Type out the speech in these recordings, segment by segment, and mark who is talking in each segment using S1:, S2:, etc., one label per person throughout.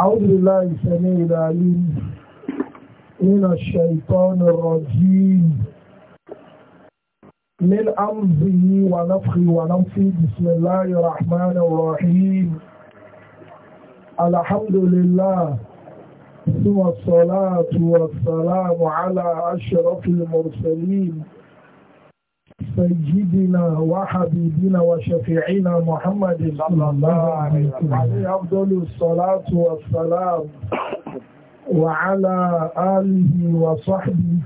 S1: أعوذ بالله السميع العليم من الشيطان الرجيم من أمزه ونفخه ونفخه بسم الله الرحمن الرحيم الحمد لله ثم الصلاة والسلام على أشرف المرسلين سيدنا وحبيبنا وشفيعنا محمد صلى الله عليه وسلم أفضل الصلاة والسلام وعلى آله وصحبه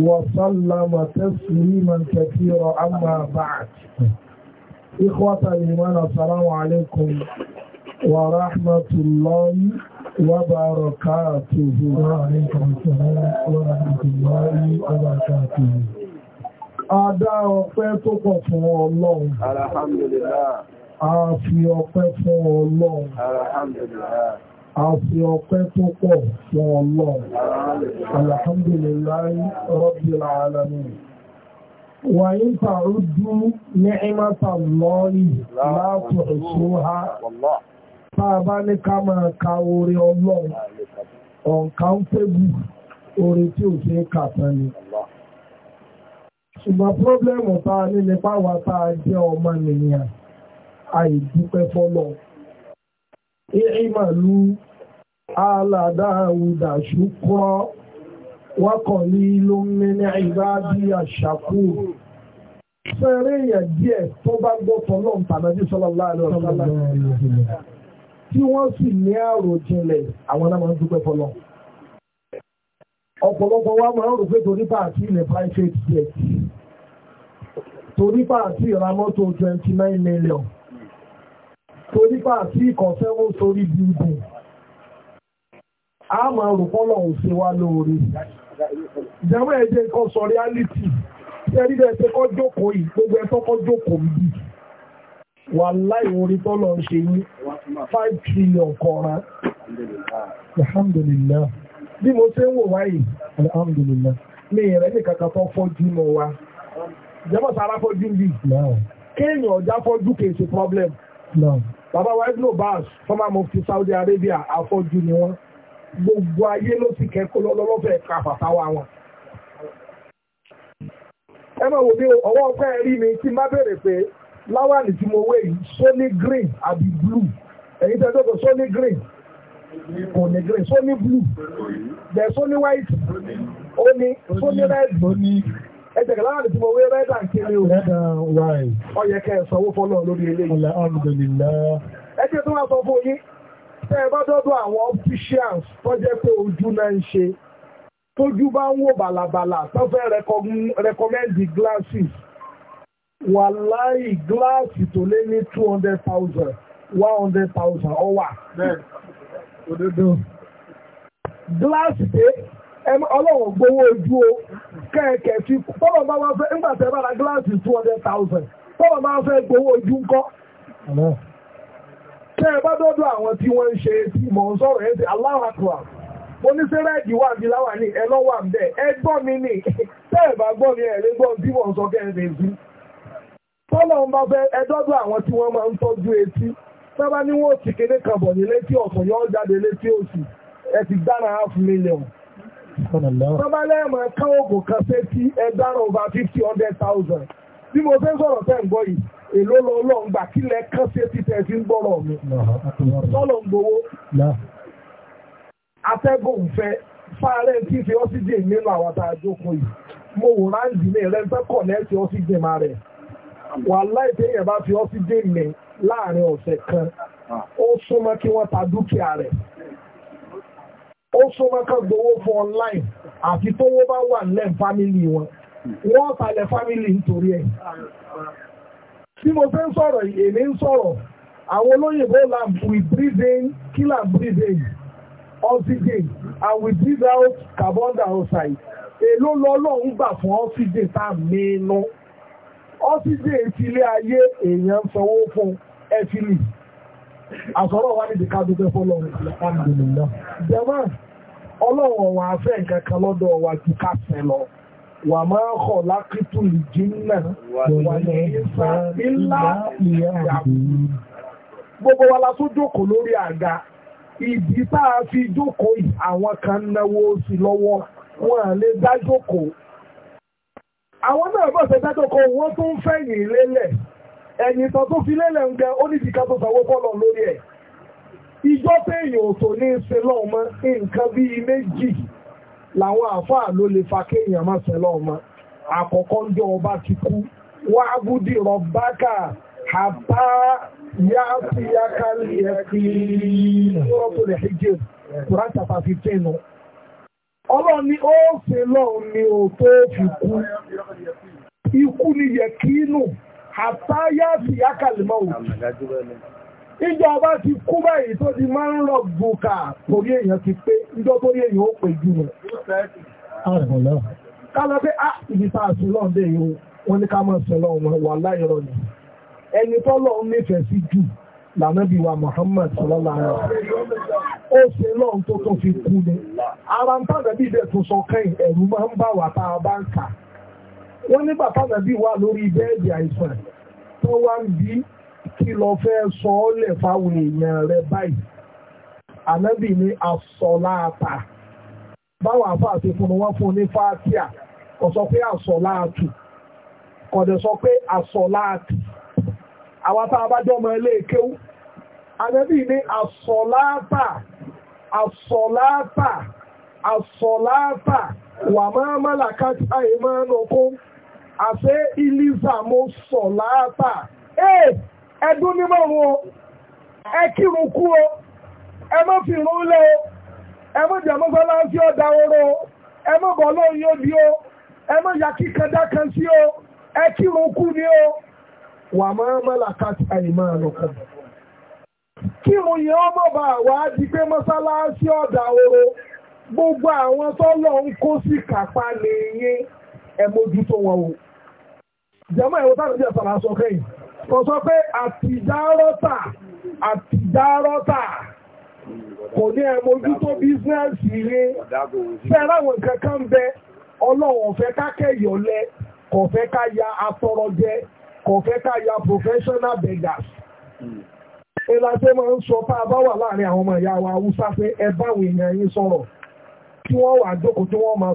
S1: وسلم تسليما كثيرا أما بعد إخوة الإيمان السلام عليكم ورحمة الله وبركاته وعليكم السلام ورحمة الله وبركاته Adá ọpẹ́ tó pọ̀ fún Ọlọ́run. Alhamdulillah. A fi ọpẹ́ fún Ọlọ́run. Alhamdulillah. A fi ọpẹ́ tó pọ̀ fún Ọlọ́run. Alhamdulillah Rabbil alamin. Wa in ta'uddu ni'matallahi la tuhsuha. Bàbá ní ká máa ka orí Ọlọ́run. Ọ̀nkà ń fẹ́ bù orí tí ò ṣe é ni ṣùgbọ́n pírọ́blẹ́mù tá a ní nípa wa tá a jẹ́ ọmọ nìyàn àìdúpẹ́ fọlọ́ ìrìnmàlú aládàáwùdà ṣùkọ́ wákọ̀lí ló ń ní ní ìbáàdí àṣàkù fẹ́rẹ́ èèyàn díẹ̀ tó bá gbọ́ fọlọ́ tàbí sọ́lọ́lá tí wọ́n sì ní àròjinlẹ̀ àwọn náà máa ń dúpẹ́ fọlọ́ ọ̀pọ̀lọpọ̀ wa máa ń rò pé torí bá àti ilẹ̀ private jet torí pàtí ìra mọ́tò 29 million torí pàtí ìkọ̀sẹ́wọ́ sórí bíbù a máa rò pọ́lọ̀ òsè wa lóore ìjàmọ́ ẹ̀jẹ̀ kan sọ reality ṣẹ́rí bẹ́ẹ̀ ṣe kọ́ jókòó yìí gbogbo ẹ̀ tọ́kọ́ jókòó yìí wà láì orí tọ́lọ̀ ń ṣe yín 5 trillion kọ́ra alhamdulillah bí mo ṣe ń wò wáyìí alhamdulillah mi ìrẹ́lẹ̀ kàkà tó fọ́jú mọ́ wa ìjẹ́bọ̀ sára fọ́jú ń bì kéèyàn ọjà fọ́jú kì í ṣe problem bàbá wa ibn Baz former mufti Saudi Arabia afọ́jú ni wọ́n gbogbo ayé ló sì kẹ́kọ̀ọ́ lọ́lọ́fẹ́ ka fàtàwà wọn. ẹ máa wò ní ọwọ́ ọpẹ́ rí mi tí má bèrè pé láwàní tí mo wé yìí sóní green àbí blue èyí tẹ́ tó kọ sóní green kò ní green sóní blue bẹ́ẹ̀ sóní white ó ní sóní red ẹ̀jẹ̀ láàrín tí mo wé rẹ́dà kiri o ọyẹ kẹ́ ẹ̀sọ́wó fọ́lọ̀ lórí eléyìí ẹjẹ́ tó wá sọ fún yín tẹ́ ẹ bá dọ́dọ̀ àwọn officials tó jẹ́ pé ojú náà ń ṣe tójú bá ń wò bàlàbàlà tó fẹ́ rẹkọmẹ́ndì glasses wàláì gíláàsì tó lé ní two hundred thousand one hundred thousand ọwà. gíláàsì tẹ́ ọlọ́wọ̀n gbowó ojú o kẹ̀kẹ́ fi tọ́lọ̀ bá wá fẹ́ nígbà tẹ́ bá ra gíláàsì two hundred thousand tọ́lọ̀ bá fẹ́ gbowó ojú ńkọ́. kẹ́ ẹ bá dọ́dọ̀ àwọn tí wọ́n ń ṣe tí mò ń sọ̀rọ̀ ẹ̀ ń ṣe aláwàkùrà mo ní sẹ́rẹ́ ẹ̀dì wà ní láwà ní ẹ lọ́wọ́ à ń bẹ̀ ẹ gbọ́ mi nì tẹ́ ẹ bá gbọ́ mi ẹ̀ lé gbọ́ tí mò ń sọ kẹ́ ẹ lè fi. tọ́lọ̀ ń bá fẹ́ ẹ dọ́dọ̀ àwọn tí wọ́n máa ń tọ́jú etí sábà ní wọ́n ti kéde kan bọ̀ ní létí ọ̀sán yóò jáde létí òsì ẹ ti dára half million. Bàbá lẹ́ẹ̀mọ̀ ká oògùn kan fẹ́ sí ẹgbàrún over fifty hundred thousand. Bí mo fẹ́ sọ̀rọ̀ fẹ́ ń gbọ́ yìí, èló lọ ọlọ́run gbà kí lẹ kán sí etí tẹ̀ sí ń gbọ́rọ̀ mi. Sọ́lọ̀ ń gbowó. Atẹ́gùn ń fẹ́ fáárẹ̀ tí fi ọ́síjìn nínú àwọn tá a jókòó yìí. Mo wò ráǹdì ní ẹ̀rẹ́ ń fẹ́ kọ̀ lẹ́ẹ̀sì ọ́síjìn máa rẹ̀. Wàláì téèyàn bá fi ọ́síjìn mi láàrin ọ̀sẹ̀ kan, ó súnmọ́ kí wọ́n ta dúkìá rẹ̀ ó súnmọ́ kan gbowó fún online àfi tówó bá wà nílẹ̀ fámìlì wọn wọ́n talẹ̀ fámìlì nítorí ẹ̀. tí mo fẹ́ sọ̀rọ̀ èmi ń sọ̀rọ̀ àwọn olóyìnbó là we breathe in kill and breathe oxygen and we breathe out carbon dioxide èló lọ́lọ́run gbà fún oxygen tá a mìínú oxygen ti ilé ayé èèyàn sanwó fún ẹ Asọrọ wá níbi ká dúpẹ́ fọ́lọ́run alhamdulillah jẹ́mọ́ ọlọ́run ọ̀wọ̀n afẹ́ nǹkan kan lọ́dọ̀ wa wà máa ń kọ̀ lákìtù ìjìnlẹ̀ wà gbogbo wa la jókòó lórí àga ìdí tá fi jókòó àwọn kan náwó sí lọ́wọ́ wọn à lè dájókòó àwọn náà bọ̀ sẹ́dájókòó wọn tún fẹ̀yìn lélẹ̀ ẹ̀yìn kan tó fi lélẹ̀ ń gẹ oníṣìká tó sanwó bọ́ọ̀lọ̀ lórí ẹ̀ ìjọ téèyàn ò tó ní ṣe lọ́wọ́ mọ́ nǹkan bíi méjì làwọn àáfàá ló lè fa kéèyàn má ọba ti kú wá búdì rọ̀bákà àbá yá sí yákàlì ṣíjẹ́ ọlọ́run ni ó ni ò tó fi kú ikú àtàyà sí akàlìmọ̀ òun ìjọ ọba ti kú báyìí tó di máa ń rọ bùkà torí èèyàn ti pé ìjọ tó pè jù rẹ̀ kálọ́ pé á ìdíta àṣìlọ́ọ̀dẹ́ yìí wọ́n ní ká máa wọn wà ni ẹni ń nífẹ̀ẹ́ sí jù wa ó ṣe tó tó fi kú ni ara ń tó sọ kẹ́yìn ẹ̀rù máa ń wà tá a bá ń kà wọ́n ní bàbá nàbí wà lórí bẹ́ẹ̀dì àìsàn tó wá ń bí kí lọ fẹ́ sọ ọ́ lẹ̀ fáwọn èèyàn rẹ báyìí ànábì ní asọ̀láàtà báwọn àfáà ti fún wọn fún ní fáàkíà kò sọ pé asọ̀láàtù kò dẹ̀ sọ pé asọ̀láàtì àwọn tá a bá jọ ọmọ ilé kéwú ànábì ní asọ̀láàtà asọ̀láàtà asọ̀láàtà wà máa mọ́là káàkiri àìmọ́ ọkùnrin àṣẹ ilisa mo sọ láàtà ẹdún ní mọ̀rún o ẹ kírun kú o ẹ má fi irun lé o ẹ má jẹ́ mọ́sálásí ọ̀dà oró o ẹ má bọ̀ lóyún odi o ẹ má ya kíkandá kan sí o ẹ kírun kú ni o wà má mọ́làkàtì àyìnmá lọ́kàn kírun yẹn ọmọ bá wà á di pé mọ́sálásí ọ̀dà oró gbogbo àwọn tọ́lọ̀ ń kó sí kápá lè yín ẹ mójútó wọn o. jẹ́mọ́ ìwọ́n tàbí ẹ̀sàrà sọ kẹ́yìn kò sọ pé àtìdárọ́tà àtìdárọ́tà kò ní ẹmójú tó bísínẹ́sì rí fẹ́ kankan bẹ ọlọ́wọ̀n fẹ́ ká kò fẹ́ ká professional beggars ìlàṣẹ́ máa ń sọ tá a bá wà láàrin àwọn ọmọ ìyá wa haúsá pé ẹ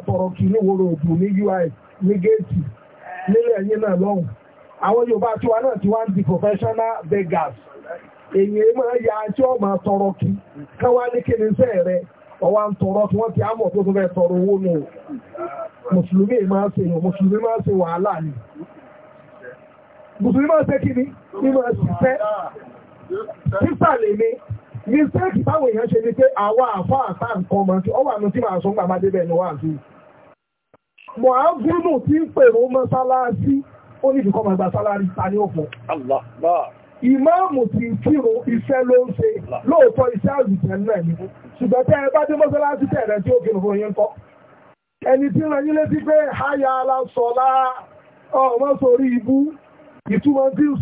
S1: tọrọ kì ní wòrò nílẹ̀ yìí náà lọ́hùn àwọn Yorùbá tí wa náà ti wá ń di professional beggars èyàn ya tí ó máa tọrọ kí kán ní kí ni sẹ́ rẹ ọwá ń tọrọ wọ́n ti ámọ̀ tó tó fẹ́ tọrọ owó nù mùsùlùmí máa ṣe yàn mùsùlùmí máa ṣe wàhálà ni mùsùlùmí máa ṣe kí ni ní ṣiṣẹ́ sísà lè ní mistake táwọn èèyàn ṣe ni pé àwa àfa àtà nǹkan ọwọ́ àmì tí màá sọ ń gbà má mọ̀hágúnù tí ń pèrò mọ́sálásí ó ní ìdíkọ́ màgbà ta ní ìmáàmù ti kírò iṣẹ́ ló ń ṣe lóòótọ́ iṣẹ́ àgùntàn náà ni ṣùgbọ́n ẹ bá dé tí ó kìrò fún kọ́ ẹni tí pé háyà ọmọ sórí ibú ìtumọ̀ tí ń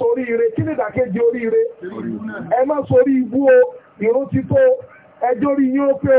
S1: sórí ire kí ni ìdàkejì orí ire ẹ má sórí o ìrún ẹjọ́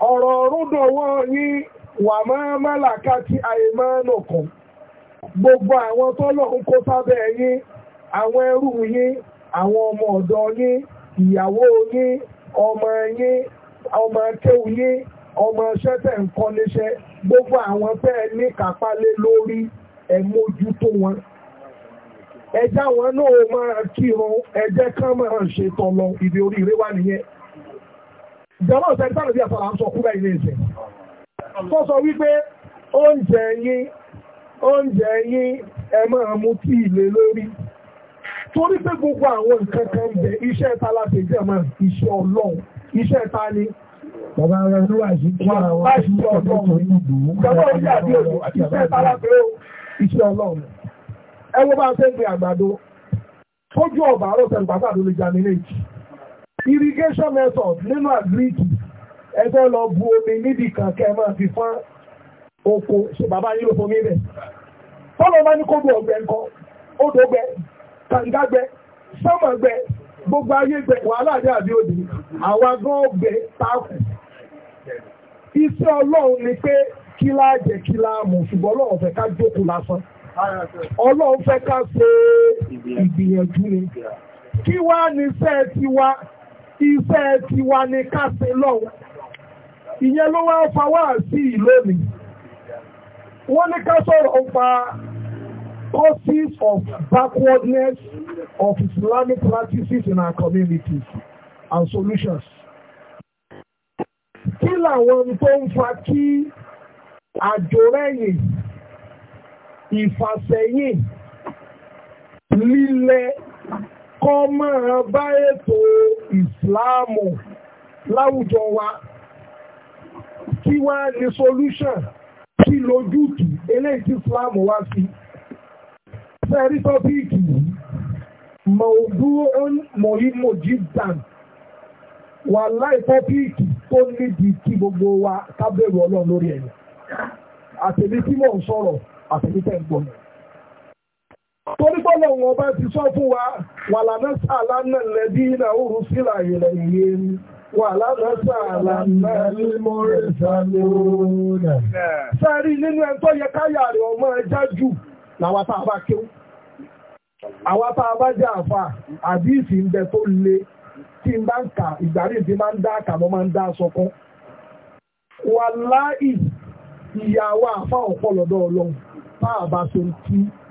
S1: ọ̀rọ̀ rúdọ̀wọ́ yín wà máa málàká tí àìmánù kan gbogbo àwọn tọ́lọ̀ ń kó sábẹ́ yín àwọn ẹrú yín àwọn ọmọ ọ̀dọ́ yín ìyàwó yín ọmọ yín ọmọ akéwù yín ọmọ iṣẹ́ tẹ̀ ń kọ́ gbogbo àwọn tẹ́ ní kápálé lórí ẹ wọn ẹjá wọn náà máa kírun ẹjẹ́ ká máa ṣètọ̀ lọ ìdí oríire wà nìyẹn ìjọba ọ̀sẹ̀ ìtàn òbí àtàrà ń sọ kúrẹ́ ilé ìsẹ̀ tó sọ wípé oúnjẹ yín oúnjẹ yín ẹ máa mú tí ilé lórí torí pé gbogbo àwọn nǹkan kan jẹ iṣẹ́ ta láti jẹ́ máa iṣẹ́ ọlọ́run iṣẹ́ ta ni Bàbá rẹ̀ ló wà sí kí àwọn aṣíṣẹ́ ọlọ́run ìjọba orí àbí òjò iṣẹ́ ta láti ó iṣẹ́ ọlọ́run ẹ wo bá ṣe ń gbin àgbàdo tójú ọ̀bà àròsẹ̀ ìgbàgbàdo lè jà nílé ìjì irrigation method nínú àgbíríkì ẹgbẹ́ lọ bu omi níbi kan kẹ́ máa fi fún oko ṣe bàbá yìí ló fún mi bẹ̀. tọ́lọ́ bá ní kó bu ọ̀gbẹ́ nǹkan odò gbẹ kànga gbẹ sọ́mọ̀ gbẹ gbogbo ayé gbẹ wàhálà dé àbí òdì àwa gan gbẹ táàkù. iṣẹ́ ọlọ́run ni pé kí láà jẹ kí láà mú ṣùgbọ́n ọlọ́run fẹ́ ká jókòó lásán ọlọ́run fẹ́ ká ṣe ìgbìyànjú ni kí wá ní sẹ́ẹ̀ tiwa iṣẹ́ tiwa ni ká ṣe lọ́wọ́ ìyẹn ló wá fa wá sí ìlónìí wọ́n ní ká sọ̀rọ̀ pa causes of backwardness of Islamic practices in our communities and solutions. kí làwọn tó ń fa kí àjòrẹ́yìn ìfàsẹ́yìn lílẹ̀ kọ́ máa bá ètò ìsìláàmù láwùjọ wa kí wá ní solution kí lójútùú eléyìí tí ìsìláàmù wá sí fẹ́rí tọ́píìkì yìí mọ̀ọ́dún mọ̀ọ́yìmọ̀ jíjàn wà láì tọ́píìkì tó nídìí kí gbogbo wa ká bẹ̀rù ọlọ́run lórí ẹ̀yìn àtẹ̀lé tí sọ̀rọ̀ àtẹ̀lé tẹ̀ torí wọn bá ti sọ fún wa wà lánàṣà lánà lẹ́bí ìnà òru sílà ilẹ̀ iye ni wà lánàṣà lánà límọ̀rẹ̀ sàlóòrùn sẹ́rí nínú ẹ̀tọ́ yẹ káyà rẹ̀ ọmọ ẹja jù làwọn tá le tí n bá ń kà ìgbàrí tí máa ń dá kà mọ́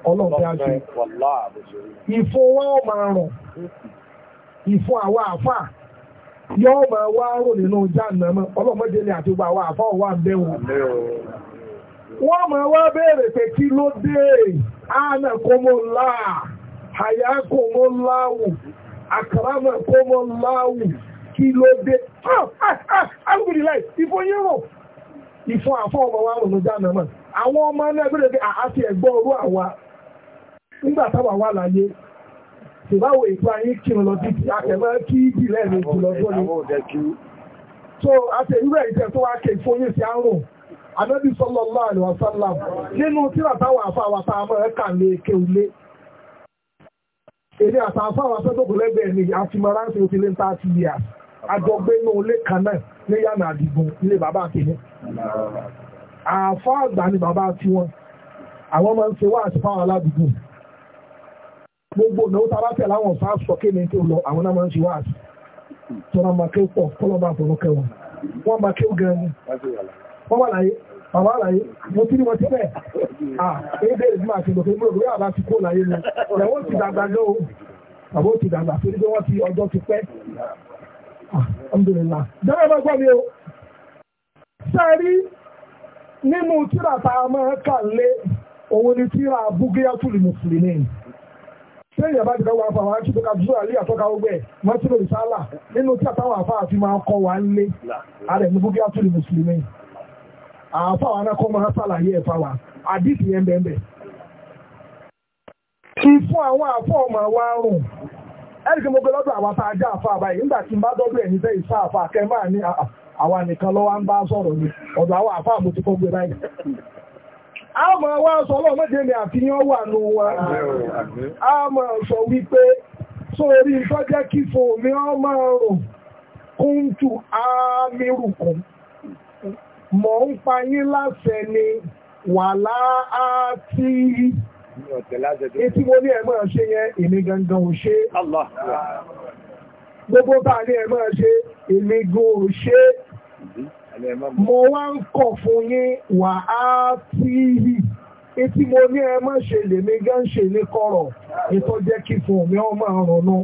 S1: ọlọ́run bí a ṣe. ìfún wa ó máa rọ̀ ìfún àwa àfà yóò máa wá rò nínú jáàná mọ́ ọlọ́mọdé ni àti gbogbo àwa àfà ò wà ń bẹ́ wọn. wọ́n máa wá béèrè pé kí ló dé àánà kọ́mọ ńlá àyà kọ́mọ ńláwù àkàràmà kọ́mọ ńláwù kí ló dé. Ah, ah, ah, alhamdulilayi ìfún yín rò ìfún àfọ ọmọ wa rò nínú jáàná mọ́ àwọn ọmọ náà gbọ́dọ̀ pé àá ti ẹ̀gbọ́n orú àwa nígbà táwa wà láyé ìbáwò ètò ayé kí n lọ bí I akẹ̀mọ́ kí ìdí lẹ́nu jù lọ́jọ́ ni so àtẹ̀wúrẹ̀ ìtẹ̀ tó wá kè fóyè sí àrùn ànábì sallallahu alaihi wasallam nínú tíra táwọn àfàwà tá a mọ̀ ẹ́ kà lé kéwlé years àjọgbé inú ilé kan náà ní yànà àdìgún ilé bàbá àwọn máa ń ṣe wá àti fáwọn aládùúgbò gbogbo ìnáwó tá a bá tẹ̀ láwọn ọ̀sán sọ kí ni kí o lọ àwọn náà máa ń ṣe wáàsí tọ́ra máa kéwù pọ̀ kọ́lọ́ bá fọ̀rọ̀ kẹwọn wọ́n máa kéwù gan ni wọ́n wà láyé bàbá àlàyé mo ti ní wọn ti bẹ̀ à èyí bẹ̀rẹ̀ bí máa ṣe lòkè mú òwúrọ̀ àbá ti kó láyé ni ìyàwó ti dàgbà lọ o àbó ti dàgbà torí pé wọ́n ti ọjọ́ ti pẹ́ alhamdulillah jẹ́rẹ́ bá gbọ́ mi o sẹ́rí nínú tíra tá a máa kà lé òun ni tíra búgíyàtúlì mùsùlùmí sẹ́yìn àbájú ká wà fáwọn àti tóka jù àlẹ́ àtọ́ka ọgbẹ́ wọ́n tí lórí sálà nínú tí àtàwọn àfáà fi máa kọ́ wa ń lé alẹ́ ní bókí àtúrì mùsùlùmí àfáwọn anákọ́ máa sàlàyé ẹ̀fà wa àdìsí yẹn bẹ́ẹ̀ bẹ́ẹ̀. àwọn àfọ́ ọmọ wa rùn mo gbé lọ́dọ̀ àwọn tá a já àfáà nígbà tí n bá dọ́dọ̀ ẹ̀yìn fẹ́ ìfá àfáà a máa wá sọ ọlọ́mọdé mi àfihàn wà nù wa a máa sọ wípé sórí ìtọ́jẹ́ kí fò mi ọ máa rò kúntù ámìrùkùn mọ̀ ń pa yín láṣẹ ni wà láàtí etí mo ní ẹ̀mọ́ ṣe yẹn èmi gangan ò ṣe gbogbo bá ní ẹ̀mọ́ ṣe èmi gan ò ṣe mo wá ń kọ̀ fún yín wà á tí yìí etí mo ní ẹ má ṣe lèmi gán ṣe ní kọ̀rọ̀ ètò jẹ́ kí fún mi ọmọ àrùn náà.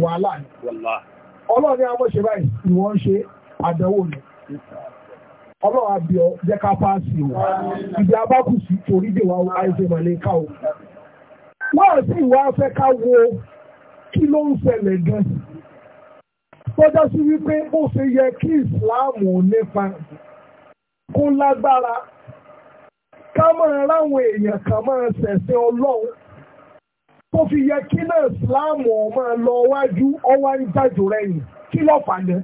S1: wàhálà ni ọlọ́ọ̀ni àwọn ṣe báyìí ni wọ́n ṣe àdánwò ni ọlọ́wà bí jẹ́ ká fáàsì o ìdí abákù sí torí dè wá àìsè màlẹ́ká o wọ́n sì wá fẹ́ ká wo kí ló ń ṣẹlẹ̀ gan tọ́jọ́ sí wípé ó ṣe yẹ kí ìsìláàmù ò nípa kó lágbára ká máa ráwọn èèyàn kan máa ṣẹ̀sìn ọlọ́run tó fi yẹ kí náà ìsìláàmù ọmọ lọ wájú ọwá ń jàjò rẹ̀yìn kí ló fàdẹ́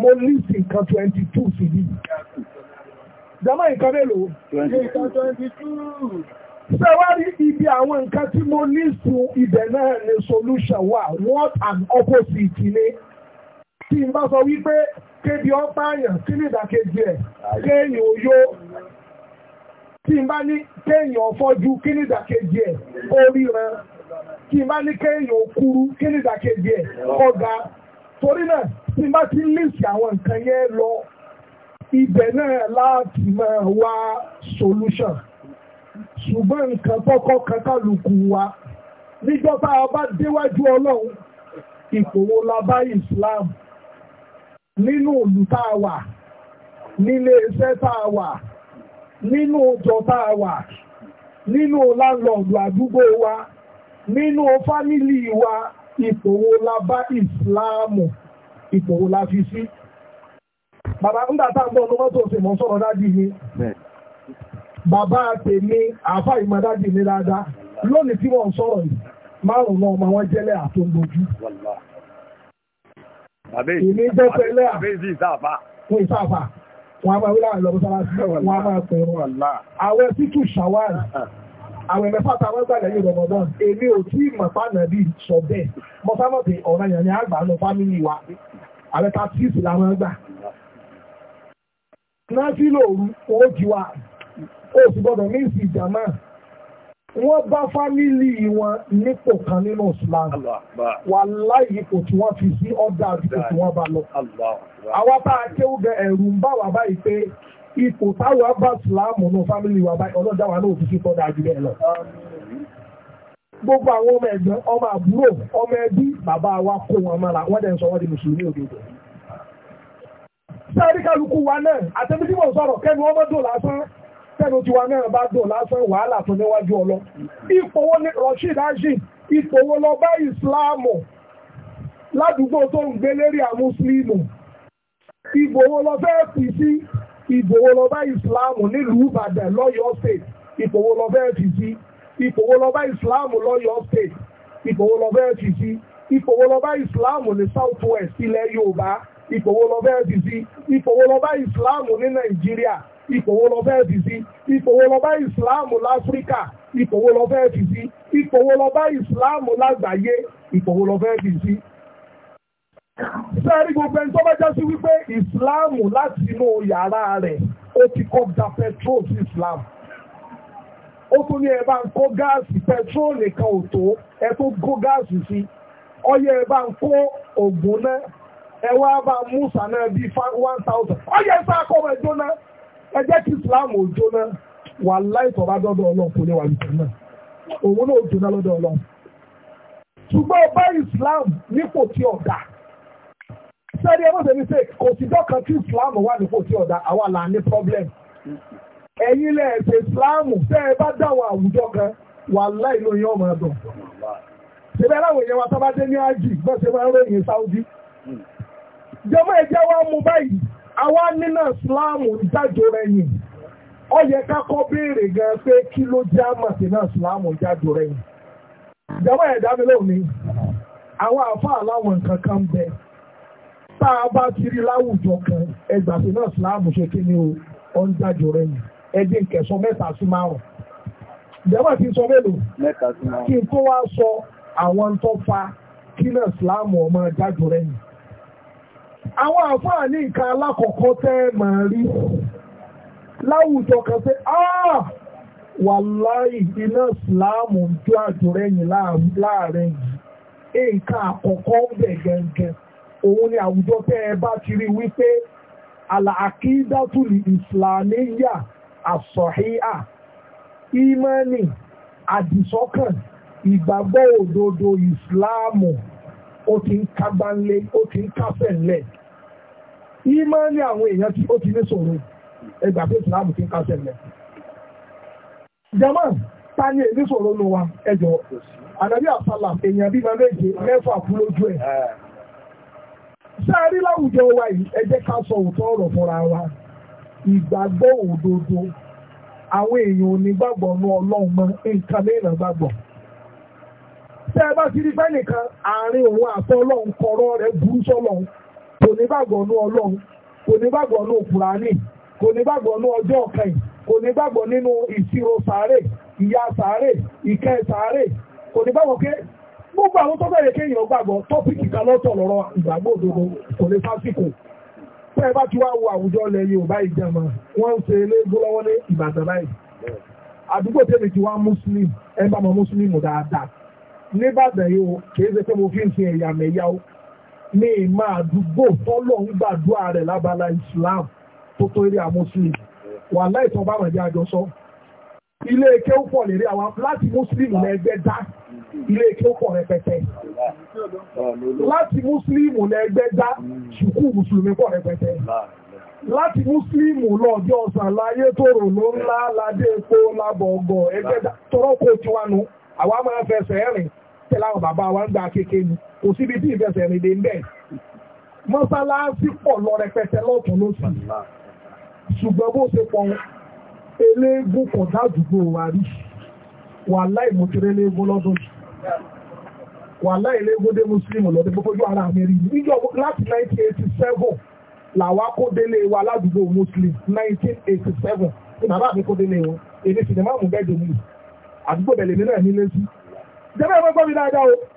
S1: mo lísì nǹkan twenty two sí bí. jama nǹkan mélòó. twenty two. sẹ́wárí ibi àwọn nǹkan tí mo lísì ibẹ̀ náà ni solution wà what an opposite ni tí n bá sọ wípé kébi ọ̀pá àyàn kí ni ìdàkejì ẹ̀ kéèyàn ó yó tí n bá ní kéèyàn fọ́jú kí ní ìdàkejì ẹ̀ ó ríran tí n bá ní kéèyàn kúrú kí ní ìdàkejì ẹ̀ ọ̀gá torí náà tí bá ti lísì àwọn nǹkan yẹn lọ ibẹ̀ náà láti máa wá solution ṣùgbọ́n nǹkan kọ́kọ́ kan kálukú wa níjọ́ tá a bá déwájú ọlọ́run ipò wo Islam nínú òlù tá a nílé iṣẹ́ tá nínú ìjọba wa nínú láńlọ́ọ̀dù àdúgbò wa nínú fámìlì wa ìpòwò la bá ìsìláàmù ìpòwò la fi sí. bàbá ńgbà tá à ń bọ̀ ọdún mọ́tò ṣe mọ́ sọ̀rọ̀ dádì mi bàbá tèmi àáfà ìmọ̀ dádì mi dáadáa lónìí tí wọ́n sọ̀rọ̀ yìí márùn-ún ọmọ wọn jẹ́lẹ̀ àtòǹgbòjú. èmi jẹ́ pẹ́lẹ́ àbẹ́sí ìsáàfà wọn a máa wí láwọn ìlọ́bí sára sí wọn a máa pè wọn àwẹ̀ títù ṣàwárì ah. àwẹ̀ mẹ́fà tá a máa gbà lẹ́yìn rọmọdán èmi ò tí mọ̀ fáànà bíi sọ wa àwẹ̀ tá a tí sì làwọn gbà náà sí lóòrù ó wọ́n bá fámílì wọn nípò kan nínú Islam wà láyé kò tí wọ́n fi sí ọ̀dà àdúgbò tí wọ́n bá lọ. àwa bá a kéwú bẹ ẹ̀rù ń bá wa báyìí pé ipò táwọn bá Islam nù fámílì wa báyìí ọlọ́jà wa náà òfin sí tọ́da àjù bẹ́ẹ̀ lọ. gbogbo àwọn ọmọ ẹ̀gbọ́n ọmọ àbúrò ọmọ ẹbí bàbá wa kó wọn mọ́ra wọ́n dẹ̀ ń sọ wọ́n di mùsùlùmí òdodo sẹ́ẹ̀rí kálukú wa náà àtẹ̀mí tí mo sọ̀rọ̀ kẹ́nu ọmọdún lásán tẹ́nu tiwa náà bá dùn lásán wàhálà tó níwájú ọlọ́ ìpòwó ní Rashid Hashim ìpòwó lọ bá ìsìláàmù ládùúgbò tó ń gbé lérí àmúsílímù ìbòwó lọ fẹ́ fi sí ìbòwó lọ bá ìsìláàmù nílùú Ìbàdàn lọ́yọ̀ọ́ state ìbòwó lọ fẹ́ fi sí ìbòwó lọ bá ìsìláàmù lọ́yọ̀ọ́ state ìbòwó lọ fẹ́ fi sí ìbòwó lọ bá ìsìláàmù ní south west ilẹ̀ Yorùbá ìbòwó lọ fẹ́ fi sí ìbòwó lọ bá ìsìláàmù ní Nàìjíríà ìpòwó lọ fẹ́ fi sí ìpòwó lọ bá ìsìláàmù láfíríkà ìpòwó lọ fẹ́ fi sí ìpòwó lọ bá ìsìláàmù lágbàáyé ìpòwó lọ fẹ́ fi sí. sẹ́ẹ̀rí gbogbo ẹni tó bá já sí wípé ìsìláàmù láti inú yàrá rẹ̀ ó ti kọ́ da petrol sí ìsìláàmù ó tún ní ẹ bá ń kó gáàsì petrol nìkan ò tó ẹ tó kó gáàsì sí ọyẹ ẹ bá ń kó ògùn náà ẹ wá bá mú sànà bíi one thousand ọyẹ ẹ sá kọ́ ẹ kí Islam ò jóná wà láìsọ̀ bá dọ́dọ̀ ọlọ́run kò lè wà lùtẹ̀ náà òun náà jóná lọ́dọ̀ ọlọ́run ṣùgbọ́n ọba Islam nípò tí ọ̀dà sẹ́ni ẹ mọ̀sẹ̀ mi ṣe kò sí dọ́kan tí Islam wà nípò tí ọ̀dà àwa là ní problem ẹ̀yin lẹ̀ ẹ̀sẹ̀ Islam tẹ́ ẹ bá dáwọn àwùjọ kan wà láì lóyún ọmọ ẹ̀dọ̀ ṣẹlẹ̀ láwọn èèyàn wa sábà dé ní ájì bọ́sẹ̀ máa ń ròyìn Saudi hmm. jọmọ́ ẹ̀jẹ̀ wa mú báyìí àwa nínú ìsìláàmù jáde rẹ̀yìn Ọ yẹ ká kọ́ gan pé kí ló jẹ́ àmàtì náà ìsìláàmù jáde rẹ̀yìn ìjọba ẹ̀dá lónìí àwọn àfáà láwọn nǹkan kan bẹ kan náà ṣe kí ni o ó ń jáde rẹ̀yìn ẹdín kẹsàn mẹ́ta sí márùn ìjọba ti sọ n tó wá sọ àwọn tó fa kí náà ọmọ jáde rẹ̀yìn àwọn àfáà ní nǹkan alákọ̀ọ́kọ́ tẹ́ màá rí láwùjọ kan pé ah, wàláì iná ìsìláàmù ń jó àjòrẹ́yìn láàrin yìí nǹkan àkọ́kọ́ ń bẹ̀ gẹ́gẹ́ òun ni àwùjọ tẹ́ ẹ bá ti rí wípé àlàkídátùlì ìsìláàmíyà àsọ̀híà ìmánì àdìsọ́kàn ìgbàgbọ́ òdodo ìsìláàmù ó ti ń kágbánlé ó ti ń kásẹ̀ ńlẹ̀ ìmọ̀ ní àwọn èèyàn tí ó ti ẹgbà ni wa ẹjọ́ ànábì àsálà èèyàn bíi méje mẹ́fà kú ẹ̀. sáà rí ìgbàgbọ́ òdodo àwọn èèyàn ò ní gbàgbọ́ ní ọlọ́run mọ́ nǹkan gbàgbọ́. tẹ́ ẹ bá ti rí nìkan àárín òun àtọ́ ọlọ́run kọ̀ọ̀rọ̀ rẹ̀ burú sọ́lọ́run kò ní gbàgbọ́ nú ọlọ́run kò ní gbàgbọ́ nú fúlàní kò ní gbàgbọ́ nú ọjọ́ kẹyìn kò ní gbàgbọ́ nínú ìṣirò sàárè ìyà sàárè ìkẹ́ sàárè kò ní gbàgbọ́ pé gbogbo àwọn tó bẹ̀rẹ̀ kéèyàn gbàgbọ́ tọ́pìkì kan lọ́tọ̀ lọ́rọ̀ ìgbàgbọ́ òdodo kò lè fásitì tẹ́ ẹ bá ti wá wo àwùjọ ilẹ̀ Yorùbá ìjàmà wọ́n ń ṣe eléégún lọ́wọ́ ní Ìbàdàn báyìí àdúgbò tèmi ti wá muslim ẹ bá mọ muslim dáadáa nígbàdàn yìí o kì í ṣe pé mo fi ń fi ẹ̀yà mẹ̀yà o lè máa àdúgbò tọ́lọ̀ ń gbàdúrà rẹ̀ lábala Islam tó tó eré àmúsùlùm wà láìsọ bá màjá àjọsọ ilé ike ó pọ̀ lérí àwọn láti muslim lẹ́gbẹ́ dá ilé ike ó pọ̀ rẹpẹtẹ láti muslim lẹ́gbẹ́ dá ṣùkú mùsùlùmí pọ̀ rẹpẹtẹ láti muslim lọ́jọ́ ọ̀sán láyé tòrò ló ńlá ládé epo lábọ̀ọ̀gọ̀ ẹgbẹ́ dá tọrọ kó tiwa nu àwa máa fẹsẹ̀ rìn tẹ́lá àwọn bàbá wa ń gba kékeré ni kò síbi tí ìfẹsẹ̀ rìn dé mbẹ́ mọ́sálásí pọ̀ lọ rẹpẹtẹ lọ́tún lọ́sùn ṣùgbọ́n bó ṣe pọ̀ eléégún kò dádùgbò wa rí wà láì mo ti reléégún lọ́dún wà láì léégún dé mùsùlùmí lọ́dún gbogbo ojú ara mi rí níjọ láti 1987 làwa kó délé wa ládùúgbò mùsùlùmí 1987 ní bàbá mi kó délé wọn èdè sinimá mú bẹ́ẹ̀ dòmí àdúgbò bẹ̀lẹ̀ mi náà nílé sí jẹ́bẹ́ ẹgbẹ́ gbọ́ mi dáadáa o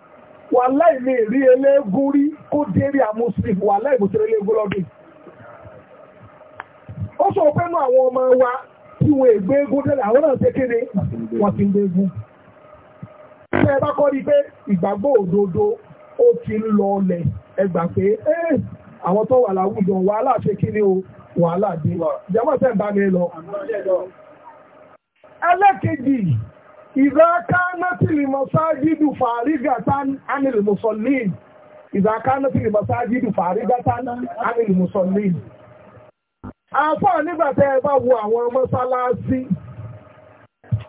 S1: wà láì lè rí eléégún rí kó dérí àmúsí wà láì bó tẹ́lẹ̀ eléégún lọ́dún ó sọ pé mú àwọn ọmọ wa tí wọ́n ègbé eégún tẹ́lẹ̀ àwọn náà ṣe kéde wọ́n ti ń gbé eégún ṣe bá kọ́ di pé ìgbàgbọ́ òdodo ó ti ń lọ ọlẹ̀ ẹgbà pé àwọn tó wà láwùjọ wàhálà ṣe kí ni o wàhálà dé jẹ́mọ́ tẹ́ ń bá mi lọ ẹlẹ́kejì إذا كانت المساجد فارغة عن المصلين إذا كانت المساجد فارغة عن المصلين àfọ́ nígbà tẹ́ ẹ bá wo àwọn mọ́sálásí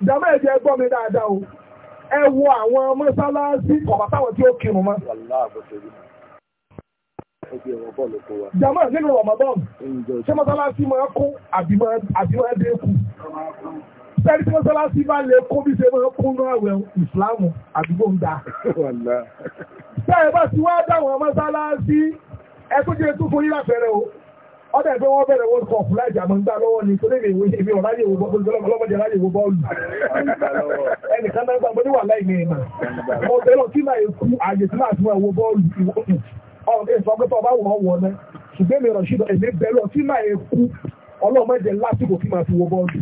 S1: ìjọba ẹ̀jẹ̀ gbọ́ mi dáadáa o ẹ wo àwọn mọ́sálásí kọ̀ọ̀bá táwọn tí ó kírun mọ́. jama nínú Ramadan ṣé mọ́sálásí máa kó àbí máa dínkù sẹ́rí tí mọ́sálásí bá lè kó bí ṣe máa kún náà wẹ̀ ìsìláàmù àdúgbò ń da. Bẹ́ẹ̀ bá ti wá dáwọn mọ́sálásí ẹkún tó fún yíra fẹ́rẹ̀ o. Ọdẹ ẹgbẹ́ wọn bẹ̀rẹ̀ World Cup láì jà ń gbá lọ́wọ́ ni torí èmi èmi ọ̀rá yẹ̀wò bọ́ọ̀lù bọ́ọ̀lù. Mo bẹ̀rẹ̀ ọlọ́mọ ẹ̀jẹ̀ lásìkò tí màá fi wo bọ́ọ̀lù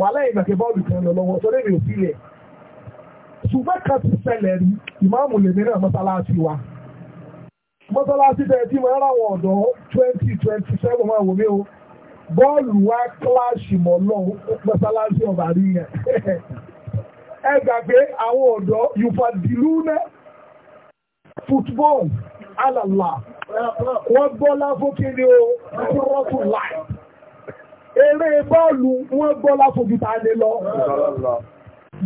S1: wà lẹ́yìn ìgbàkẹ́ bọ́ọ̀lù kan lọ lọ́wọ́ sọ́dọ̀ èmi ò sílẹ̀ ṣùgbọ́n kan ti ṣẹlẹ̀ rí ìmáàmù lèmi náà mọ́sálásí wa mọ́sálásí bẹ́ẹ̀ tí wọ́n ráwọ̀ ọ̀dọ́ twenty twenty seven máa wò mí o bọ́ọ̀lù wa kíláàsì mọ́ lọ mọ́sálásí ọ̀bà rí yẹn ẹ gbàgbé àwọn ọ̀dọ́ yufa dìlúnẹ́ football alàlà wọ́n bọ́lá fókè ní o rọ́tù láì eré bọ́ọ̀lù wọ́n gbọ́ láfojúta lé lọ.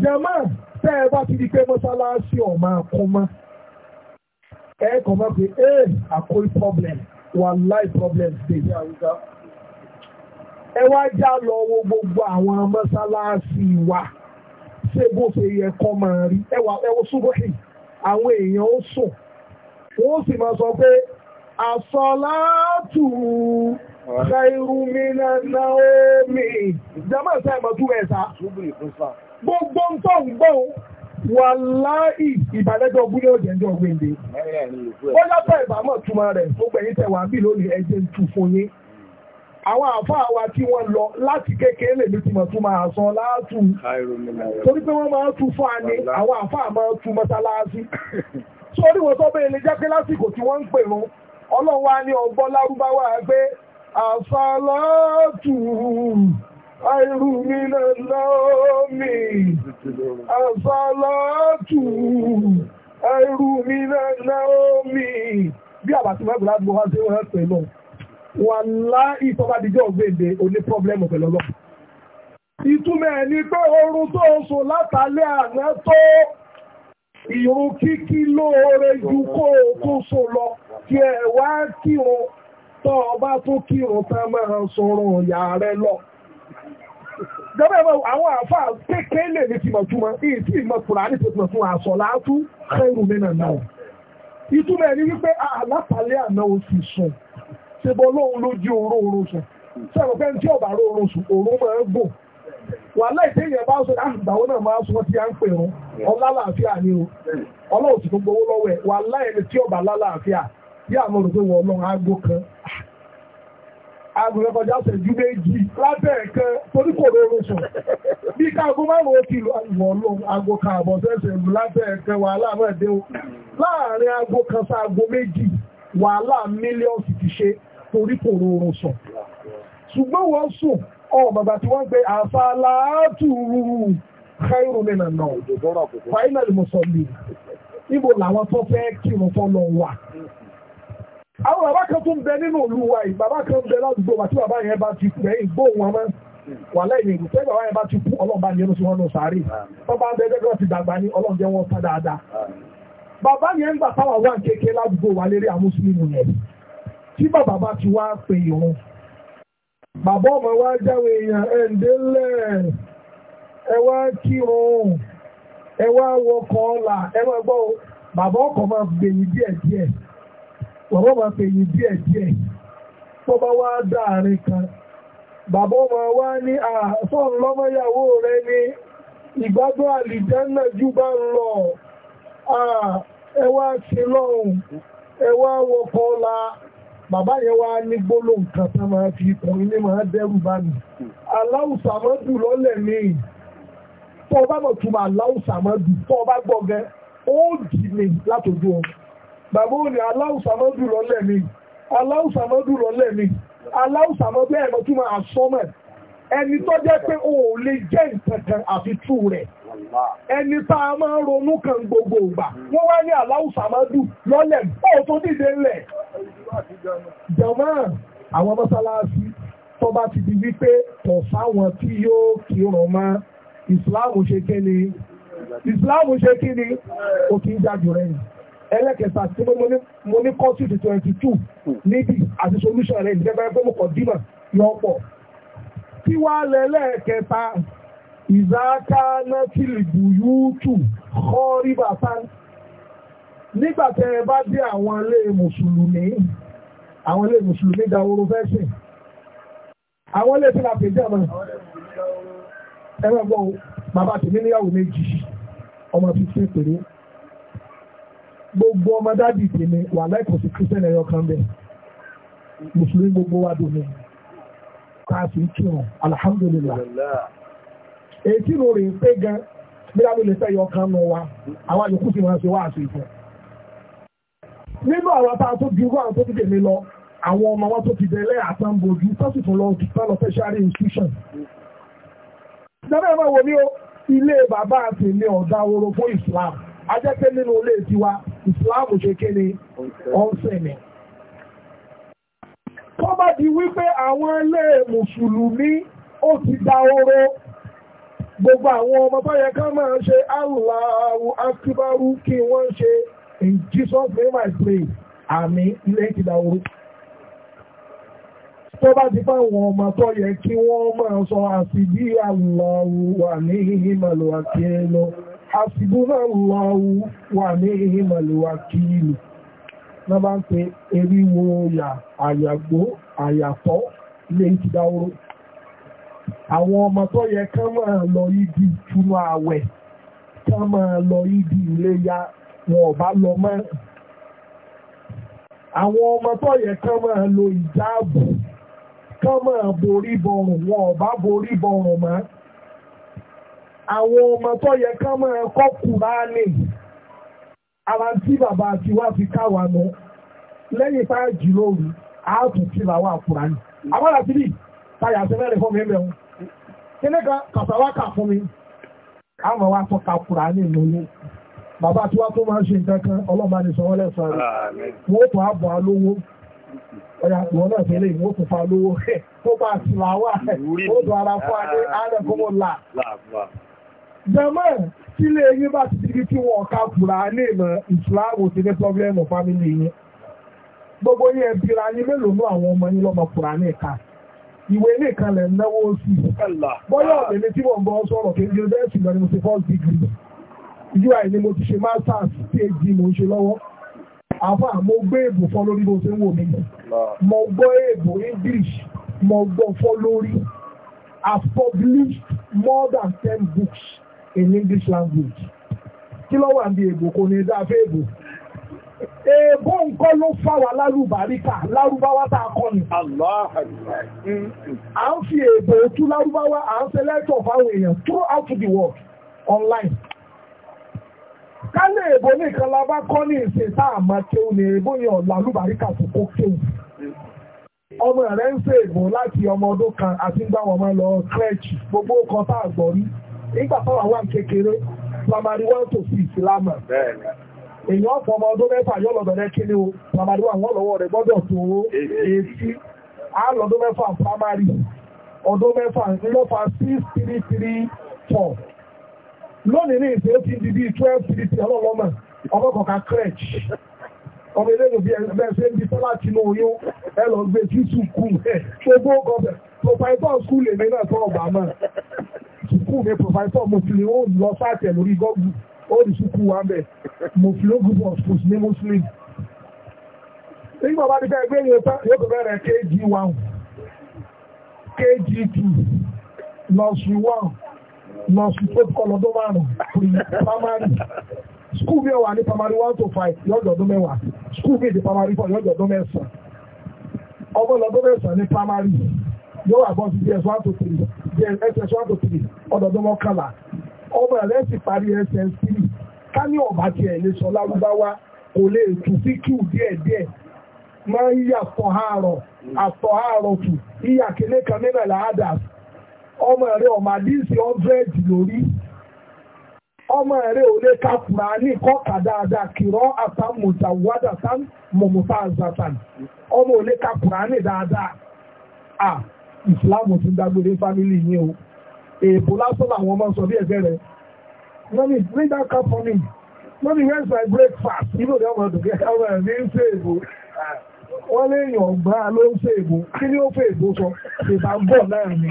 S1: jama tẹ́ ẹ bá ti di pé mọ́sálásí ọ̀ma kọ́má ẹ kọ́má pé ẹ àkórí problem wàláì problem dé. ẹ wá já lọ wo gbogbo àwọn mọ́sálásí wa ṣé bó ṣe yẹ kọ́ máa rí ẹ wà ẹ wo súbọ̀ṣì àwọn èèyàn ó sùn wọ́n sì máa sọ pé àsọ̀lá tù ṣàìrùmínà náómi ìjọmọ́ ìṣẹ́ ìmọ̀tú ẹ̀sà gbogbo ń tọ́ ń gbọ́ wà láì ìbàlẹ́jọ́ gúlé òjò ẹjọ́ gbèǹde ó yàtọ̀ ìbámọ̀ túmọ̀ rẹ̀ tó gbẹ̀yìn tẹ̀ wá bí lónìí ẹjẹ́ ń tù fún yín àwọn àfáà wa tí wọ́n lọ láti kékeré lè ní tìmọ̀ tún máa sọ láàtù torí pé wọ́n máa tún fún àní àwọn àfáà máa tún mọ́sálásí sórí wọn sọ bẹ́ẹ̀ lè jẹ́ pé lásìkò tí wọ́n ń pè run ọlọ́wọ́ á ní ọgbọ́n lárúbáwá pé àfàlátùm àìrù nínú lọ́mí àfàlátùm àìrù nínú lọ́mí bí àbàtí mẹ́bùlá gbọ́ wá sí wọ́n pẹ̀lú wà láì tọ́bá dìjọ́ ògbèdè oní pọ́blẹ́mù pẹ̀lú ọlọ́ ìtumọ̀ ẹ̀ ni pé oorun tó sùn látàlẹ́ àná tó ìrun kíkí lóore ju kó tó sùn lọ kí ẹ kírun tọ́ ọba tó kírun tán máa sọ̀rọ̀ ìyá rẹ lọ. Gẹ́gẹ́ bá àwọn àfa kékeré ní ti mọ̀túmọ̀ èyí tí ìmọ̀ kùrà ní ti mọ̀tún àṣọ láàtú fẹ́rù mi nà náà. Ìtumọ̀ ẹni wípé àlápàlẹ́ ah, àná o sì sùn. Ṣé bọ́ lóun ló jí oró oró sùn? Ṣé àwọn pẹ́ tí ọ̀bà oró sùn òru máa ń gbò? Wà láìpẹ́ yẹn bá sọ àgbà ah, wọn náà máa sọ ti à ń pè wọn. Ọlá làáfíà ni o. Ọlọ́run sì tó gbowó lọ́wọ́ ẹ̀. Wà láìpẹ́ tí bí àwọn olùgbòwò ọlọ́run aago kan aago rẹkọjá ṣẹ́jú méjì lábẹ́ ẹ̀kan torí kò lóorun sùn bí káàgó márùn-ún ti lọ àwọn ọlọ́run aago kan àbọ̀ sẹ́sẹ̀ lù lábẹ́ ẹ̀kan wàhálà náà dé o láàárín aago kan sí aago méjì wàhálà mílíọ̀nù ti ṣe torí kò ṣùgbọ́n wọ́n sùn ọ̀ bàbá tí wọ́n pe àfàlà ibo làwọn tó fẹ́ kírun fọ́lọ́ àwọn bàbá kan tún bẹ nínú ìlú wa yìí bàbá kan bẹ ládùúgbò wa bàbá yẹn bá ti pẹ́ wọn wà lẹ́yìn ìlú pé bàbá yẹn bá ti kú ọlọ́ọ̀bá ni ẹnusí wọn nù sáré ọba bá ń bẹ ti dàgbà ní ọlọ́ọ̀dẹ wọn pa dáadáa bàbá yẹn gbà wà ládùúgbò wà lérí àmúsùlùmù yẹn tí bàbá bá ti wá bàbá máa fi èyí díẹ̀ díẹ̀ tó bá wá dáàrin kan bàbá máa wá ní àfọ́n lọ́mọ́yàwó rẹ ní ìgbádùn àlìjánà jù bá ń lọ ẹwà sí lọ́hùn ẹwà wọkọ̀ ọ̀la bàbá yẹn wá ní gbóló nǹkan tá máa fi ìkùnrin ní máa dẹ́rù bá mi aláùsàmọ́dù lọ́lẹ̀ mi tó bá mọ̀ aláùsàmọ́dù tó bá gbọ́gẹ́ ó dì mí látòjú ọ̀hún bàbá ni aláùsàmọ́dù lọ́lẹ̀ mi aláùsàmọ́dù lọ́lẹ̀ mi aláùsàmọ́dù ẹ̀mọ́ túmọ̀ àsọ́mọ̀ ẹni tó jẹ́ pé o ò lè jẹ́ nǹkan kan àfi tú rẹ̀ ti di wípé tọ̀ sáwọn tí yóò kírun mọ́ ìsìláàmù ṣe kí ni ìsìláàmù ṣe kí ni ó kì í jáde rẹ̀ yìí ẹlẹ́kẹta tí mo ní constitute twenty two níbi àti solution rẹ̀ ìjẹ́bẹ́ pé mo kàn dímọ̀ yọ pọ̀ tí wàá lẹ ẹlẹ́kẹta ìzáká nọ́tìlì bùyúùtù kọ́rí bàtà nígbà tẹ ẹ bá dé àwọn ilé mùsùlùmí àwọn ilé mùsùlùmí dàwóró fẹ́ sìn àwọn ilé tí wàá pèjẹ́ àmọ́ ẹ̀rọ gbọ́ bàbá tèmi níyàwó méjì ọmọ fífi péré gbogbo ọmọ dádì tèmi wà láìpọ̀ sí christian ẹ̀yọ kan bẹ̀ mùsùlùmí gbogbo wa dùn mí káàsì ń kírun alhamdulillah èyí tí mo rè é pé gan bíra mi lè fẹ́ yọ kan nù wa àwọn àyòkù sì máa ṣe wá àṣẹ ìfún. nínú àwọn apá tó ju irú tó ti tèmi lọ àwọn ọmọ wọn tó ti délé àtàǹbòjú tó sì tún lọ tó lọ fẹ́ ṣáré institution. ìjọba ẹ̀ máa wò ní o ilé bàbá àtẹ̀lé ọ̀dà oró fún Islam ajẹ́pẹ́ nínú ilé tiwa ìsìláàmù ṣe kéde ọ̀sẹ̀lẹ̀. tó bá di wípé àwọn ilé mùsùlùmí ó ti da oró gbogbo àwọn ọmọ tó ká máa ṣe Allahu akíbárú kí wọ́n ṣe in Jesus name I pray àmì ilé ti da oró tó bá ti fáwọn ọmọ tó yẹ kí wọ́n máa sọ àsìdí Allahu wà ní ìhìmọ̀lù àkíyẹ́ lọ. hasbuna Allahu wa ni'mal wakil kiri bá ń pe eriwo ya ayagbo àyàtọ̀ ilé ti dáwóró àwọn ọmọ tó yẹ kán máa lọ ibi ìtúnú àwẹ̀ kán máa lọ ibi ìléyá wọn ò bá lọ mọ́ àwọn ọmọ tó yẹ kán máa lo ìjáàbù kán máa borí bọrùn wọn ò borí bọrùn mọ́ àwọn ọmọ tó yẹ ká máa kọ́ Kùránì ara tí bàbá àti wá fi káwa nù lẹ́yìn tá a jì lóru àátù tí làwọn àkùránì àwọn àti bí táyà àti mẹ́rin fún mi mẹ́rin kíní kan kàtàwá kà fún mi àwọn wa tọ́ka Kùránì lónìí bàbá tí wá tó máa ń ṣe nǹkan kan ọlọ́mọ ni sanwó lẹ́sọ̀ rẹ̀ wọ́n tó àbọ̀ alówó ọ̀yà ìwọ̀n náà tẹ́lẹ̀ ìwọ̀n tó fa alówó tó bá tìlàwà ó tó ara fún adé alẹ́kọ́mọ́ là jẹ́mọ́ sílé yín bá ti di kí wọ́n ka Kùránì mọ́ ìsìláàmù ti ní pọ́blẹ́mù fámìlì yín gbogbo yín ẹbí ra yín mélòó nú àwọn ọmọ yín lọ́mọ Kùránì ká ìwé nìkan lẹ̀ náwó sí bọ́yá ọ̀bẹ̀lẹ̀ tí wọ́n bọ́ sọ̀rọ̀ kí yunifásitì lọ ni mo ti first degree UI ni mo ti ṣe masters PhD mo ń ṣe lọ́wọ́ àfà mo gbé èbò fọ́ lórí bó ṣe ń wò mí mo gbọ́ èbò English mo gbọ́ fọ́ lórí I published more than ten books in English language kí ló wà ní èbò kò ní dáa fún èbò èbò nǹkan ló fà wá lárúbáríkà lárúbáwá tá a kọ́ ni. à ń fi èbò tú lárúbáwá à ń sẹlẹ́tọ̀ fáwọn èèyàn throughout the world online. ká èbò nìkan la bá kọ́ ní ìsìn ọmọ rẹ ń ṣe èbò láti kan àti ń gbogbo kan tá a nígbà táwọn kékeré primary one to six lámà èyàn ọ̀pọ̀ ọmọ ọdún mẹ́fà yóò o primary one wọ́n lọ́wọ́ rẹ̀ gbọ́dọ̀ tó mẹ́fà primary ọdún mẹ́fà six three three four lónìí ní ìfẹ́ ti di bíi twelve three three crèche ọmọ eléyìí bí ẹgbẹ́ ṣe ń di sọ́lá tinú oyún ẹ lọ gbé kù èmi sùkúù mi provide for muslim ó lọ sáàtẹ̀ lórí gọ́gù ó di sùkúù wa bẹ̀ muslim group of schools ní muslim. nígbà bá ti fẹ́ gbé yẹn tán yóò tó bẹ̀rẹ̀ kg one kg two nọ́ọ̀sì one nọ́ọ̀sì tó kọ́ lọ́dún márùn-ún primary school bí ọwà ní primary one to five yọjọ ọdún mẹ́wàá school bí èdè primary four yọjọ ọdún mẹ́sàn-án ọmọ lọ́dún mẹ́sàn-án ní primary. yóò wà bọ́ sí js one to three jss one to three ọ̀dọ̀dọ̀ mọ́kànlá ọmọ rẹ̀ sì parí ss three ká ní ọ̀bá tiẹ̀ lè sọ lárúbáwá kò lè tù sí q díẹ̀díẹ̀ máa ń yà fọ́ àárọ̀ àfọ́ àárọ̀ tù yíyà kélé kan nínú ẹ̀ láàdà ọmọ rẹ̀ ọmọ àdínsì hundred lórí ọmọ rẹ̀ ò lè ka Kùránì kọ́kà dáadáa kìrọ́ àtàmùtà wádà mọ̀mùtà àzàtàn ọmọ dáadáa. ìsìláàmù ti dágbére fámílì yín o èèpo lásán làwọn ọmọ sọ bí ẹgbẹ́ rẹ̀ mọ́mí bring that cup for me mọ́mí where's my breakfast inú rẹ̀ ọmọ ọdún kẹ́kẹ́ ọmọ ẹ̀ ní ń ṣe èbò wọ́n lè yàn gbá ló ń ṣe èbò kí ni ó fẹ́ èbò sọ ìbá ń bọ̀ náà ni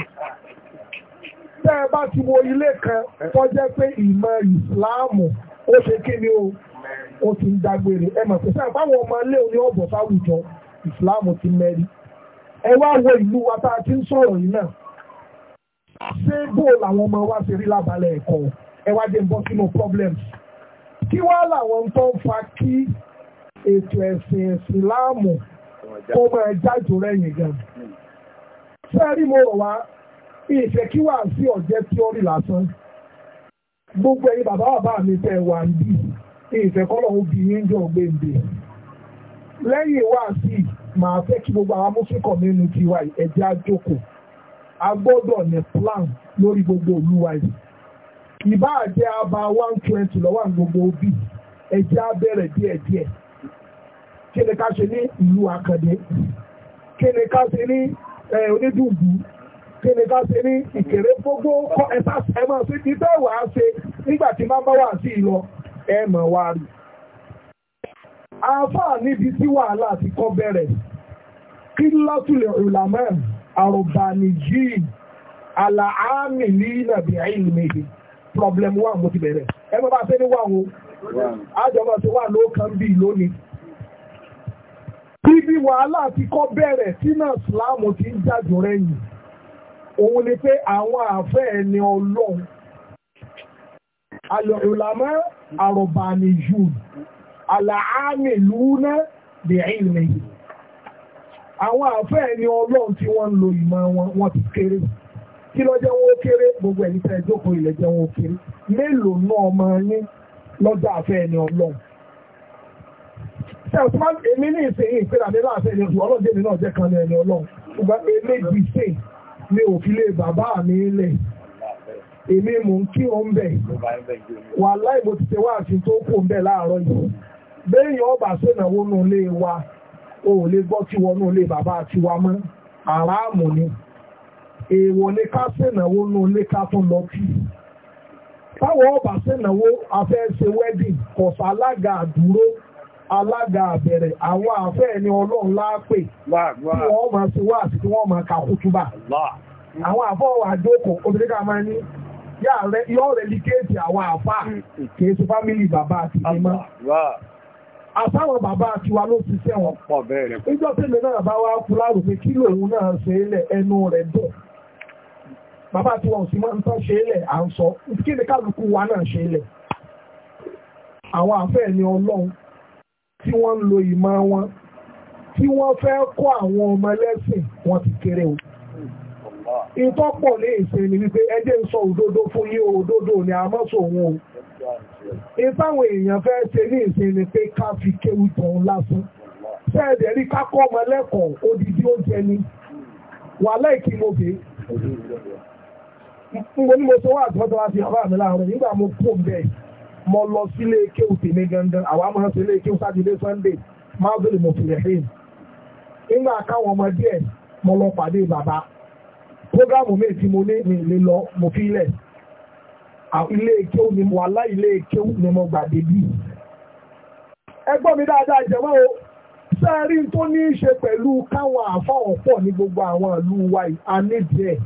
S1: tẹ́ ẹ bá ti wo ilé kan tó jẹ́ pé ìmọ̀ ìsìláàmù ó ṣe kí ni o ó ti ń dágbére ẹ mọ̀ pé sáà ọmọ ilé oní ọ̀bọ̀ sáwùjọ ìsìláàmù ti mẹ́rin ẹ wá wo ìlú wa tá a ti ń sọ̀rọ̀ yìí náà ṣé bó làwọn ọmọ wa ṣe rí lábalẹ̀ ẹ̀kọ́ ẹ wá dé ń bọ́ sínú problems kí wá làwọn tó ń fa kí ètò ẹ̀sìn ẹ̀sìn láàmù kó máa jájò rẹ̀yìn gan sẹ́ẹ̀rí mo rọ̀ wá ìfẹ́ kí wà sí ọ̀jẹ́ tí ó rí lásán gbogbo ẹ̀yin bàbá bàbá mi fẹ́ wà ń bì ìfẹ́ kọ́lọ̀ ó bí yín jọ gbèǹde lẹ́yìn wá sí i. màá fẹ́ kí gbogbo àwọn muslim community wa ẹ̀jẹ̀ àjókòó agbọ́dọ̀ ní plan lórí gbogbo olúwa ìbá àjẹ́ aba one twenty lọ́wọ́ gbogbo òbí ẹ̀jẹ̀ abẹ́rẹ̀ díẹ̀díẹ̀ kí ni ká ṣe ní ìlú àkàndé kí ni ká ṣe ní onídùúgbù kí ṣe ní ìkéré gbogbo ẹ̀ma sí ti bẹ́ẹ̀ wá ṣe nígbà tí máa bá wà sí àáfàá níbi tí wàhálà ti kọ́ bẹ̀rẹ̀ kí lọ́tùlẹ̀ ìlàmọ́ àrùbánìjì àlàámì ní nàbí àìlùmẹ́gbẹ̀ problem one mo ti bẹ̀rẹ̀ ẹ bá bá fẹ́ ní wàhùn àjọba tó wà ló kan bí lónìí bíbí wàhálà ti kọ́ bẹ̀rẹ̀ tí náà sùlámù ti ń jàjò rẹ̀yìn òun àlàámìlúúná bí ilmi àwọn àfẹ́ ni ọlọ́run tí wọ́n ń lo ìmọ̀ wọn wọ́n ti kéré kí ló jẹ́ wọn ó kéré gbogbo ẹ̀yìn tẹ́ jókòó ilẹ̀ jẹ́ wọn ó kéré mélòó náà ọmọ yín lọ́jọ́ àfẹ́ ni ọlọ́run sẹ́ọ̀tún ní ìsẹ̀yìn ìpínlẹ̀ ni ọ̀sùn ọlọ́dẹ mi náà jẹ́ kan ní ẹni ọlọ́run ṣùgbọ́n eléjì sè ni òfin lè èmi mò ń kí òun bẹ̀ wàláì mo ti tẹ wá àti tó kù ń bẹ̀ láàárọ̀ yìí béèyàn ọba sẹ́nàwó nù lé wa o ò lè gbọ́ tí wọnú lé bàbá àti wa mọ́ àràmù ni èèwọ̀ ni ká sẹ́nàwó nù lé ká tún lọ kí táwọn ọba sẹ́nàwó afẹ́ṣe wedding kọ̀sọ̀ alága àdúró alága àbẹ̀rẹ̀ àwọn àfẹ́ ni ọlọ́run lápè tí wọ́n máa ṣe wá àti tí wọ́n máa ka kútúbà àwọn àfọwọ́ àdókò obìnrin ká máa ní yóò rẹ̀ àwọn àfà mm. kìí ṣe fámìlì bàbá àti ìgbìmọ̀ àtàwọn bàbá tiwa ló ti ṣe wọn. pọ̀ bẹ́ẹ̀ rẹ̀. níjọ́ tèmi náà bá wá kú láàrò pé kí lòun náà ṣe é lẹ̀ ẹnu rẹ̀ dùn. bàbá tiwa ò sì máa ń tán ṣe é à ń sọ kí ni kálukú wa náà ṣe é lẹ̀. àwọn àfẹ́ ni ọlọ́run tí wọ́n ń lo ìmọ̀ wọn tí wọ́n fẹ́ kọ́ àwọn ọmọ ẹlẹ́sìn wọn ti kéré o. ìtọ́pọ̀ ní ìsinmi wípé ẹjẹ́ ń sọ òdodo fún yín òdodo ni àmọ́ sọ òun o ìfáwọn èèyàn fẹ́ ṣe ní ìsinmi pé ká fi kéwù tọ̀hún lásán ṣẹ́ẹ̀dẹ̀ rí kákọ́ ọmọ lẹ́kọ̀ọ́ odidi oúnjẹ ni wà láìkí mo bè mo ní mo sọ wá àtúntò wá sí àbá mi láàárọ̀ nígbà mo kú bẹ́ẹ̀ mo lọ sílé kéwù tèmi gangan àwa máa ń sílé kéwù sátidé sunday máa bèrè mo fìlẹ̀ hìn nígbà káwọn ọmọ díẹ̀ mo lọ pàdé bàbá prógámù mi tí mo ní mi lè lọ mo fi lẹ̀ ilé ìkéwù ni mo wàlá ilé ìkéwù ni mo gbà débí. ẹgbọ́n mi dáadáa jẹ̀mọ́ o sẹ́ẹ̀rí tó ní í ṣe pẹ̀lú káwọn àfọ̀hún pọ̀ ní gbogbo àwọn ìlú wa àníjẹ́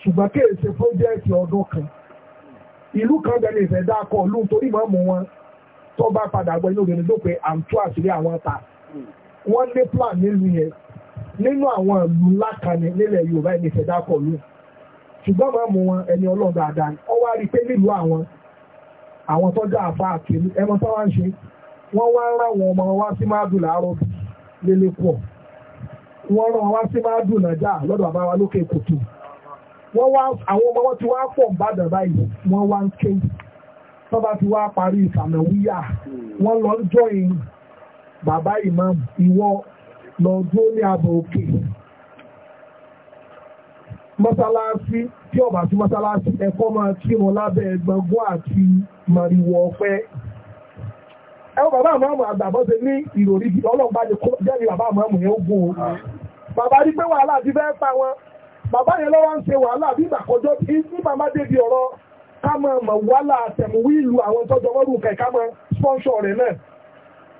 S1: ṣùgbọ́n kí èsè fúrójẹ́ẹ̀tì ọdún kan ìlú kan bẹ̀rẹ̀ ìfẹ́ dákọ̀ lóun torí mọ́ mú wọn tó bá padà gbọ́ inú obìnrin ló pé àǹtú àṣírí àwọn ta wọ́n ní plan nílùú yẹn nínú àwọn ìlú ńlá kan nílẹ̀ Yorùbá ìnífẹ̀ẹ́ dákọ̀ lóun ṣùgbọ́n máa mú wọn ẹni ọlọ́run dáadáa ni wọ́n wá rí pé nílùú àwọn àwọn tó dá àfa àkèrú ẹmọ tó wá ń ṣe wọ́n wá ń rán wọn ọmọ wá sí máàdùn làárọ̀ lélẹ́pọ̀ wọ́n rán wọn wá sí máàdùn nàjà lọ́dọ̀ bàbá wa lókè kòtò wọ́n wá àwọn ọmọ wọn ti wá pọ̀ bàdàn báyìí wọ́n wá ń ké tó bá ti wá parí ìsàmẹ̀wíyà wọ́n lọ ń jọyìn bàbá ìmáàmù ìwọ lọ dúró ní abọ òkè mọ́sálásí tí ọba tí mọ́sálásí ẹ̀kọ́ máa kí wọn lábẹ́ gbọ̀ngàn àti màrìwọ̀ ọ̀pẹ. ẹ̀wọ̀n bàbá àmọ́ àgbàbọ́ ṣe ní ìròrí bí ọlọ́ọ̀bá lè kó bàbá àmọ́ yẹn gùn ó. bàbá rí pé wàhálà ti fẹ́ pa wọn bàbá yẹn lọ́wọ́ ń ṣe wàhálà bí ìgbàkọjọ́ tí ní màmá débi ọ̀rọ̀ ká mọ mọ̀ wàhálà àtẹ̀múwí ìlú àwọn tọ́jọ́ wọ́n rùn kẹ̀kẹ́ mọ spọ́nṣọ̀ rẹ̀ náà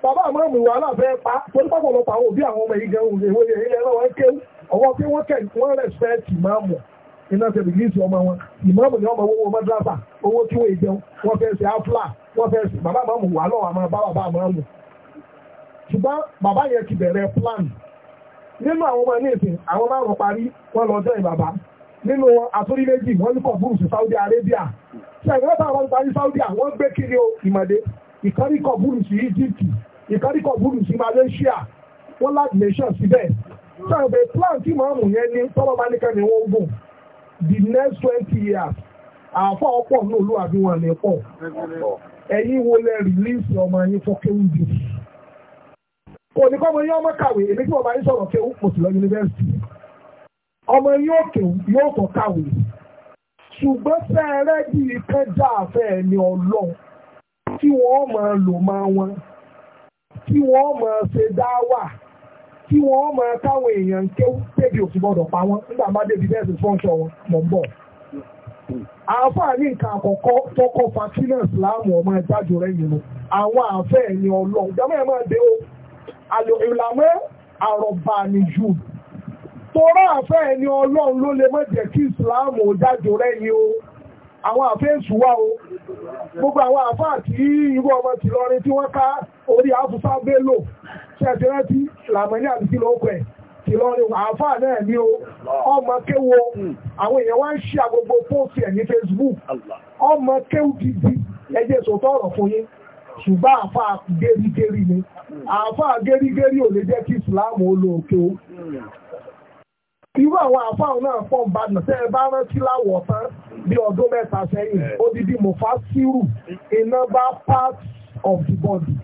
S1: bàbá àmọ́ àmọ́ wàhálà fẹ́ pa torí pàpọ̀lọpọ̀ àwọn òbí àwọn ọmọ yìí gan-an òwe ilẹ̀ náà wọ́n kéwú ọwọ́ pé wọ́n kẹ̀ wọ́n rẹ̀ fẹ́ẹ́ máa mọ̀ iná ṣe rìlíìsì ọmọ wọn ìmọ̀ọ́mù ni ọmọ owó wọn mọ́dúrásà owó tí wọ́n jẹun wọ́n fẹ́ ṣe áfúlà wọ́n fẹ́ ṣe bàbá àmọ́ wà lọ́wọ́ àmọ́ bá bàbá àmọ́ lò ṣùgbọ́n bàbá yẹn ti bẹ̀rẹ̀ plan nínú àwọn ọmọ ní ìsìn àwọn márùn parí wọ́n lọ jẹ́ ìbàbá nínú àtúrí méjì wọ́n ní kọ̀bùrù Saudi Arabia ṣe ìwọ́n táwọn ọmọ Saudi àwọn gbé kiri ìmọ̀dé ìkọ́rí Egypt ìkọ́rí kọ̀bùrù sí Malaysia wọ́n láti nation síbẹ̀ ṣe plan tí màmù yẹn ní tọ́lọ́ bá nìkan ni wọ́n the next twenty years àáfà ọ̀pọ̀ náà ló àbí wọn lè pọ̀ ẹ̀yin wo lẹ release ọmọ yín fún kéwùdì kò ní kọ́ ọmọ yín ọmọ kàwé èmi tí ọmọ yín sọ̀rọ̀ kéwù kò sí lọ yunifásitì ọmọ yín òkè yóò tó kàwé ṣùgbọ́n fẹ́ẹ́rẹ́ bí kan já àfẹ́ ẹni ọlọ́run tí wọ́n máa lò máa wọn tí wọ́n máa ṣe dá wà kí wọ́n máa táwọn èèyàn ń kéwú débi òsì gbọ́dọ̀ pa wọ́n nígbà má débi bẹ́ẹ̀ sì sponsor wọn mọ̀ ń bọ̀. àáfàá ní nǹkan àkọ́kọ́ tọkọ fatilẹ̀ ìsìláàmù ọmọ ìjájò rẹ̀ yìí lọ àwọn àfẹ́ ẹ̀yìn ọlọ́run jẹ́mọ́ ẹ̀ máa dé o àlò ìlànà àrọ̀bà ni jù tọ́rọ àfẹ́ ẹ̀yìn ọlọ́run ló lè má jẹ́ kí ìsìláàmù ìjájò rẹ̀ yìí o àwọn àfẹ́sù wá o gbogbo àwọn àfáà tí irú ọmọ ti lọrin tí wọ́n ká orí àfúsá bélò ṣẹ́ẹ̀tẹ́rẹ́tì làmẹ́lẹ́ àti kí lóókọ̀ ẹ̀ ti lọrin àfáà náà ní o ọmọ kéwo àwọn èèyàn wá ń ṣí àgbogbo póòsì ẹ̀ ní Facebook ọmọ kéwù gidi ẹjẹ́ sòtọ́ ọ̀rọ̀ fún yín ṣùgbọ́n àfáà gérígérí ni àfáà gérígérí ò lè jẹ́ kí Islam ó lo òkè o irú àwọn àfáàwọn náà fọ́ ìbàdàn tẹ́ ẹ bá rántí láwọ̀ tán bí ọdún mẹ́ta sẹ́yìn eh. odidi mufasiru iná bá part of the body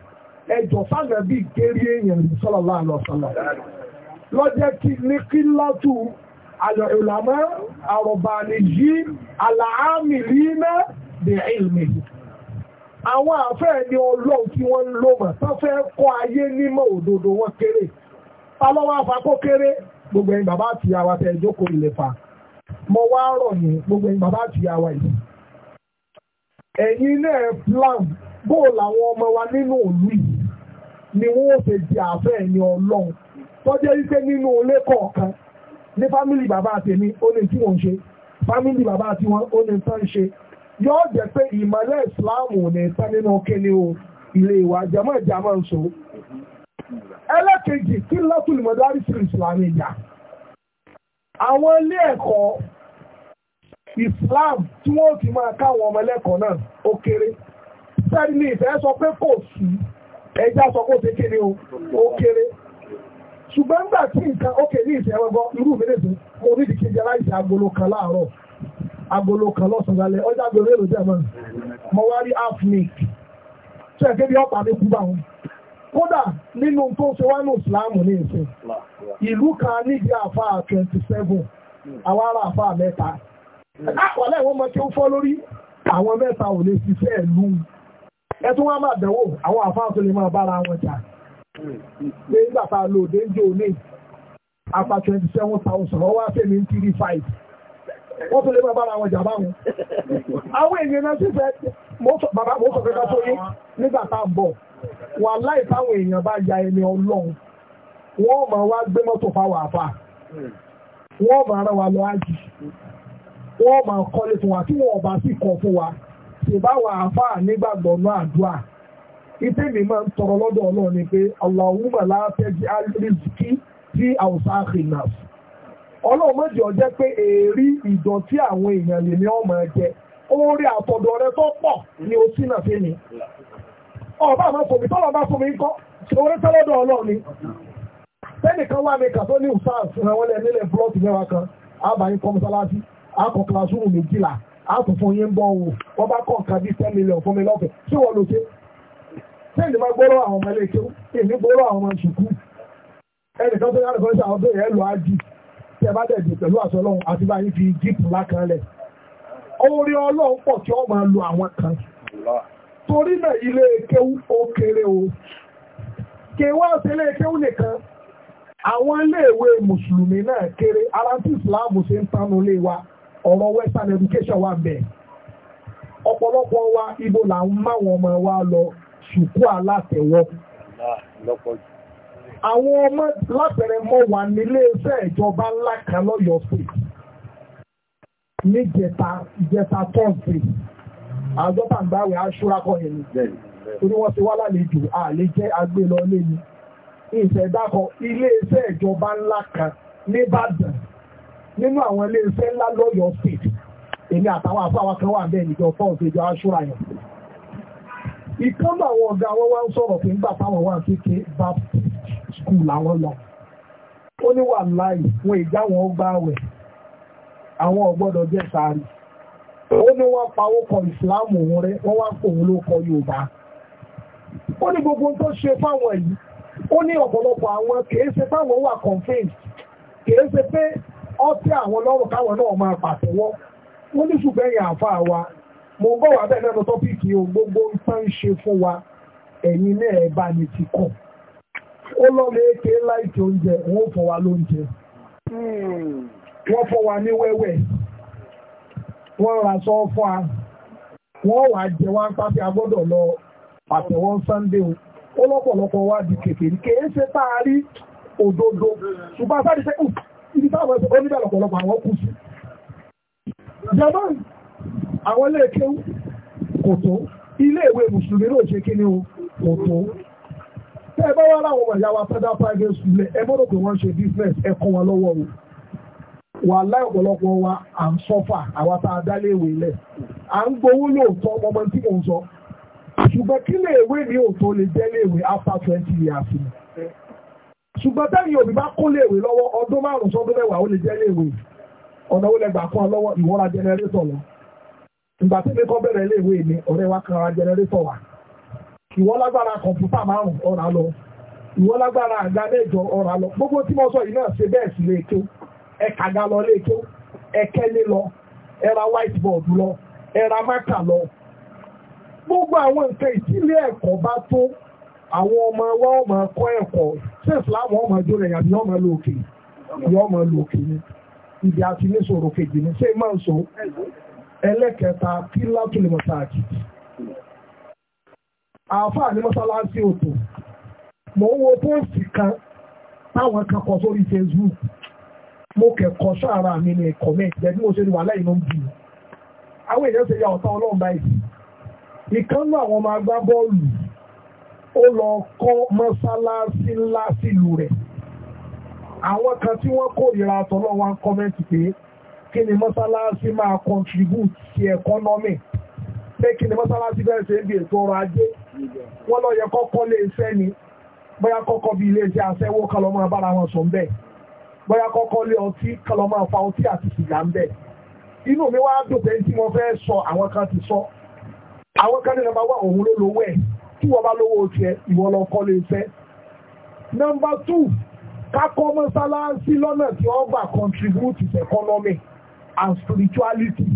S1: ẹjọ́ fáànà bí kéré èèyàn sallallahu alaihi wasallam lọ́jẹ́ ní kí látù àlọ́ ìlànà àrọ̀bàní yìí àlàámì rí náà bí ilmi àwọn àfẹ́ ni ọlọ́run tí wọ́n ń lò mọ̀ tán fẹ́ kọ́ ayé nímọ̀ òdodo wọn kéré ta lọ́wọ́ afakó kéré gbogbo ẹ̀yin bàbá àti àwa tẹ̀ jókòó ìlẹ̀fà mo wá rọ̀ yín gbogbo ẹ̀yin bàbá àti àwa yìí ẹ̀yin náà plan bóò làwọn ọmọ wa nínú òlú yìí ni wọ́n ó ṣe di àfẹ́ ẹni ọlọ́run tọ́jẹ́ wípé nínú ilé kọ̀ọ̀kan ní fámìlì bàbá àtẹ̀mí ó ní tí wọ́n ń ṣe fámìlì bàbá àti wọn ó ní tán ṣe yóò jẹ́ pé ìmọ̀lẹ̀ ìsìláàmù ò ní tán nínú kíni o ilé ìwà jẹ́mọ̀ ìjàmọ̀ ẹlẹ́kejì kí lọ́tún lùmọ̀dárì sí ìsìlámù ìyá àwọn ilé ẹ̀kọ́ islam tí wọ́n ti máa káwọn ọmọ ẹlẹ́kọ̀ọ́ náà ó kéré sẹ́ni ní ìfẹ́ sọ pé kò sí ẹja sọ pé kéré o ó kéré ṣùgbọ́n nígbà tí nǹkan ó ní ìfẹ́ ọgbọ́ mo ní ìdíkejì aláìsí agolo kan láàárọ̀ agolo kan lọ́sàn ọjà gbèrè lòdì àmọ́ mo wá rí half kódà nínú tó ṣe wá ní ìsìláàmù ní ìsìn ìlú kan níbi àfa twenty seven hmm. àwọn ará àfa mẹ́ta hmm. àpọ̀lẹ́ ìwọ́n mọ̀ tí ó fọ́ lórí àwọn mẹ́ta ò lè ṣiṣẹ́ ìlú ẹtún wá máa dẹ̀wò àwọn àfa tó lè máa bára wọn jà hmm. pé nígbà tá a lò dé ń jò ní àfa twenty seven thousand ọwọ́ àfẹ́mi ń tiri five wọ́n tó lè máa bára wọn jàbá wọn àwọn èèyàn náà sì fẹ́ bàbá mọ́ sọ̀rọ̀ ká tó yí nígbà tá à ń bọ̀ wà láì táwọn èèyàn bá ya ẹni ọlọ́run wọ́n máa wá gbé mọ́tò fáwọn àfà wọ́n máa rán wa lọ ájì wọ́n máa kọ́lé fún wa tí wọ́n bá sì kọ́ fún wa ṣèbáwọn àfà nígbàgbọ́ náà àdúrà ìpè mi máa ń tọrọ lọ́dọ̀ ọlọ́run ni pé Allahumma ọlọ́run méjì ọjẹ́ pé èrí ìdọ̀tí àwọn èèyàn lè ní ọmọ ẹ̀jẹ̀ orí àtọ̀dọ̀ rẹ tó pọ̀ ni o sí náà fi ni ọba àmọ́ fòmí tọ́lọ̀ bá fòmí ń kọ́ orí tẹ́lọ́dọ̀ ọlọ́run ni tẹ́nìkan wà ní kàtó ní usas ràn wọ́n lẹ̀ nílẹ̀ blọ́ọ̀tì mẹ́wàá kan àbáyé kọ́mọ́sálásí akọ̀ kílásùrù méjìlá àtúnfún yín bọ́ wò wọ́n bá kọ́ nǹkan bíi ten million fún mi lọ́fẹ̀ẹ́ tí wọ́n lò ṣe sẹ́yìn máa gbọ́rọ̀ àwọn ọmọ ilé kéwú èmi gbọ́rọ̀ àwọn ọmọ ṣùkú ẹnìkan tó yára kan ṣe àwọn tó yẹ lọ ájì tí ẹ bá dẹ̀dẹ̀ pẹ̀lú àṣọ ọlọ́run àti bá yín fi jíìpù lákan lẹ̀ orí ọlọ́run pọ̀ tí ọ máa lo àwọn kan torí náà ilé kéwú ó kéré o kéwá sílé kéwú nìkan àwọn iléèwé mùsùlùmí náà kéré ara ìsìláàmù ṣe ń lé wa ọ̀rọ̀ western education wa ibo máwọn ọmọ wa lọ àwọn ọmọ lápẹẹrẹ mọ wà nílé iṣẹ́ ìjọba ńlá kan lọ́yọ̀ọ́ pé ní jẹta jẹta tọ́sí àjọba ń báwẹ̀ aṣúra kọ́ yẹn ni torí wọ́n ti wá lálejò àlè jẹ́ agbé lọ lé ni ìṣẹ̀dákọ ilé iṣẹ́ ìjọba ńlá kan nìbàdàn nínú àwọn ilé iṣẹ́ ńlá lọ́yọ̀ọ́ state èmi àtàwọn àfáwà kan wà bẹ́ẹ̀ níjọ fọ́ọ̀sì ìjọ aṣúra yẹn ìkọ́nà àwọn ọ̀gá wọn wá ń sọ̀rọ̀ pé ń gbà táwọn wà kéke baptist skul làwọn lọ ó ní wà láì wọn ìjà wọn gbá wẹ̀ àwọn ọ̀gbọ́dọ̀ jẹ́ sáré ó ní wọ́n pawó kọ ìsìláàmù òun rẹ wọ́n wá pòun ló kọ Yorùbá ó ní gbogbo tó ṣe fáwọn yìí ó ní ọ̀pọ̀lọpọ̀ àwọn kìí ṣe fáwọn wà confirmed kìí ṣe pé ọtí àwọn lọ́rùn káwọn náà máa pàtẹ́wọ́ ní àfa wa mo ń bọ̀ na bẹ́ẹ̀ lẹ́nu tọ́pìkì o gbogbo ń tán ṣe fún wa ẹ̀yin náà ẹ̀ bá ti ó lọ́mọ èké láìkí oúnjẹ wọ́n fọ́ wa lóúnjẹ wọ́n fọ́ wa ní wẹ́wẹ́ wọ́n ra sọ fún a wọ́n wàá jẹ wá pàṣẹ agbọ́dọ̀ lọ àtẹ̀wọ́n Sunday ó lọ́pọ̀lọpọ̀ wá di kékeré kèé ṣe tá a rí òdodo ṣùgbọ́n sáré ṣe ibi táwọn ẹ̀sẹ̀ oníbẹ̀ lọ́pọ̀lọpọ̀ àwọn kù sí. jaman àwọn ilé kéwú kò tó ilé ìwé mùsùlùmí ló ṣe kí ni o kò tó tẹ́ ẹ bá wá láwọn ọmọ ìyá wa fẹ́ dá private school ẹ gbọ́dọ̀ pé wọ́n ṣe business ẹ kọ́ wọn lọ́wọ́ o wà láì ọ̀pọ̀lọpọ̀ wa à ń sọ́fà àwa tá a dálé ìwé lẹ̀ à ń gbowó lóòótọ́ ọmọ tí mò ń sọ ṣùgbọ́n kí lè ìwé mi ò lè jẹ́ léèwé after twenty years ni ṣùgbọ́n tẹ́yìn òbí bá kó léèwé lọ́wọ́ ọdún márùn-ún sọ́dún mẹ́wàá ó lè jẹ́ léèwé ọ̀nà ó lè ìwọ lágbára kọ̀ǹpútà márùn ọ̀rà lọ ìwọ lágbára àga mẹ́jọ ọ̀rà lọ gbogbo tí mo sọ yìí náà ṣe bẹ́ẹ̀ sí léèké ẹ̀ka ga lọ léèké ẹ̀kẹ́lé lọ ẹ̀ra whiteboard lọ ẹ̀ra mákà lọ gbogbo àwọn nǹkan ìtílé ẹ̀kọ́ bá tó àwọn ọmọ wa ọmọ ẹ̀kọ́ ẹ̀kọ́ ṣé ìsìláàmù ọmọ ẹjọ́ rẹ̀ yàbí ọmọ ẹlò òkè ni ọmọ ẹlò òkè ni ibi àti ní sọ̀rọ̀ kejì ni ṣé máa ń sọ ẹlẹ́kẹta kí látùlẹ̀ mọ́tàkì àáfàá ní mọ́sálásí òtò mò ń wo póòsì kan táwọn kan kọ sórí Facebook mo kẹ̀kọ́ sára mi ní ẹ̀kọ́ mẹ́ẹ̀ẹ́ bí mo ṣe ní wàhálà ìlú ń bì í àwọn èèyàn ṣe ya ọ̀tá ọlọ́run báyìí ìkan náà àwọn ọmọ agbábọ́ọ̀lù ó lọ kọ́ mọ́sálásí ńlá sílùú rẹ̀ àwọn kan tí wọ́n kórìíra àtọ́lọ́ wa ń kọ́mẹ́ǹtì pé kí ni mọ́sálásí máa contribute sí economy pé kí ni mọ́sálásí fẹ́ ṣe ń bí ètò ọrọ̀ ajé wọ́n lọ yẹ kọ́kọ́ lé iṣẹ́ ni bóyá kọ́kọ́ bí ilé iṣẹ́ aṣẹ́wó kálọ́ máa bára wọn sùn bẹ́ẹ̀ bóyá kọ́kọ́ lé ọtí kálọ́ máa fa ọtí àti sìgá ń bẹ́ẹ̀ inú mi wá dùn pé tí mo fẹ́ sọ àwọn kan ti sọ àwọn kan ní nọ́mbà wá òun ló lówó ẹ̀ tí wọ́n bá lówó tiẹ̀ ìwọ lọ kọ́ lé iṣẹ́ nọ́mbà tù kákọ́ mọ́sálásí lọ́nà tí wọ́n gbà contribute to economy and spirituality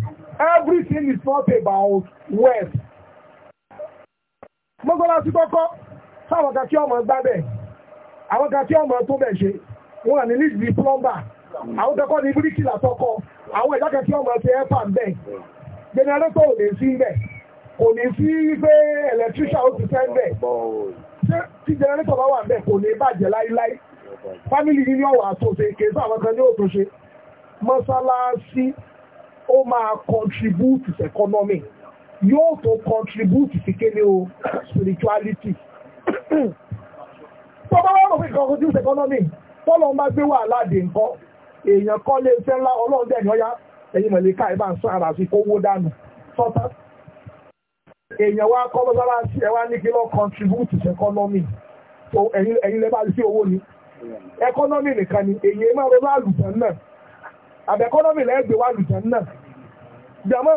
S1: everything is not about wealth mọ́sálásí kọ́kọ́ sáwọn kan tí ọmọ gbábẹ̀ àwọn kan tí ọmọ tó bẹ̀ ṣe wọn ní nídìí plumber àwọn kẹ́kọ́ ní bíríkìlà tọkọ àwọn ẹ̀dá kan tí ọmọ ti ẹ́fà ń bẹ̀ jẹnẹrétọ̀ ò lè sí bẹ̀ kò ní sí pé ẹlẹtíríṣà ó ti fẹ́ bẹ̀ tí jẹnẹrétọ̀ bá wà bẹ̀ kò ní bàjẹ́ láíláí fámìlì yìí ní ọ̀wà àtòṣe kèésà àwọn kan ní òtòṣe mọ́sálásí ó máa contribute economy yóò tó contribute sí kéde o spirituality tó bá wọ́n fi kan reduce economy tọ́lọ́ bá gbé wàhálà dé nǹkan èèyàn kọ́ lé iṣẹ́ ńlá ọlọ́run dẹ̀ ní ọyá ẹ̀yìn mọ̀lẹ́ ká ẹ̀ bá ń sọ ara sí kówó dànù sọ́tà èèyàn wá kọ́ lọ́sára sí ẹ̀ wá ní kí lọ́ contribute sí economy so ẹ̀yin lẹ́ bá sí owó ni economy nìkan ni èèyàn máa rọ lálùjẹ́ náà àbẹ̀ economy lẹ́gbẹ̀ẹ́ wà lùjẹ́ náà jàmọ́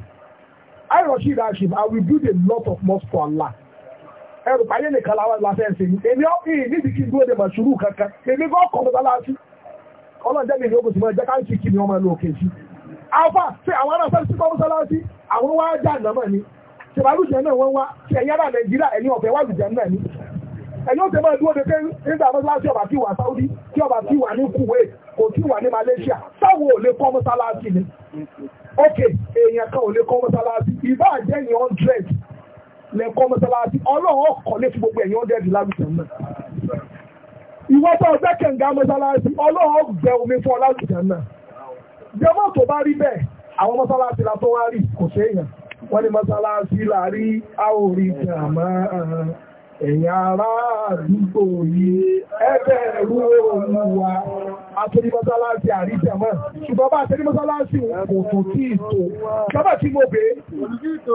S1: I Rashid Hashim, I will build a lot of mosque for Allah. Ẹrù pàyé nìkan láwọn ìlàfẹ́ ẹ̀sìn yìí. Èmi ọ̀hìn níbi kí n dúró de màṣúrù kankan. Èmi gbọ́ kọ́ mi lọ́la sí. Ọlọ́run jẹ́ mi ní ogun sí mọ́ ẹ̀jẹ̀ ká ń kí kí ni ọmọ ẹlò òkè sí. Alfa ṣe àwọn ará sẹ́yìn sípò mọ́sálásí, àwọn wá já nàmọ́ ni. Ṣèbálùjẹ́ náà wọ́n wá ṣe ẹ̀yìn ará Nàìjíríà ẹ̀yìn ọ̀fẹ́ wá lùjẹ́ náà ni. Ẹ̀yìn òṣèlú máa dúró de pé nígbà mọ́sálásí ọba tí wà Sáúdí, tí ọba tí wà ní Kuwait, kò tí wà ní Malaysia. Sáwo ò lè kọ́ mọ́sálásí ni ókè èèyàn kan ò lè kọ́ mọ́sálásí ìbá jẹ́ ní hundred lè kọ́ mọ́sálásí ọlọ́run ọkọ̀ lè fi gbogbo ẹ̀yìn hundred lágùtàn náà ìwọ́n tó ọgbẹ́ kẹ̀ǹgà mọ́sálásí ọlọ́run ọgbẹ́ omi fún ọ lágùtàn náà jẹ́mọ́ tó bá rí bẹ́ẹ̀ àwọn mọ́sálásí la kò séèyàn wọ́n ní mọ́sálásí láàrí àwòrí jàmáà ẹ̀yà ará àdúgbò yìí ẹgbẹ́ ẹ̀rú olúwa atẹ́lẹ́mọ́sálásí àríjẹ̀mọ́ ṣùgbọ́n bá atẹ́lẹ́mọ́sálásí kò tó tí ìtò ṣọ́bà tí mo bèé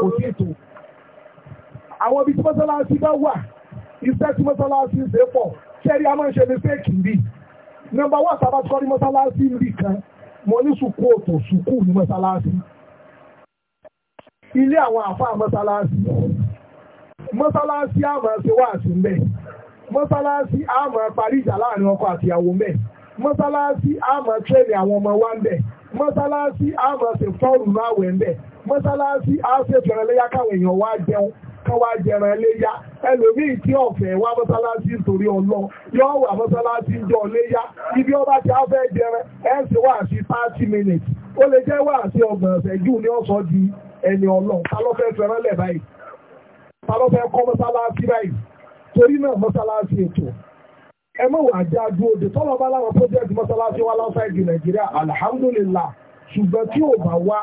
S1: kò tí ìtò àwọn ibi tí mọ́sálásí bá wà iṣẹ́ tí mọ́sálásí ń ṣe pọ̀ ṣẹ́rí a máa ń ṣe mistake rí nọ́mbà wà sábà tí wọ́n mọ́sálásí rí kan mo ní sùkú òtò sùkú ní mọ́sálásí ilé àwọn àfáà mọ́sálásí mọ́sálásí àmọ́ ṣe wá sí ń bẹ̀ mọ́sálásí àmọ́ parí ìjà láàrin ọkọ àtìyàwó ń bẹ̀ mọ́sálásí àmọ́ tírẹ̀nì àwọn ọmọ wa ń bẹ̀ mọ́sálásí àmọ́ ṣe fọ́ọ̀rù láwẹ̀ ń bẹ̀ mọ́sálásí àṣetọ̀rọ̀ ẹlẹ́yà káwọn èèyàn wá jẹun kan wá jẹran ẹlẹ́yà ẹlòmíì tí ọ̀fẹ́ wá mọ́sálásí nítorí ọlọ́ yọ wà mọ́sálásí jọ léyà ibi ọba tí a fẹ́ jẹran ẹ̀sìn wà sí thirty minutes ó lè jẹ́ wà sí ọgbọ̀n ọ̀sẹ̀ jù ní ọ̀sán di ẹni ọlọ́ ta ló fẹ́ fẹ́ràn lẹ̀ báyìí ta lọ bụ kọ́ mọ́sálásí báyìí torí náà mọ́sálásí ètò ẹ mọ̀ wà já dúró de tọ́lọ̀ bá láwọn project mọ́sálásí wá nàìjíríà alhamdulillah ṣùgbọ́n tí ò bá wá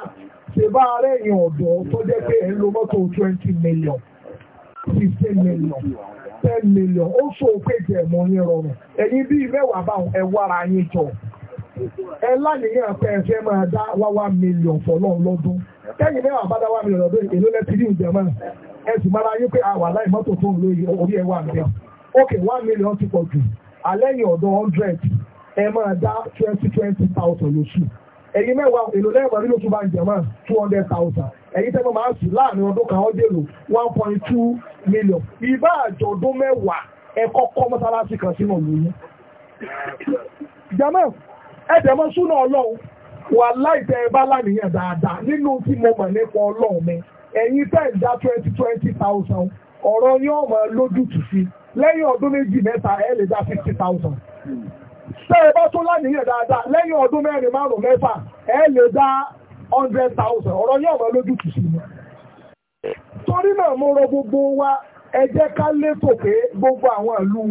S1: ṣe bá ara ẹ̀yìn ọ̀dọ́ tó jẹ́ pé ẹ̀ ń lo mọ́tò twenty million fifteen million ten million ó ṣòó péjẹ ẹ̀mọ́ yín rọrùn ẹ̀yin bíi mẹ́wàá báwọn jọ. ẹ láníyàn pé ẹ máa dá wá mílíọ̀n fọlọ́n lọ́dún kẹ́yìn náà àbádá wá mílíọ̀n lọ́dún èló lẹ́tí ní ìjọba ẹ sì pé àwà láì mọ́tò tó ń lo orí ẹ wà ókè wá mílíọ̀n ti pọ̀ jù alẹ́yìn ọ̀dọ̀ hundred ẹ máa dá twenty twenty thousand lóṣù ẹ̀yin mẹ́wàá èlò one point two million ìbá àjọ̀dún mẹ́wàá ẹ̀kọ́ kọ́ mọ́sálásí kan ẹ̀dẹ̀ mọ́ ọlọ́run wà láìpẹ́ ẹ lánìyàn dáadáa nínú tí mo mọ̀ nípa ọlọ́run mi ẹ̀yin tẹ́ dá twenty twenty thousand ọ̀rọ̀ yóò mọ̀ lójútùú sí lẹ́yìn ọdún méjì mẹ́ta lè dá fifty thousand ẹ bá dáadáa lẹ́yìn ọdún mẹ́rin márùn mẹ́fà lè dá hundred ọ̀rọ̀ mọ̀ sí torí náà gbogbo wa ẹ jẹ́ ká gbogbo àwọn ìlú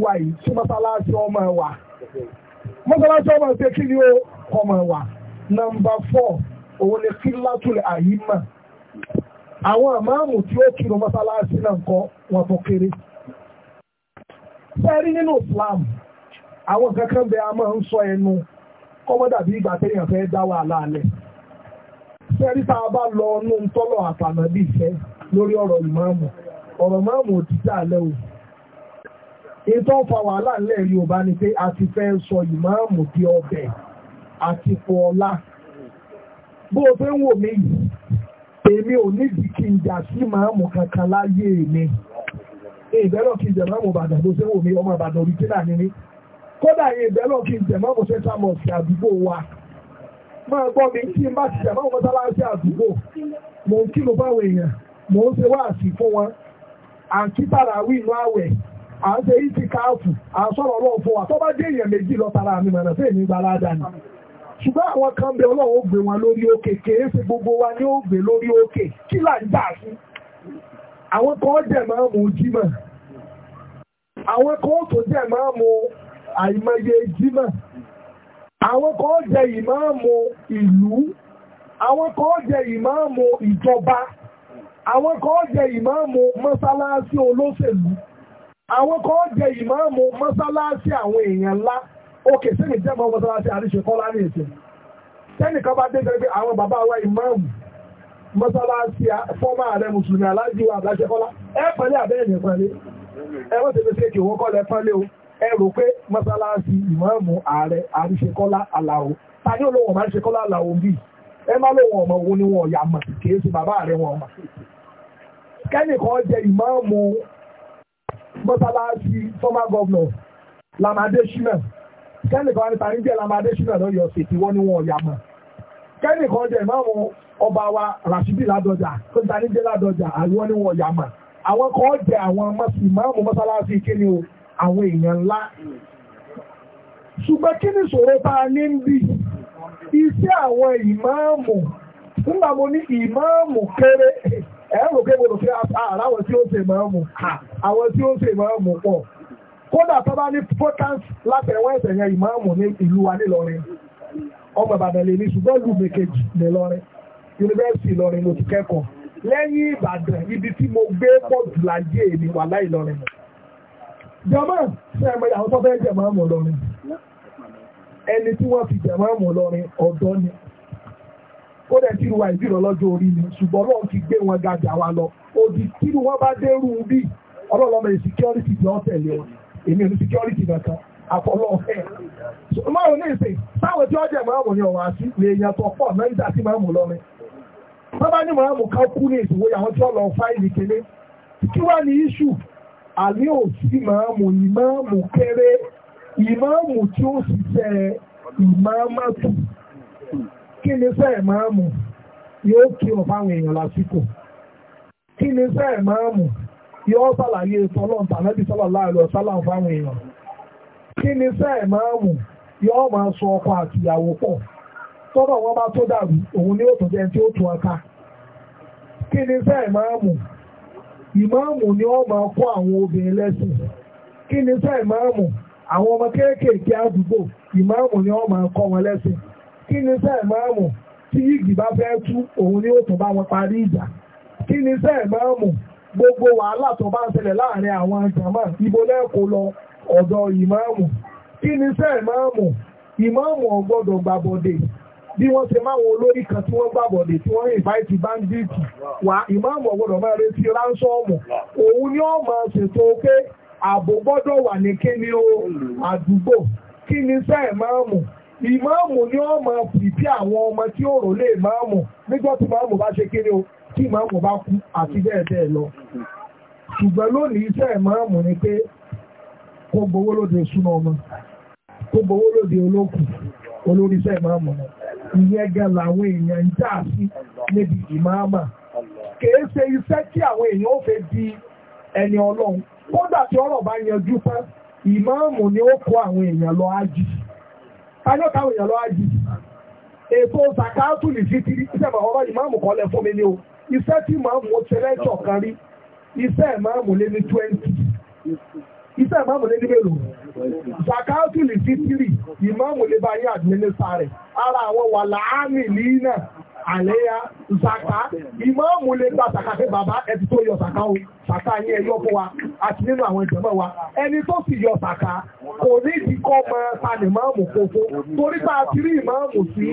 S1: mọ́sálásí ọmọ ìpè kí ni ó kọmọ nọmba fọ òun ni kí látùlẹ̀ àyímà àwọn àmáàmù tí ó kírun mọ́sálásí náà kọ́ wọn tó kéré fẹ́ẹ́rí nínú Islam àwọn kankan be a máa ń sọ ẹnu kọ́mọ́ ìgbà téèyàn fẹ́ dá wàhálà alẹ́ fẹ́ẹ́rí tá a bá lọ ọnú ń tọ́lọ̀ àtànà bí ìfẹ́ lórí ọ̀rọ̀ ìmáàmù ètò ọ̀fà wàhálà ńlẹ̀ Yorùbá ni pé a ti fẹ́ sọ ìmáàmù bí ọbẹ̀ àti fọ ọlá bó o fẹ́ ń wò mí yìí èmi ò nídìí kí n jà sí màámù kankan láyé mi ìbẹ́lọ̀ kí n jẹ̀ màámù Ìbàdàn tó ṣe wò mí ọmọ Ìbàdàn òrìjínà ni mí kódà ìbẹ́lọ̀ kí n jẹ̀ màámù central mosque àdúgbò wa máa gbọ́ mi kí n bá ti jẹ̀ màámù mọ́sálásí àdúgbò mò ń kí ló báwọn èèyàn mò ń ṣe wáàsí fún wọn àǹtí tàràwí inú àwẹ̀ à ń ṣe ìtì káàfù à ń sọ̀rọ̀ ọlọ́run fún wa tó bá dé èèyàn méjì lọ tara mi mọ̀nà sí èmi gbára dání ṣùgbọ́n àwọn kan bẹ ọlọ́run ó gbé wọn lórí òkè kèé ṣe gbogbo wa ni ó gbé lórí òkè kí là ń gbà sí àwọn kan jẹ́ máa mú jímọ̀ àwọn kan tó jẹ́ máa mú àìmọye jímọ̀ àwọn kan jẹ́ ìmáàmù ìlú àwọn kan jẹ́ ìmáàmù ìjọba àwọn kan jẹ́ ìmáàmù mọ́sálásí olóṣèlú àwọn kan jẹ ìmáàmù mọ́sálásí àwọn èèyàn ńlá òkè sẹ́ni jẹ́ mọ́ mọ́sálásí àríṣe kọ́lá ní ìsìn sẹ́nìkan bá dé sẹ́ni pé àwọn bàbá wa ìmáàmù mọ́sálásí fọ́mà ààrẹ mùsùlùmí aláàjú àbáṣẹ́kọ́lá ẹ pẹ̀lẹ́ àbẹ́ẹ̀dẹ̀ pẹ̀lẹ́ ẹwọ́n tẹ́lẹ̀ sí èkìwọ́n kọ́lẹ̀ pẹ̀lẹ́ o ẹ rò pé mọ́sálásí ìmáàmù ààrẹ àríṣẹ́kọ́lá aláwo ta ní olóhùn àríṣẹ́kọ́lá aláwo bí ẹ má lóhùn ọmọ owó ni wọn ọ̀yà mọ̀ kìí sí bàbá ààrẹ wọn ọmọ kẹ́nìkan jẹ ìmáàmù mọ́sálásí former governor Lamade Shina kẹ́nìkan ní tàbí jẹ́ Lamade Shina lọ́yọ̀ ṣètì wọ́n ní wọn ọ̀yà mọ̀ kẹ́nìkan jẹ́ ìmáàmù ọba wa Rashidi Ládọjà tó ń tàbí jẹ́ Ládọjà àríwọ́n ní wọn ọ̀yà mọ̀ àwọn kan jẹ́ àwọn ìmáàmù mọ́sálásí kíni o àwọn èèyàn ńlá ṣùgbọ́n kí ni ìṣòro tá a ní ń bì iṣẹ́ àwọn ìmáàmù nígbà mo ní ìmáàmù kéré ẹ̀rọ pé mo lọ sí àwọn tí ó ṣe máa mú àwọn tí ó ṣe máa mú pọ̀ kódà tó bá ní potence látẹ̀wọ́ ẹ̀sẹ̀ yẹn ìmáàmù ní ìlú wa nílọrin ọmọ ìbàdàn lè ní ṣùgbọ́n lù mí kejì nílọrin yunifásitì ìlọrin mo ti kẹ́kọ̀ọ́ lẹ́yìn ìbàdàn ibi tí mo gbé pọ̀ jù láyé mi wà láì lọrin jọmọ ṣe ẹmọ ìyàwó tó fẹ́ jẹ̀mọ́ àmọ̀ lọrin ẹni tí wọ́n fi jẹ̀mọ́ àmọ̀ lọrin ọ̀dọ́ ni ó dẹ̀ tí ìrùwà ìbírọ̀ lọ́jọ́ orí ni ṣùgbọ́n ọlọ́run ti gbé wọn ga jà wa lọ òdì tí wọn bá dérú bí ọlọ́lọ́mọ yìí security ti tẹ̀lé wọn èmi ní ìsìn sáwọn tí wọ́n jẹ́ lè yan tó pọ̀ náà lọ́mẹ bábá ní ní ìsìnwó tí wọ́n lọ fáìlì kí ní iṣu àní kí ni sẹ́ẹ̀ máa mú yóò kí ọ fáwọn èèyàn lásìkò kí ni sẹ́ẹ̀ máa mú yóò sàlàyé tọ́lọ́n tàbí sallallahu alaihi wasallam fáwọn èèyàn kí ni sẹ́ẹ̀ máa mú yóò máa sọ ọkọ àtìyàwó pọ̀ tọ́dọ̀ wọn bá tó dàrú òun ni ó tún jẹ́ tí ó tún ọka kí ni sẹ́ẹ̀ máa mú ìmáàmù ni máa kọ́ àwọn obìnrin lẹ́sìn kí ni sẹ́ẹ̀ máa ni máa kọ́ kí ni sẹ́ẹ̀ máa mọ̀ tí yìgì bá fẹ́ tú òun ni ó tún bá wọn parí ìjà kí ni sẹ́ẹ̀ máa mọ̀ gbogbo wàhálà tó bá ń ṣẹlẹ̀ láàrin àwọn jàmáà ibo lẹ́kọ̀ọ́ lọ ọ̀dọ̀ ìmáàmù kí ni sẹ́ẹ̀ máa mọ̀ ìmáàmù ọgbọ́dọ̀ gbàbọ̀dẹ̀ bí wọ́n ṣe máa wọn olórí kan tí wọ́n gbàbọ̀dẹ̀ tí wọ́n ìbáìtì báńdíìtì wà ìmáàmù ọgbọ́dọ̀ máa retí ránṣọ́ọ̀mù òun ni ó máa ṣètò pé ààbò gbọ́dọ̀ wà ní kíni o àdúgbò kí ni sẹ́ẹ̀ ìmáàmù ni ó máa pìpì àwọn ọmọ tí ó rò lé ìmáàmù nígbà tí ìmáàmù bá ṣe kéré o tí ìmáàmù bá kú àti bẹ́ẹ̀ bẹ́ẹ̀ lọ ṣùgbọ́n lónìí iṣẹ́ ìmáàmù ni pé kó gbowó lóde súná ọmọ kó gbowó lóde olókùn olórí iṣẹ́ ìmáàmù náà ìyẹn gan làwọn èèyàn ń já sí níbi ìmáàmà kìí ṣe iṣẹ́ tí àwọn èèyàn ó fẹ́ di ẹni ọlọ́run kódà tí ọ̀rọ̀ bá yanjú tán ìmáàmù ni ó kó àwọn èèyàn lọ ájì sí kájọ́ káwọn èèyàn lọ ájì ètò zakatu lè fi kiri iṣẹ́ ọ̀rọ̀ ìmáàmù kan lẹ fún mi ní o iṣẹ́ tí màá mú ọtí ẹlẹ́jọ̀ kan rí iṣẹ́ ìmáàmù lé ní twenty iṣẹ́ ìmáàmù lé ní mélòó zakatu lè fi kiri ìmáàmù lè bá yín ara àwọn wà láàmì lì àléyá ìsàkà ìmọ̀ọ́mù lè gba sàkà pé bàbá ẹni tó yọ sàkà o sàkà yẹn ẹyọ fún wa àti nínú àwọn ìjọba wa ẹni tó sì yọ sàkà kò ní ìdíkọ́ mọ tani mọ́ọ̀mù kókó torí bá a ti rí ìmọ̀ọ́mù sí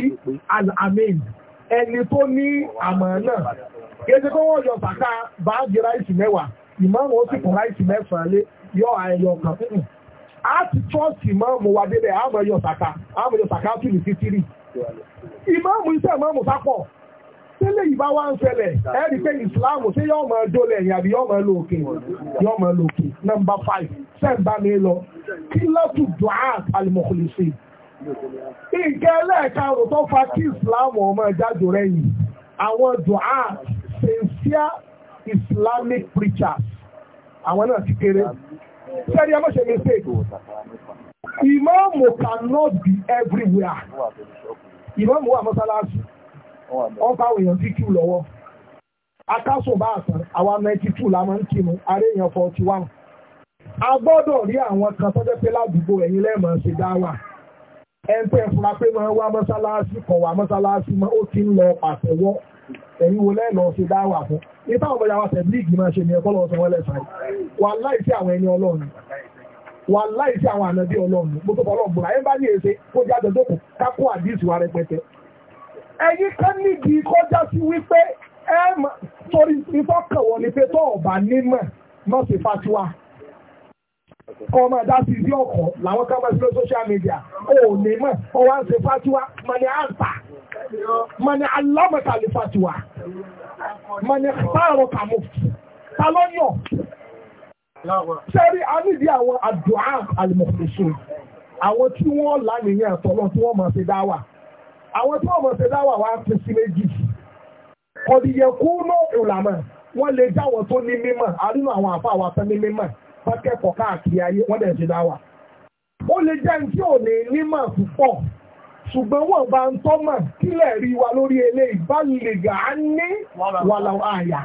S1: alamin ẹni tó ní àmọ̀ náà kéde kó wọ́n yọ sàkà báàgì ráìsì mẹ́wàá ìmọ̀ọ́mù ó sì kún ráìsì mẹ́sàn lé yọ àyẹyọ kan a ti trọ́ọ̀sì mọ́ọ̀mù wa débẹ̀ ìmáàmù iṣẹ́ ìmáàmù sápọ̀ tẹ́lẹ̀ ìbá wá ń ṣẹlẹ̀ ẹ̀rí pé ìsìláàmù ṣé yọ́ mọ̀ jólẹ̀ ẹ̀yìn àbí yọ́ mọ̀ lókè yọ́ mọ̀ lókè nọ́mbà five sẹ́ǹbà mi lọ kí lọ́tù dùá àlùmọ̀kùlùsì nǹkan ẹlẹ́ẹ̀karùn tó fa kí ìsìláàmù ọmọ ìjájò rẹ̀ yìí àwọn dùá sincere islamic preachers àwọn náà ti kéré
S2: sẹ́ni ẹ má ṣe mistake
S1: Imam cannot be everywhere. Imam wà mọ́sálásí. Wọ́n bá èèyàn sí kí lọ́wọ́. Akásùn bá àtàn, àwa 92 la máa ń kí mu, aréèyàn 41. A gbọ́dọ̀ rí àwọn kan tọ́jọ́ pé ládùúgbò ẹ̀yin lẹ́ẹ̀mọ̀ ṣe dá wà. Ẹ̀ńtẹ́ fura pé máa wá mọ́sálásí kọ̀ wá mọ́sálásí mọ́, ó ti ń lọ pàtẹ́wọ́. Ẹ̀yin wo lẹ́ẹ̀lọ́ ṣe dá wà fún. Ní táwọn ọmọ yàrá tẹ̀blíìgì máa ṣe ni ẹ̀kọ́ lọ́wọ́ sọ wọ́n Wà láì sí àwọn ẹni ọlọ́run wà láì sí àwọn ànàbí ọlọ́run mo tó ọlọ́run bùrà ẹ bá ní èsè kó jẹ́ àjọ jókòó kákó àdìsí wa rẹpẹtẹ. ẹ̀yin kan níbi kọjá sí wípé ẹ torí ìfọkànwọ́ ni pé tó ọ̀bà nímọ̀ náà sì fatiwa kọ́ máa dá sí ibi ọkọ̀ làwọn kan máa sí lọ social media ó ní mọ̀ ọ wá ń ṣe fatiwa mani àǹtà mani alámọ̀tàlẹ̀ fatiwa mani pààrọ̀ kàmú ta ló yàn. Sẹ́rí a nídi àwọn àdúà àlùmọ̀fẹ́sọ. Àwọn tí wọ́n lánìyàn àtọ̀lọ́ tí wọ́n máa ṣe dáwà. Àwọn tí wọ́n máa ṣe dáwà wá pín sí méjì. Kọ̀dìyẹ̀kú náà ìlànà wọ́n lè jáwọ́ tó ní mímọ̀. A nínú àwọn àfa àwọn afẹ́ ní mímọ̀. Bá kẹ́kọ̀ọ́ káàkiri ayé wọ́n dẹ̀ ṣe dáwà. Ó lè jẹ́ ní tí ò ní mímọ̀ púpọ̀. Ṣùgbọ́n wọ́n bá ń tọ́mọ̀ kílẹ̀ rí wa lórí eléyìí. Bá lè gà á ní wàlà àyà.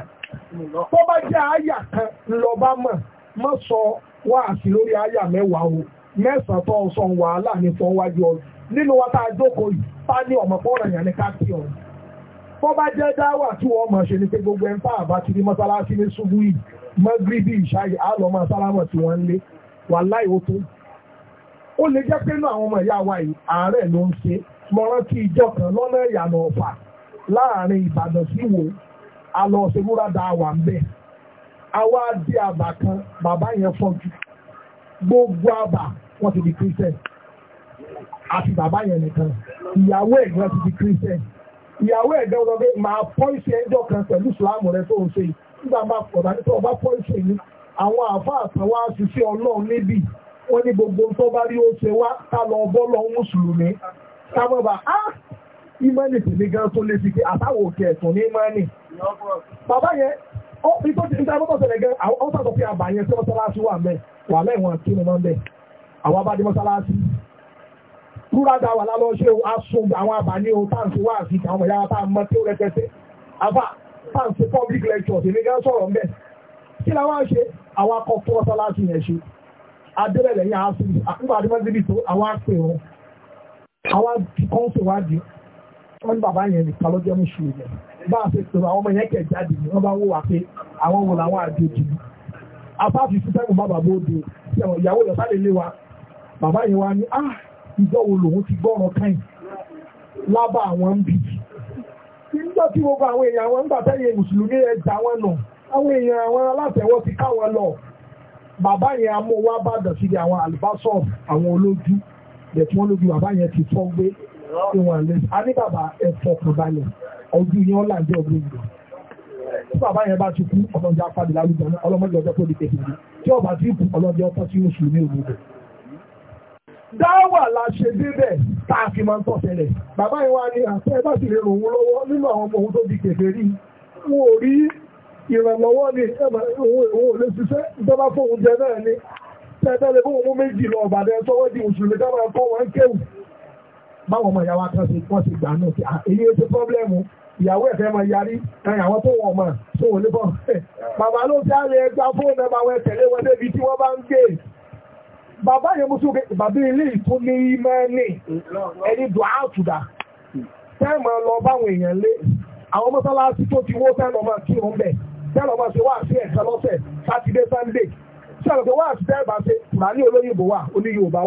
S1: Tó bá jẹ́ àyà kan lọ bá mọ̀ má sọ wáàsí lórí àyà mẹ́wàá o mẹ́sàn-án tó ń sọ wàhálà ní fọwájú ọ nínú wa tá a jókòó yìí bá ní ọmọ pọ́nrán yẹn ní ká kí ọ bọ́ bá jẹ́ dáwà tí wọ́n mọ̀ ṣe ni pé gbogbo ẹ̀ńfà àbá ti ní mọ́sálásí ní ṣubú yìí mọ́gíríbì ìṣáyè àlọ́mọ sálámọ̀ tí wọ́n ń lé wàláì ó tó ó lè jẹ́ pé náà àwọn ọmọ ìyá wa yìí ààrẹ ló ń ṣe lọ́rán tí ìjọ kan lọ́nà ìyànà ọ̀fà láàrin Ìbàdàn sí Ìwó alọ́ ṣerúra dáwà ń bẹ́ẹ̀ Awa di àbà kan bàbá yẹn fọ́jú gbogbo àbà wọ́n ti di christian àti bàbá yẹn nìkan ìyàwó ẹ̀gbọ́n ti di christian ìyàwó ẹ̀gbọ́n sọ pé màá pọ́ìsì ẹjọ́ kan pẹ̀lú ìsìláàmù rẹ tó ń ṣe nígbà máa pọ̀dà nítorí ọba pọ́ìsì ni àwọn àáfàá kan wá ṣiṣẹ́ ọlọ́run níbí wọ́n ní gbogbo tó bá rí ó ṣe wá ká lọ bọ́ lọ mùsùlùmí táwọn bá á ìmọ̀nì tèmi gan tó lé sí pé àtàwọn òkè ẹ̀sùn ní ìmọ̀nì bàbá yẹn Rúrádà wà lálọ́ ṣe asùn àwọn àbáni ohun táǹsì wà sí àwọn ọmọ ìyára táà mọ́ tí ó rẹpẹtẹ. Àfà táǹsì public lectures èmi gán sọ̀rọ̀ mẹ́. Kí la wá ṣe? Àwọn akọ fún ọsálásì yẹn ṣe. Adébẹ̀lẹ̀ yẹn á sí nígbà tí wọ́n ti bí tó àwọn àpè wọn. Àwọn kọ́ńsì wádìí wọ́n bàbá yẹn nìkan lọ́jọ́ mú ṣe yẹn bá a ṣe sọ̀rọ̀ àwọn ọmọ yẹn kẹ̀ jáde ni wọ́n bá ń wò wá pé àwọn wò làwọn àjòjì ni afáàfin fún sẹ́gun bá bàbá òde ìyàwó rẹ̀ sáré lé wa bàbá yẹn wá ní ah ìjọ wo lòun ti gbọ́ràn káyìn lábà àwọn ń bì nígbà tí gbogbo àwọn èèyàn àwọn nígbà tẹ́yẹ mùsùlùmí ẹ̀ jà wọn nà àwọn èèyàn àwọn alátẹ̀wọ́ ti ká wọn lọ bàbá yẹn amówó abàdàn sí àwọn àlùbásọ̀ àwọn olójú yẹ tí wọ́n lójú bàbá yẹn ti fọ́ gbé tí wọ́n lè a ní bàbá ẹ̀fọ́ kò balẹ̀ ọdún yẹn ọ̀là jẹ́ ọdún ìgbà tí bàbá yẹn bá ti kú ọlọ́jà apáde lálùjọ náà ọlọ́mọdé ọjọ́ tó di kékeré tí ọba ti kú ọlọ́jà ọtọ́ tí yóò sùn ní òwúrò. dáwà la ṣe débẹ̀ tá a fi máa ń tọ́sẹ̀lẹ̀ bàbá yẹn wá ní àti ẹ bá sì lè ràn òun lọ́wọ́ nínú àwọn ọmọ òun tó di kékeré wọn ò rí ìrànlọ́wọ́ ní òun ò lè ṣiṣẹ́ ìjọba fóun jẹ náà ni tẹ́tẹ́lẹ̀ fóun mú méjì báwọn ọmọ ìyàwó kan ṣe wọ́n ti gbà náà kí èyí ó ti pọ́blẹ́mù ìyàwó ẹ̀fẹ́ máa yarí ẹ̀yàwó tó wọ̀ mọ̀ tó wọlé bọ̀. bàbá ló fi àlẹ́ ẹgbà fóònù ẹ̀ máa wẹ tẹ̀lé wọn débi tí wọ́n bá ń gbé. bàbá yẹn mú sókè bàbá ilé ìtún ní ìmọ̀ẹ́nì ẹni dùn áàtùdà tẹ́ẹ̀mọ̀ lọ báwọn èèyàn lé àwọn mọ́sálásí tó ti wó tẹ́ẹ̀lọ́ máa kí òun bẹ̀ tẹ́ẹ̀lọ́ máa ṣe wá sí ẹ̀ka lọ́sẹ̀ sátidé sànńdé sọ̀rọ̀ pé wá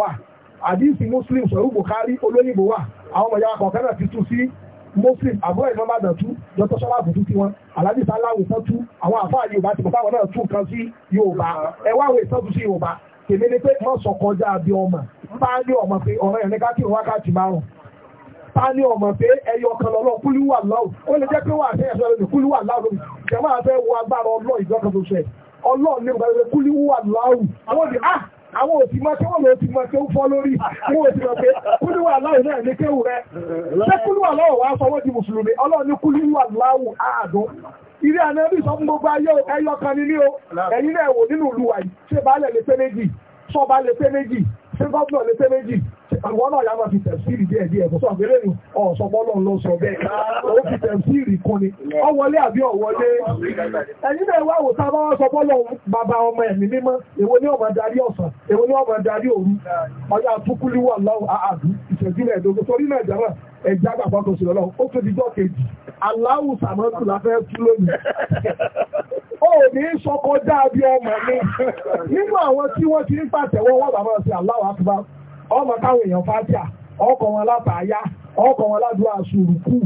S1: àti àdíìsì muslim sọ̀rọ̀ Bukhari olóyìnbó wà àwọn ọmọ ìyá kọ̀ọ̀kan náà ti tú sí muslim àbúrò ìmọ̀ bàdàn tú dọ́tọ́ sọ́láàbù tú sí wọn aláàbí sáláwù tán tú àwọn àfáà Yorùbá ti bàbá wọn náà tú kan sí Yorùbá ẹwà àwọn ìtàn tú sí Yorùbá tèmi ni pé mọ́ sọ kọjá bí ọmọ bá ní ọmọ pé ọ̀rọ̀ yẹn ní ká kí òun wákàtí márùn bá ní ọmọ pé ẹyọ kan lọ́lọ́ kúlú wà láwù ó lè jẹ́ pé wà fẹ́ ẹ̀sọ́ lónìí kúlú wà láwù lónìí jẹ́ wo agbára ọlọ́ ìjọ tó sọ ẹ̀ ọlọ́ọ̀ ní ọgbà kúlú wà láwù àwọn ni ah àwọn òtí máa kéwọ́n lọ ti máa kéwú fọ́ lórí wọ́n òtí lọ pé kúlúwà aláwọ̀ náà ní kéwù rẹ̀ ṣé kúlúwà aláwọ̀ wá sọ wọ́n di mùsùlùmí ọlọ́run ní kúlúwà aláwọ̀ àádọ́ ilé ànábì sọ fún gbogbo ayé ẹyọ kan ní ní o ẹ̀yin náà wò nínú ìlú wa yìí ṣé baálẹ̀ lè pé méjì ṣọ́ba lè pé méjì ṣé gọ́ọ̀nà lè àwọn náà yà máa fi tẹ̀síìrì díẹ̀ díẹ̀ kò sọ àgbélé ni ọ̀sọ̀pọ̀ lọ́n lọ sọ bẹ́ẹ̀ ó fi tẹ̀síìrì kún ni ọ wọlé àbí ọ wọlé ẹ̀yin náà wá wò sábà wọ́n sọpọ̀ lọ bàbá ọmọ ẹ̀mí mímọ́ èwo ni ó máa darí ọ̀sán èwo ni ó máa darí òru ọjà àtúkúlí wà lọ́wọ́ àdú ìṣẹ́jú mẹ́ẹ̀ẹ́dógún torí náà jẹ́wọ́ ẹ̀já gbàgbọ́ kò sí lọ́wọ́ ó tó dijọ́ kejì aláwù sàmọ́tù la fẹ́ tú lónìí ó ní sọkọ dáa bí ọmọ mi nínú àwọn tí wọ́n ti ń pàtẹ́wọ́ wọ́n bàbá ṣe aláwọ̀ àtúbá ọmọ káwọn èèyàn fátíà ọkọ wọn látàáyá ọkọ wọn ládùúgbò àṣùrùkù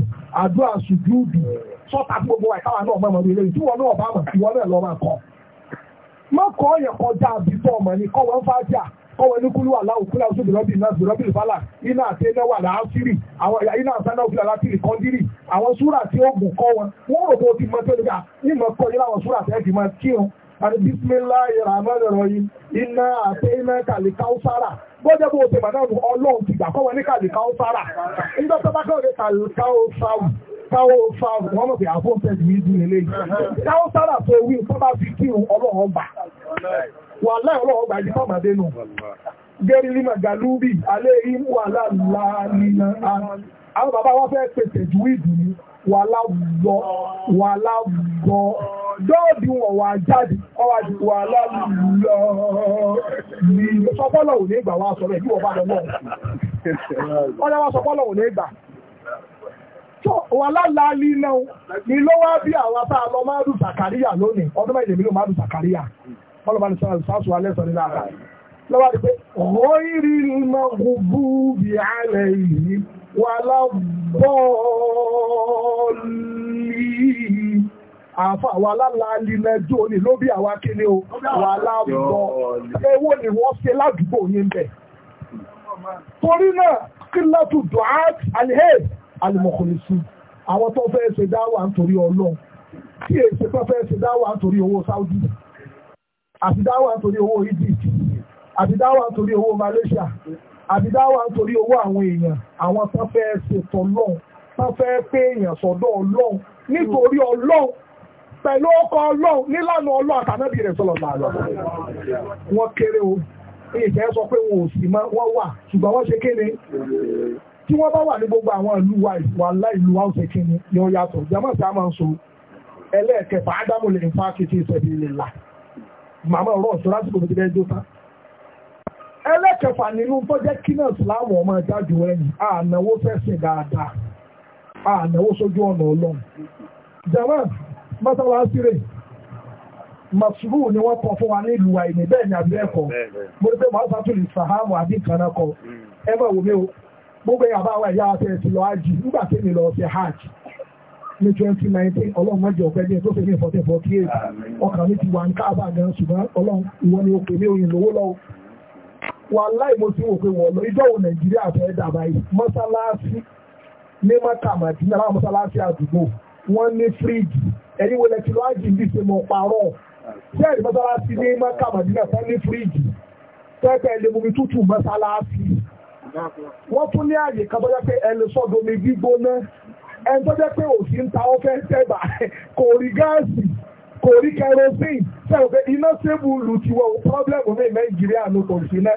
S1: àdúrà àṣùjúùdù sọ́ta gbogbo wa ìkáwà náà mọ̀mọ́ ilé tí wọn náà bá mọ̀ ìwọ náà lọ́ máa kọ́ má kọ́ ọ̀yẹ̀ kọjá àbíkọ́ ọmọ ni kọ́ wọn fátíà kọ́ wọn ní kúlú aláwọ̀ kúlú àwọn sóbì rọ́bì náà rọ́bì ìfàlà iná àti iná wà láásìrì àwọn iná àtàná òfin àlátìrì kọ́ndírì àwọn súrà tí ó gùn kọ́ wọn wọ́n rò bó ti mọ tó nígbà nímọ̀ kọ́ yín láwọn súrà tẹ́ ti máa kírun àti bísímílá ìrànlọ́rọ̀ yìí iná àti iná kàlíkáúsára bọ́jẹ́ bó ṣe pàdánù ọlọ́run ti gbà kọ́ wọn ní kàlì káwọ́sára nígbà tó bá kọ́ kàlì káwọ́sára káwọ́sára wọ́n mọ̀ pé àfọ́n tẹ̀sí ní ìdílé lẹ́yìn káwọ́sára tó wí tó bá fi kí ọlọ́run wà láì ọlọ́run yìí gẹ́rí alẹ́ nínú àwọn bàbá wàhálà bọ̀ wàhálà bọ̀ dọ́ọ̀dù wọn wà jáde ọwà di wàhálà lọ ní sọpọ́lọ̀ ò ní ìgbà wà sọ̀rọ̀ ìbí wọ́n bá lọ náà ọjọ́ wá sọpọ́lọ̀ ò ní ìgbà wàhálà láàlì náà ni ló wá bí àwọn tá a lọ máa dù Zakaria lónìí ọdún mẹ́rin mi ló máa dù Zakaria ọlọ́ba ní sọ́nà sáàsù alẹ́ sọ nílá àgbà lọ́wọ́ wàlá bọ́ọ̀lì àfà wàlá láàlì lẹ́jọ́ òní ló bí àwa kíní o wàlá bọ́ọ̀lì ewó ni wọ́n ṣe ládùúgbò yín bẹ̀. torí náà kílátù duat alhej alimokolisu àwọn tó fẹ́ ṣe dáwà nítorí ọlọ́run tí èsì tó fẹ́ ṣe dáwà nítorí owó Saudi àti dáwà nítorí owó Egypt àti dáwà nítorí owó Malaysia àbídáwà nítorí owó àwọn èèyàn àwọn tán fẹ́ ṣètò ọlọ́run tán fẹ́ pé èèyàn sọ́dọ̀ ọlọ́run nítorí ọlọ́run pẹ̀lú ọkọ̀ ọlọ́run nílànà ọlọ́run àtànábì rẹ̀ sọ̀rọ̀ làlọ́ wọn kéré o ìfẹ́ sọ pé wọn ò sì mọ́ wọ́n wà ṣùgbọ́n wọ́n ṣe kéde tí wọ́n bá wà ní gbogbo àwọn ìlú wa ìwà ńlá ìlú wa ó ṣe kéde ni ó yàtọ̀ jẹ́mọ̀ sí a máa ń so ẹlẹ́ẹ̀kẹfà ádámù lè ń fa kìtì ìṣẹ̀bí lè là màmá ọ̀rọ̀ ọ̀ṣọ́ lásìkò tó ti bẹ́ẹ̀ jó tán ẹlẹ́kẹfà nínú tó jẹ́ kí náà síláàmù ọmọ ìjájú ẹ̀yìn ànáwó fẹ́sìn dáadáa ànáwó sójú ọ̀nà ọlọ́run ni wọ́n kọ fún wa nílùú àìní bẹ́ẹ̀ ni àbí ẹ̀kọ́ mo rí pé màá sàhámù àbí kaná kọ hmm. ẹ bá wo mi o gbogbo yàrá àwọn àti ẹ̀sìn lọ nígbà tí mi lọ sí hajj ní twenty nineteen ọlọ́run wàláì mo ti wò pé wọ̀ lọ ìjọ́wò nàìjíríà fẹ́ dàbà yìí mọ́sálásí ní mọ́tàmàdì náà mọ́sálásí àdúgbò wọ́n ní fíríjì ẹ̀yìn wọlé tí lọ́wọ́ àjì ń bí ṣe mọ̀ parọ́ sẹ́ẹ̀dì mọ́sálásí ní mọ́tàmàdì náà wọ́n ní fíríjì tẹ́tẹ́ lè mumi tútù mọ́sálásí wọ́n tún ní àyè kan tó jẹ́ pé ẹni sọ́dọ̀ omi gbígbóná ẹni tó jẹ́ pé òsì ń ta ọ́fẹ́ tẹ́bà kò rí gáàsì kò rí kerosene sẹ́wọ̀n pé iná sébùlù tiwọ̀ pọ́blẹ́mù ní nàìjíríà ló kò sí náà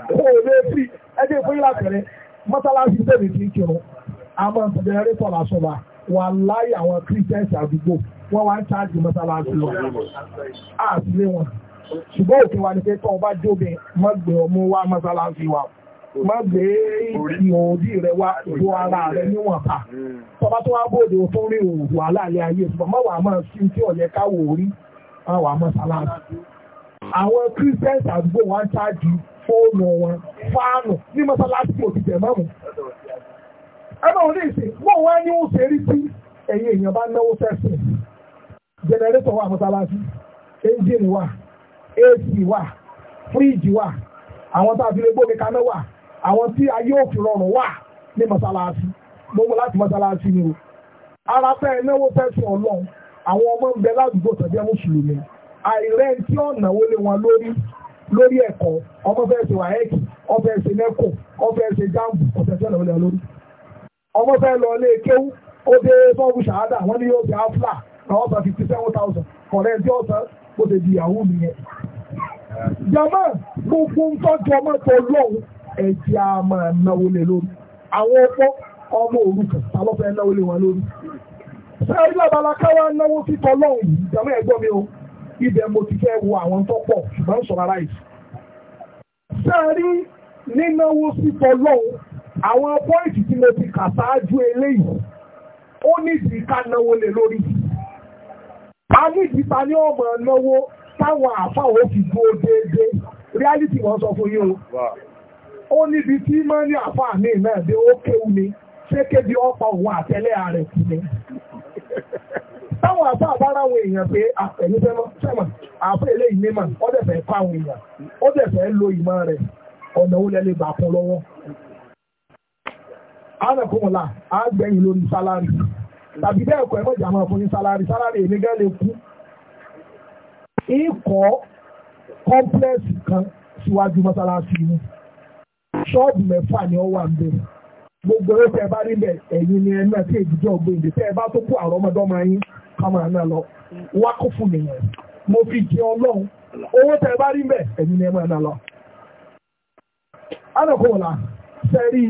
S1: owó ilé tí ẹjẹ́ fún yíra pẹ̀rẹ́ mọ́sálásí tẹ̀lé ti kírun àmọ́ jẹnẹrétọ̀ làṣọba wà láyé àwọn kírísítẹ́ǹsì àdúgbò wọ́n wá ń ṣáàjì mọ́sálásí lọ àtìlé wọn ṣùgbọ́n òkè wa ni pé tọ́ ọba jóbe mọ́gbé ọmọ wa mọ́sálásí wa mọ́gbé ìhòòdì rẹ wá ìbò ara rẹ níwọ̀n pa tọba tó wá bòde o tó rí òwò wàhálà ilé ayé ṣùgbọ́n mọ́wàá máa sí tí ọ̀yẹ́ káwò rí mọ́wàá mọ́sálásí àwọn kírísítẹ́ǹsì àdúgbò wá ń ṣáàjì fóònù wọn fáànù ní mọ́sálásí òtítẹ̀ mọ́mù ẹgbẹ́ òní ìsìn mọ́ wọn ní ó ṣe rí sí ẹ̀yìn èèyàn bá náwó fẹ́sìn jẹnẹrétọ̀ wà mọ́sálásí ẹ́ńjìnì wà ac wà fíríjì wà àwọn tá a fi lè gbómi kaná wà àwọn tí ayé òkè rọrùn wà ní mọ́sálásí gbogbo láti mọ́sálásí ni o ara fẹ́ náwó fẹ́sìn ọlọ́run àwọn ọmọ ń bẹ ládùúgbò tàbí ẹmú sùlùmí àìrẹ́ntí ọ̀nà wọlé wọn lórí lórí ẹ̀kọ́ ọmọ fẹ́ ṣe wàhẹ́kì ọmọ ṣe nẹ́kọ̀ ọmọ ṣe jáàmù ọ̀sẹ̀ tí lórí. ọmọ fẹ́ lọ ilé kéwú ó dé bọ́ọ̀bù ṣàhádà wọ́n ní yóò fi áfúlà náà ọ̀sán fifty seven thousand kọ̀rẹ́ ẹ̀dí ọ̀sán ṣe di ìyàwó mi yẹn. jama gbogbo ń tọ́jú ọmọ tó lọ́wọ́ ẹ̀jẹ̀ a máa náwó lé lórí àwọn ọmọ òrukàn ibẹ̀ mo ti fẹ́ wo àwọn tó pọ̀ ṣùgbọ́n summarize. sáàrí nínáwó sípọ̀ lọ́wọ́ àwọn pọ́ìntì tí mo ti kà sáájú eléyìí ó nídìí ká náwó lé lórí. a nídìí ta ni ọmọ náwó táwọn àfa ò fi dúró déédéé reality wọn sọ fún yín o. ó níbi tí mọ́ni àfa mi náà dé ó kéwu ni ṣé kébi ọ̀pọ̀ òun àtẹ́lẹ̀ rẹ̀ kù ni. tawọn àbá àbára àwọn èèyàn pé àfẹ̀yìnfẹ́ mọ́ afọ àfẹ́ eléyìí mímà ọ dẹ̀ fẹ́ kọ́ àwọn èèyàn ó dẹ̀ fẹ́ lo ìmọ̀ rẹ̀ ọ̀nà ó lẹ́lẹ́ gbà fún lọ́wọ́. ánàkùnmọ̀là lórí sálárì tàbí fún ní sálárì sálárì èmi kan síwájú ni ṣọ́ọ̀bù ni wà gbogbo owó tẹ bá rí bẹ ni ẹ náà tí jọ gbé tẹ bá kámẹ́rà náà lọ wákòfù nìyẹn mo fi jẹ ọlọ́run owó tẹ bá rí mbẹ̀ ẹ̀yin ni ẹ máa ná lọ. anakola sẹ́rí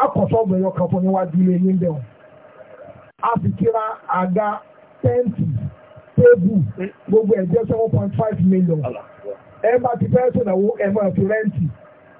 S1: àkọ́sọ́gbọ̀n ẹ̀yọ kan fún níwájú gbogbo ẹ̀ jẹ́ seven point five million ẹ bá ti fẹ́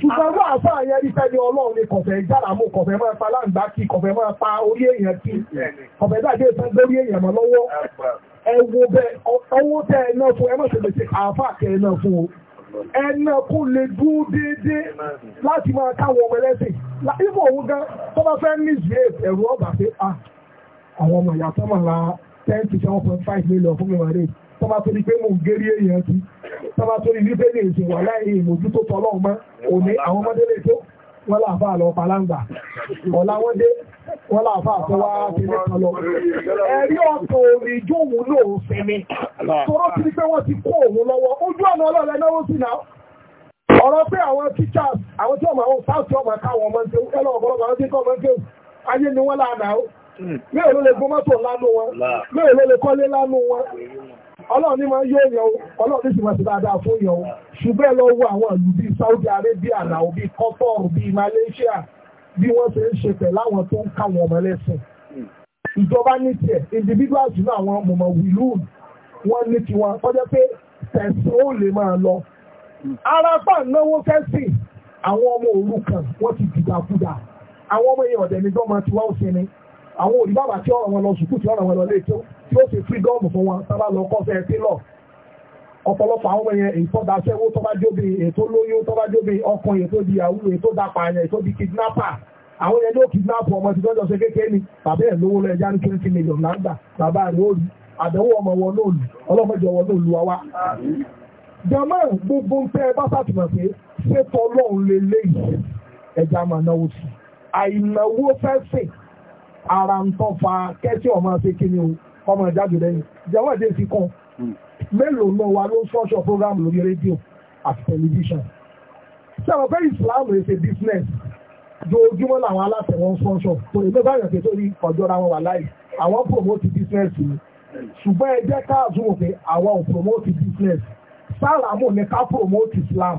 S1: ṣùgbọ́n wọ́n àfá àyẹ́ rí fẹ́lẹ́ ọlọ́run ní kọ̀fẹ́ járàmú kọ̀fẹ́ máa pa láǹgbá kí kọ̀fẹ́ máa pa orí èèyàn kí kọ̀fẹ́ dàgbé tán lórí èèyàn mọ́ lọ́wọ́ ẹwọ bẹ ọwọ́ tẹ ẹ náà fún ẹ mọ̀ṣẹ̀ lè ṣe àfá kẹ ẹ náà fún o ẹ náà kó lè dúró déédéé láti máa káwọn ọmọ ẹlẹ́sìn ibò òun gan tó bá fẹ́ ní ìzùlẹ̀ ẹ̀rù ọgbà pé ah, àwọn ọmọ ìyàtọ̀ máa ra ten to seven point five million fún mi wà rèé tó bá torí pé mò ń gérí èèyàn tú tó bá torí ní èsì wà láì ìmójútó tọ́lọ́run mọ́ òní àwọn ọmọdé lè tó wọ́n láàfà lọ palangba ọ̀la wọ́n dé wọ́n wá tẹ̀lé kan lọ. ẹ̀rí ọ̀tọ̀ òní ìjọ òun ayé ni wọ́n láàdá ó mẹ́rin hmm. ló lè gbọ́ lánú wọn mẹ́rin ló lè kọ́lé lánú wọn ọlọ́run ní máa yóò yọ ọlọ́run ní sì máa ṣe dáadáa fún yọ ṣùgbọ́n lọ wo àwọn ìlú bíi Saudi Arabia làwọn bíi Qatar bíi Malaysia bí wọ́n ṣe ń ṣe pẹ̀ láwọn tó ń ká wọn ọmọ lẹ́sìn ìjọba ní tiẹ̀ individuals náà àwọn mọ̀mọ́ wìlú wọn ní tiwọn kọjá pé tẹ̀sán ó lè máa lọ arapa náwó fẹ́sìn àwọn ọmọ òrukàn wọ́n ti dìgbàkudà àwọn ọmọ èèyàn ọ̀dẹ̀ nígbọ́n máa ti wá òṣèlú àwọn òbí bàbá tí ọ̀rọ̀ wọn lọ sùkúù tí ọ̀rọ̀ wọn lọ lé tí ó ṣe freedom fún wọn sábà lọ kọ́sẹ̀ tílọ̀ ọ̀pọ̀lọpọ̀ àwọn ọmọ yẹn ìtọ́da sẹ́wó tó bá jóbe ètò lóyún tó bá jóbe ọkùnrin ètò di àwúrò ètò dapa yẹn ètò di kidnapper àwọn ni bàbá ẹ̀ lówó lọ ẹja ní twenty million lágbà bàbá rẹ̀ ó rí àdánwò ọmọ wọn náà lù ọlọ́mọdé wọn náà lù wá wá. jama gbogbo ń tẹ bá sàtìmọ̀ pé ṣètò ọlọ́run lè léyìí ẹja máa náwó sí àìnáwó fẹ́ sìn ara ń tọ́ fa kẹ́sì ọmọ ṣe kí ni o ọmọ ìjáde lẹ́yìn ìjẹ́wọ́ ìdí sí kan hmm. mélòó náà wa ló sọ́ṣọ̀ program lórí rédíò àti tẹlifíṣàn ṣé fẹ́ Islam rẹ̀ ṣe business ojoojúmọ́ làwọn aláṣẹ wọn sọ́ṣọ̀ tó lè mẹ́fà yàn pé tó ní ọjọ́ ra wọn wà láì àwọn promote business ni ṣùgbọ́n ẹ jẹ́ káàzú òfin àwọn promote business sáàlámù ni ká promote Islam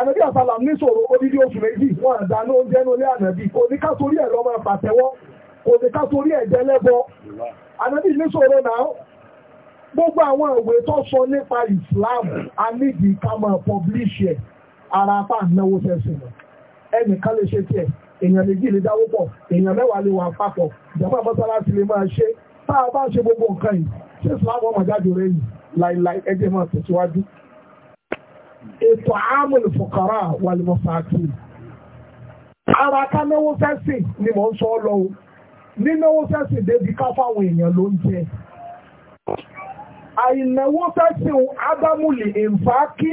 S1: ànàbí àsàlà ní sọ̀rọ̀ odidi oṣù méjì wọn àdáná oúnjẹ nílé ànàbí kò ní ká torí ẹ̀ lọ máa pàtẹ́wọ́ kò ní ká torí ẹ̀ jẹ́ lẹ́bọ ànàbí ní sọ̀rọ̀ náà gbogbo àwọn ìwé tó sọ nípa Islam a nídìí ká máa pọ̀blíṣì ẹ̀ ara apá ànáwó sẹ́sìn náà ẹnìkan lè ṣe tiẹ̀ èèyàn méjì lè dáwó pọ̀ èèyàn mẹ́wàá lè wà papọ̀ ìjọba mọ́sálásí a bá ṣe gbogbo nǹkan yìí ṣé Islam ọmọ jáde rẹ̀ yìí láìláì ètò àmúlù fòkàrà wà ní mọ́fàákì ara ká náwó sẹ́sìn ni mò ń sọ lọ o nínáwó sẹ́sìn débi ká fáwọn èèyàn ló ń jẹ àìnáwó sẹ́sìn ádámùlì ìfàákì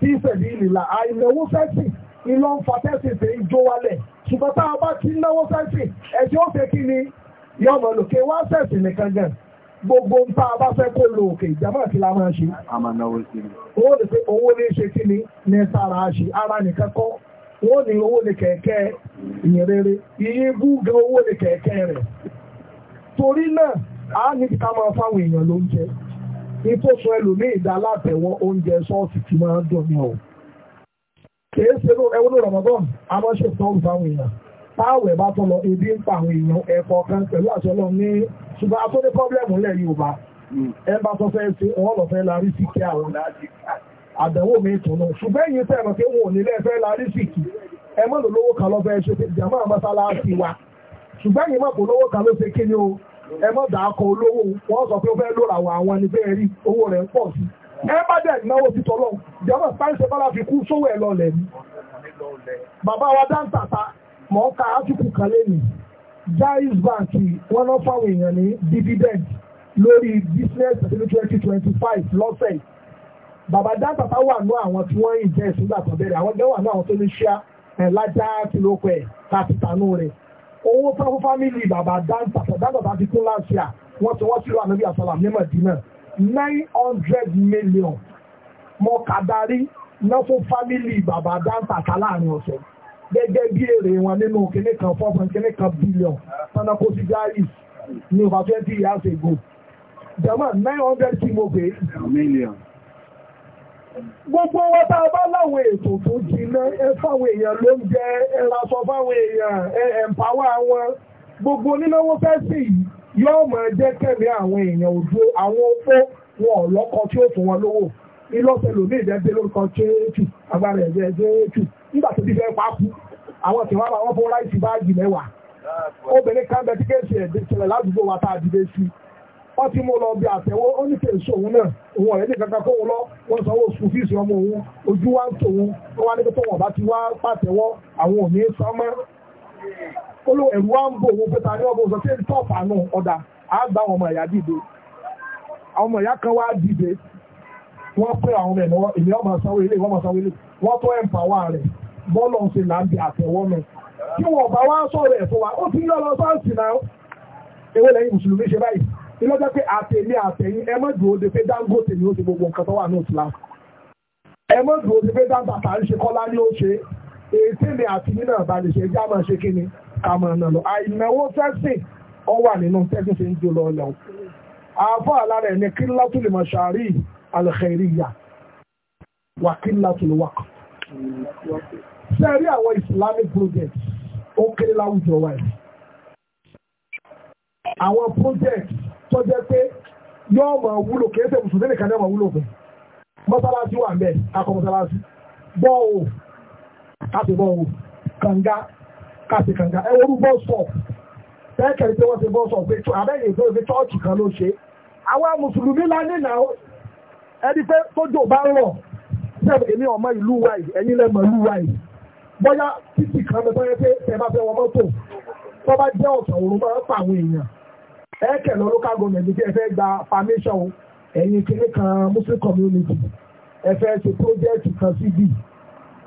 S1: tí ìṣẹ̀lẹ̀ ìlìlà àìnáwó sẹ́sìn ni ló ń fa sẹ́sìn tẹ̀ ń wálẹ̀ ṣùgbọ́n tá bá ti náwó sẹ́sìn ẹ̀jẹ̀ ó ṣe kí ni yọmọ lòkè wá sẹ́sìn nìkan gan gbogbo nta tá a bá fẹ́ kó lo òkè ṣe. a i. owó ní pé owó ní ṣe kí ni ní sára ṣe ara nìkan kọ́ owó owó kẹ̀kẹ́ iye gúgẹ owó kẹ̀kẹ́ rẹ̀. torí náà a ní ká máa fáwọn èèyàn ẹlòmíì látẹ̀wọ́ oúnjẹ tí máa ń dùn ọ̀. kìí ṣe Ramadan a máa ṣe fáwọn èèyàn táwẹ̀ bá ebi ń pa èèyàn ẹ̀kọ́ kan pẹ̀lú àṣẹ ní ṣùgbọ́n a tó ní pọ́blẹ́mù lẹ̀ Yorùbá hmm. ẹ bá sọ fẹ́ ṣe wọ́n lọ fẹ́ larí sí kí àwọn àdánwò mi tún náà ṣùgbọ́n èyí tẹ̀ mọ̀ pé wọn ò nílẹ̀ fẹ́ larí sí kí ẹ mọ̀ lò lówó kan lọ́fẹ́ ṣe pé jàmọ́ àmọ́sálásí wa ṣùgbọ́n èyí mọ̀ lówó kan ló ṣe kí ni o ẹ mọ̀ dà á kọ olówó wọn sọ pé ó fẹ́ lóra àwọn àwọn ẹni bẹ́ẹ̀ rí owó rẹ̀ ń pọ̀ sí ẹ bá dẹ̀ náwó sí tọ́lọ́ jàmọ́ sáyẹnsì bọ́lá fi kú Jaiz Bank wọ́n náà fáwọn èèyàn ní dividend lórí business ní twenty twenty five lọ́sẹ̀ bàbá dáńtàtà wà ní àwọn tí wọ́n ń jẹ́ ìsúgbà tó bẹ̀rẹ̀ àwọn gẹ́wà náà àwọn tó ní ṣíà ẹ̀ lájá kìlókò ẹ̀ kàtìtànú rẹ̀ owó sáfún fámìlì bàbá dáńtàtà dáńtàtà ti kún láṣìá wọ́n ti wọ́n sílò ànábì àsàlám ní Mẹ̀dínà nine hundred million mọ̀kàdárí náà fún fámìlì bàbá dáńtàtà láàrin ọ̀sẹ̀ gẹ́gẹ́ bí èrè wọn nínú kìíní kan four point kìíní kan billion panako cigaris ní over twenty years ago german nine hundred kimobe million gbogbo wọn tá a bá láwọn ètò tó jiná ẹ fáwọn èèyàn ló ń jẹ ẹ raṣọ fáwọn èèyàn ẹ ẹ̀mpáwá wọn gbogbo onínáwó fẹ́ sí yìí yóò mọ̀ jẹ́ kẹ́mi àwọn èèyàn òdo àwọn opó wọn ọ̀lọ́kọ tí ó fún wọn lówó ilọ́sẹ̀ lòmí ìdẹ́gbẹ́ lórúkọ chéètù agbára ẹ̀jẹ̀ chéètù nígbà tó ti fẹ́ pa kú àwọn tí wọ́n bá wọ́n fún ráìsì báàgì mẹ́wàá obìnrin kan bẹ tí kéèsì ẹ̀ ṣẹlẹ̀ ládùúgbò wa tá a dìde sí wọ́n ti mú lọ bí àtẹ̀wọ́ ó ní kèésì òun náà òun ọ̀rẹ́ nìkan kan kóhun lọ wọ́n sanwó sùn fíìsì ọmọ òun ojú wa ń tòun wọ́n wá níbi tó wọ́n bá ti wá pàtẹ́wọ́ àwọn òní sánmọ́ ó ló ẹ̀rù wá ń bò òun pé ní ọmọ òsàn tí èyí tọ́ọ̀pù àánú ọ̀dà bọ́ọ̀lù ń ṣe là ń bi àtẹ̀wọ́ mi kí wọ́n bá wá sọ̀rọ̀ ẹ̀ fún wa ó ti ń yọ lọ sáǹsì náà ewé lẹ́yìn mùsùlùmí ṣe báyìí ìlọ́jọ́ pé àtẹ̀mí àtẹ̀yìn ẹ mọ́ dùn ó de pé Dangote ni ó ti gbogbo nǹkan tó wà ní òtún láti ẹ mọ́ dùn ó de pé dáńtàtà ń ṣe kọ́lá ní ó ṣe ètè mi àti yín náà ṣe ẹjá máa ṣe kí ni àmọ́ ọ̀nà lọ àìmọ̀wó fẹ́sìn ọ wà nínú tẹ́sí ṣe ń jó lọ lọ àfọ́ àlára ẹ̀ kí látùlù mọ̀ṣàárì alẹ́kẹ̀ẹ́rì yà wà kí látùlù wà kàn ṣe rí àwọn Islamic projects ó kéré láwùjọ wa yìí àwọn projects tó jẹ́ pé yóò máa wúlò kìí ṣe mùsùlùmí nìkan yóò máa wúlò fún mọ́sálásí wà ń bẹ̀ akọ mọ́sálásí bọ́ọ̀ káṣe bọ́ọ̀ kànga káṣe kànga ẹ wọ́n bọ́ sọ̀p tẹ́kẹ̀rì pé wọ́n ṣe bọ́ sọ̀p pé abẹ́yẹ̀ tó ṣe chọ́ọ̀chì kan ló ṣe àwọn mùsùlùmí lá nínà ẹni pé tójò bá ń rọ̀ sẹ́ẹ̀bù èmi ọmọ ìlú wa yìí ẹ̀yin lẹ́mọ̀ ìlú wa yìí bóyá títì kan bẹ bóyá pé ẹ bá fẹ́ wọ mọ́tò tó bá jẹ́ ọ̀sán òru máa ń pa àwọn èèyàn ẹ kẹ̀ lọ local government tí ẹ fẹ́ gba permission ẹ̀yin kìnnì kan muslim community ẹ fẹ́ ṣe project kan síbi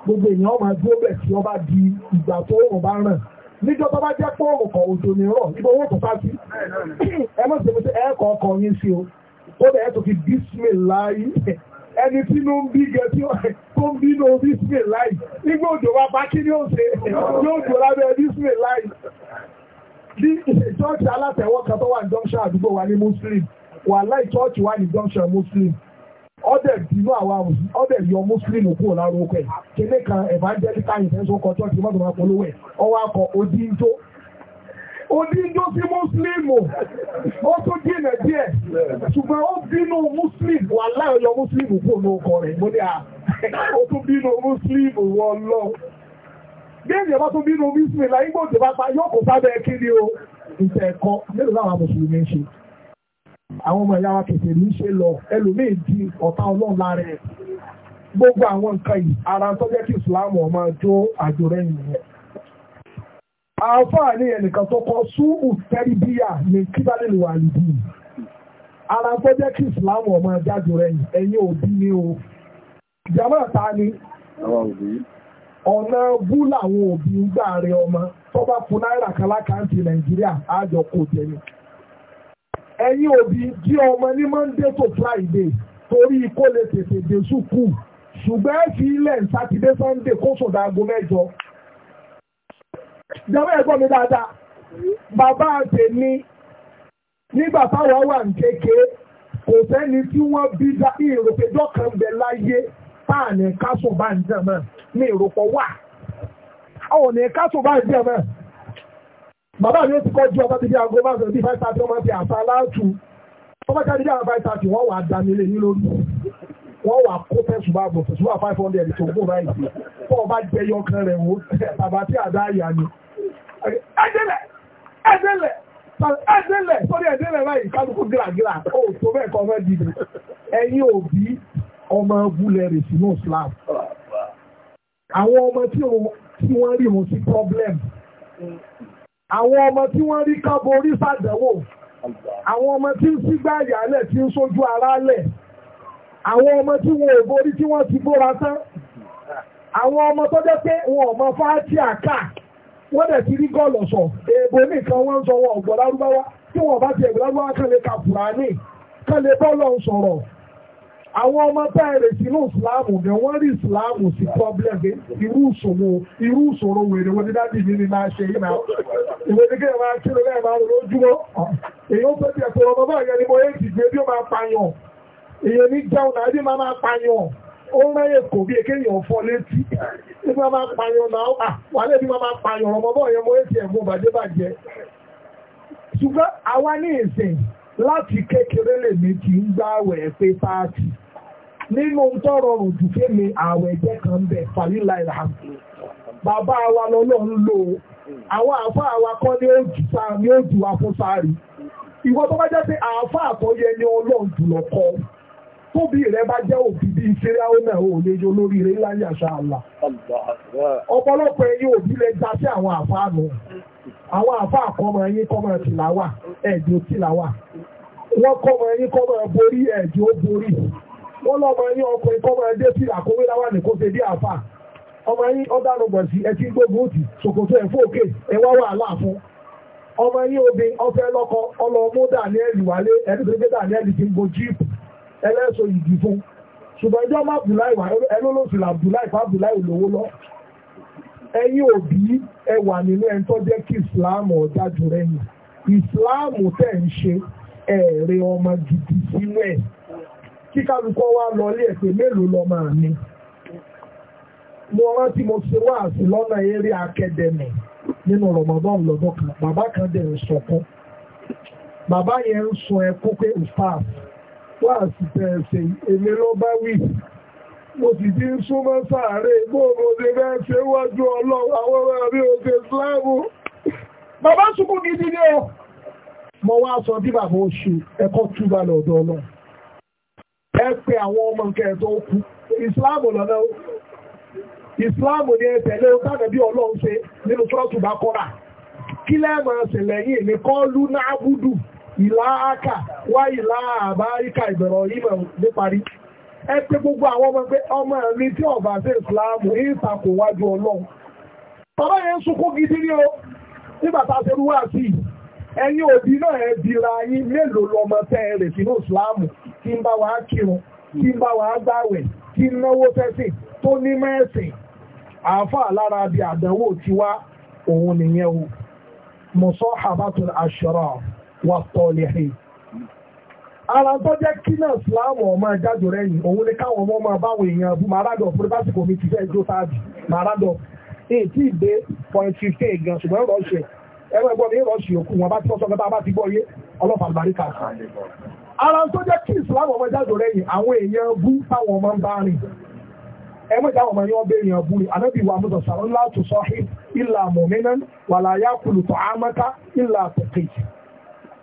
S1: gbogbo èèyàn máa dúró bẹ̀ tí wọ́n bá di ìgbà tó òun bá ràn níjọ́ tó bá jẹ́ pé òun kọ̀ òjò ní rọ̀ ibo owó tó sí ẹ mọ̀ sí ẹ kọ̀ yín sí o ó bẹ̀ ẹ tó fi bísí mi láyé ẹni tí ló ń bí gẹ tí ó ń bí ló bísmì láì nígbà òjò wá bá kí ní òṣè yóò jò lábẹ́ bísmì láì ní ìṣẹ́jọ́ọ̀tì tó wà ní junction àdúgbò wa ní muslim wà láì chọ́ọ̀tì wà junction muslim ọdẹ dìbò àwa ọdẹ yọ muslim oku lára oko ẹ̀ kéde kan evangelical intention kan mọ́tò máa polówó ẹ̀ ọwọ́ akọ odi ń oníjó sí múslímù ó tó dị díẹ̀ ṣùgbọ́n ó bínú múslím wà muslim wala kò ní ọkọ̀ rẹ̀ mo ní à ó tó bínú múslímù wọ́n lọ gbẹ́yìn ẹ̀bá tó bínú múslímù láyé gbòdì bá pa yóò o àwọn ọmọ lọ ẹlòmíì di ọ̀tá gbogbo àwọn nǹkan ara ọmọ àjò rẹ̀ àáfàá ní ẹnìkan tó kọ súhù tẹ́rìbíyà ní kíbalẹ̀ wà ara kí islam ọmọ jáde rẹ̀ ẹ̀yìn òbí ni o jama ta ni ọ̀nà bú làwọn òbí ń gbà rẹ ọmọ tó bá fún náírà kan lákàntì nàìjíríà àjọ ni ẹ̀yin òbí jí ọmọ ní to friday torí kó lè tètè dé sùkúù ṣùgbọ́n ẹ fi ilẹ̀ sátidé sunday kó sòdà jọmọ́ ẹ̀gbọ́n mi dáadáa bàbá àtẹ̀mí nígbà táwọn wà ní kékeré kò sẹ́ni tí wọ́n bí dá ìròpéjọ́ kan bẹ láyé páàní kásùn bá ń jẹ̀mọ́ ní ìròpọ̀ wà àwọn ní kásùn bá ń jẹ̀mọ́ bàbá mi ó ti kọjú ọba ti di aago bá sọ̀rọ̀ bí five thirty wọ́n máa fi àṣà aláàtú ọba jáde bí àwọn five thirty wọ́n wà á dami lé ní lórí wọ́n wà kó fẹ́sùn bá bọ̀ fẹ́sùn bá five hundred tó gbó báyìí fún ọba jẹyọ kan rẹ̀ wò tàbátí àdá àyà ni ẹdẹlẹ̀ ẹdẹlẹ̀ ẹdẹlẹ̀ sọ́rí ẹdẹlẹ̀ báyìí kálukú gíragíra ó tó bẹ́ẹ̀ kọ́ fẹ́ dìbò ẹ̀yin òbí ọmọ gúlẹ̀ rè sínú Islam àwọn ọmọ tí wọ́n rí wọn sí problem àwọn ọmọ tí wọ́n rí kábọ̀ orí sàdẹ̀wò àwọn ọmọ tí ń sígbà ìyálẹ̀ tí ń sójú ara lẹ̀ àwọn ọmọ tí wọn ò borí tí wọ́n ti bóra tán àwọn ọmọ tó jẹ́ pé wọn ò mọ fáátì àkà wọ́n dẹ̀ ti rí gọ́ọ̀lù ọ̀sọ̀ èèbò nìkan wọ́n ń sọ wọn ọ̀gbọ̀n lárúbáwá tí wọ́n bá ti ẹ̀gbọ́n lárúbáwá kan lè ka fùránì kan lè bọ́ọ̀lù sọ̀rọ̀ àwọn ọmọ tá ẹ rè sínú ìsìláàmù ni wọ́n rí ìsìláàmù sí pọ́blẹ̀mù irú ìṣòro irú ìṣòro wèrè wọn ní dájú mi ni máa ṣe yìí náà ìwé ní kéèyàn máa kí lóyè máa rò lójúmọ́ èyí ó fẹ́ tiẹ̀ pé ọmọ bá yẹn ni mo yé ìdìgbé bí ó máa pààyàn èyí ní jẹun náà ẹbí máa máa pààyàn ó ń rẹ́yẹ̀ kò bí èkéyàn fọ́ létí tí wọ́n bá pààyàn náà ah, wà wọ́n bá pààyàn ọmọ bọ́ ọ̀yẹ́ èsì ẹ̀gbọ́n bàjẹ́ bàjẹ́ ṣùgbọ́n àwa ní ìsìn láti kékeré ti ń gbá àwẹ̀ pé nínú tọrọ àwẹ̀ jẹ́ àwọn ní ní tóbi rẹ bá jẹ́ òbí bíi fíráwó náà ò lè yọ rẹ láyé àṣà àlà ọ̀pọ̀lọpọ̀ ẹ̀yin òbí lè já sí àwọn àfáà nù àwọn àfáà àkọ́mọ tìlàwà wọ́n kọ́mọ ẹ̀yin kọ́mọ borí borí ọkùnrin láwà ní kó ṣe bí àfáà ọmọ ẹtí òtì ṣòkòtò ọmọ obìnrin wálé ẹlẹ́sọ ìdì fún ṣùgbọ́n ìjọ má bùláì wà ẹló ló fìlà bùláì fà bùláì lówó lọ ẹ̀yin òbí ẹ wà nínú ẹni tó jẹ́ kí ìsìláàmù ọ̀dájú rẹ̀ yìí ìsìláàmù tẹ̀ ń ṣe ẹ̀ẹ̀rẹ̀ ọmọ gidi sínú ẹ̀ kí kálukọ́ wá lọ ilé ẹ̀pẹ̀ mélòó lọ́mọ mi mo rántí mo ṣe wá sí lọ́nà eré akẹ́dẹ̀mẹ̀ nínú Ramadan lọ́dọ̀ kan bàbá kan dẹ̀ ń sọkún bàbá yẹn ń sun ẹkún pé ustaz wáàsí tẹ̀ẹ̀sẹ̀ èmi ló bá wí mo sì ti ń súnmọ́ sàárè gbóòmò ṣe fẹ́ ṣe wájú ọlọ́run àwọn ọmọ mi ò ṣe sláàmù bàbá sunkún gidi ni o mo wá sọ bí bàbá ó ṣe ẹ̀kọ́ túbà lọ́dọ̀ ọlọ́run ẹ pé àwọn ọmọ nǹkan ẹ̀tọ́ kú ìsìláàmù lọ́nà ìsìláàmù ni ẹ tẹ̀lé tàbí ọlọ́run ṣe nínú ṣọ́ọ̀tù bá kọ́ra kí lẹ́ẹ̀mọ̀ ṣẹlẹ̀ yìí ní kọ́ lú náà búdù ìlà ákà wá ìlà àbáríkà ìbẹ̀rọ̀ ìmọ̀ níparí ẹ pé gbogbo àwọn ọmọ pé ọmọ mi tí ọba sí ìsìláàmù ìtakò wájú ọlọ́run bàbá yẹn sunkún gidi ní o nígbà tá a ṣe wá sí i ẹ̀yin òbí náà ẹ dira yín mélòó lọmọ tẹ́ ẹ rè sínú wà tọ́lẹ̀ hìn ara tó jẹ́ kí náà síláàmù ọmọ ìjájò rẹ̀ yìí òun ni káwọn ọmọ ọmọ báwọn èèyàn bú maradọ̀ fún lásìkò mi ti fẹ́ jó sáájú maradọ̀ èyí tí ìgbé point fifteen gan ṣùgbọ́n rọ́ọ̀ṣì ẹgbẹ́ ẹgbọ́n mi rọ́ọ̀ṣì òkú wọn bá ti sọ́sọ́ mẹ́ta bá ti gbọ́ yé ọlọ́pàá àlùbáríkà ara tó jẹ́ kí ìsìláàmù ọmọ ìjájò rẹ̀ àwọn èèyàn bú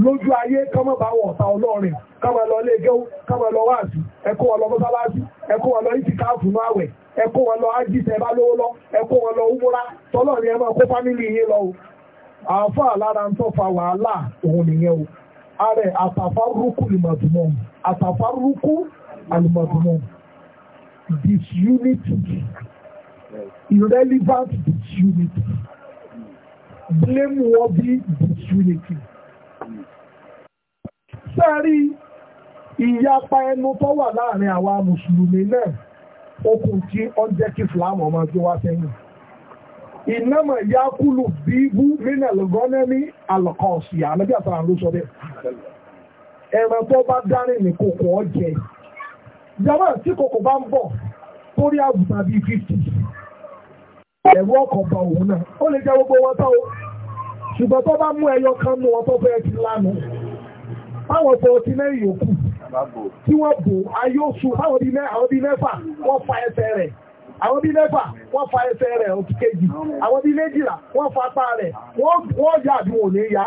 S1: lójú ayé kọ́mọ̀ bá wọ̀ ọ̀tá ọlọ́rin kọ́mọ̀ lọ ilé gẹ́wó kọ́mọ̀ lọ wáàsí ẹkọ́ wọn lọ mọ́sálásí ẹkọ́ wọn lọ ìtìkáàfù ẹkọ́ wọn lọ ájíṣẹ́ bá lówó lọ ẹkọ́ wọn lọ tọ́lọ́rin ẹ irrelevant disunity blame worthy disunity. sẹ́rí ìyapa ẹnu tó wà láàrin àwa mùsùlùmí náà okùn tí ó jẹ́ kí fìlàmù ọmọ ọjọ́ wá sẹ́yìn ìnámọ̀ ìyá kúlù bí bú nínú ẹ̀lọ́gọ́nẹ́mí alọ́kọ̀ọ̀sì àmẹ́bí àtàrà ló sọ bẹ́ẹ̀ ẹran tó bá dárìn ní kòkò ọ̀jẹ̀ jọba tí kòkò bá ń bọ̀ torí àgùntà bíi fifty ẹ̀rọ tó bá mú Báwọn tó ti lẹ́yìn òkú tí wọ́n bò ayé oṣù báwọn bí mẹ́fà wọ́n fa ẹsẹ̀ rẹ̀. Àwọn bí mẹ́fà wọ́n fa ẹsẹ̀ rẹ̀ òkú kejì. Àwọn bí méjìlá wọ́n fa apá rẹ̀. Wọ́n yà bí wọ́n lè yá.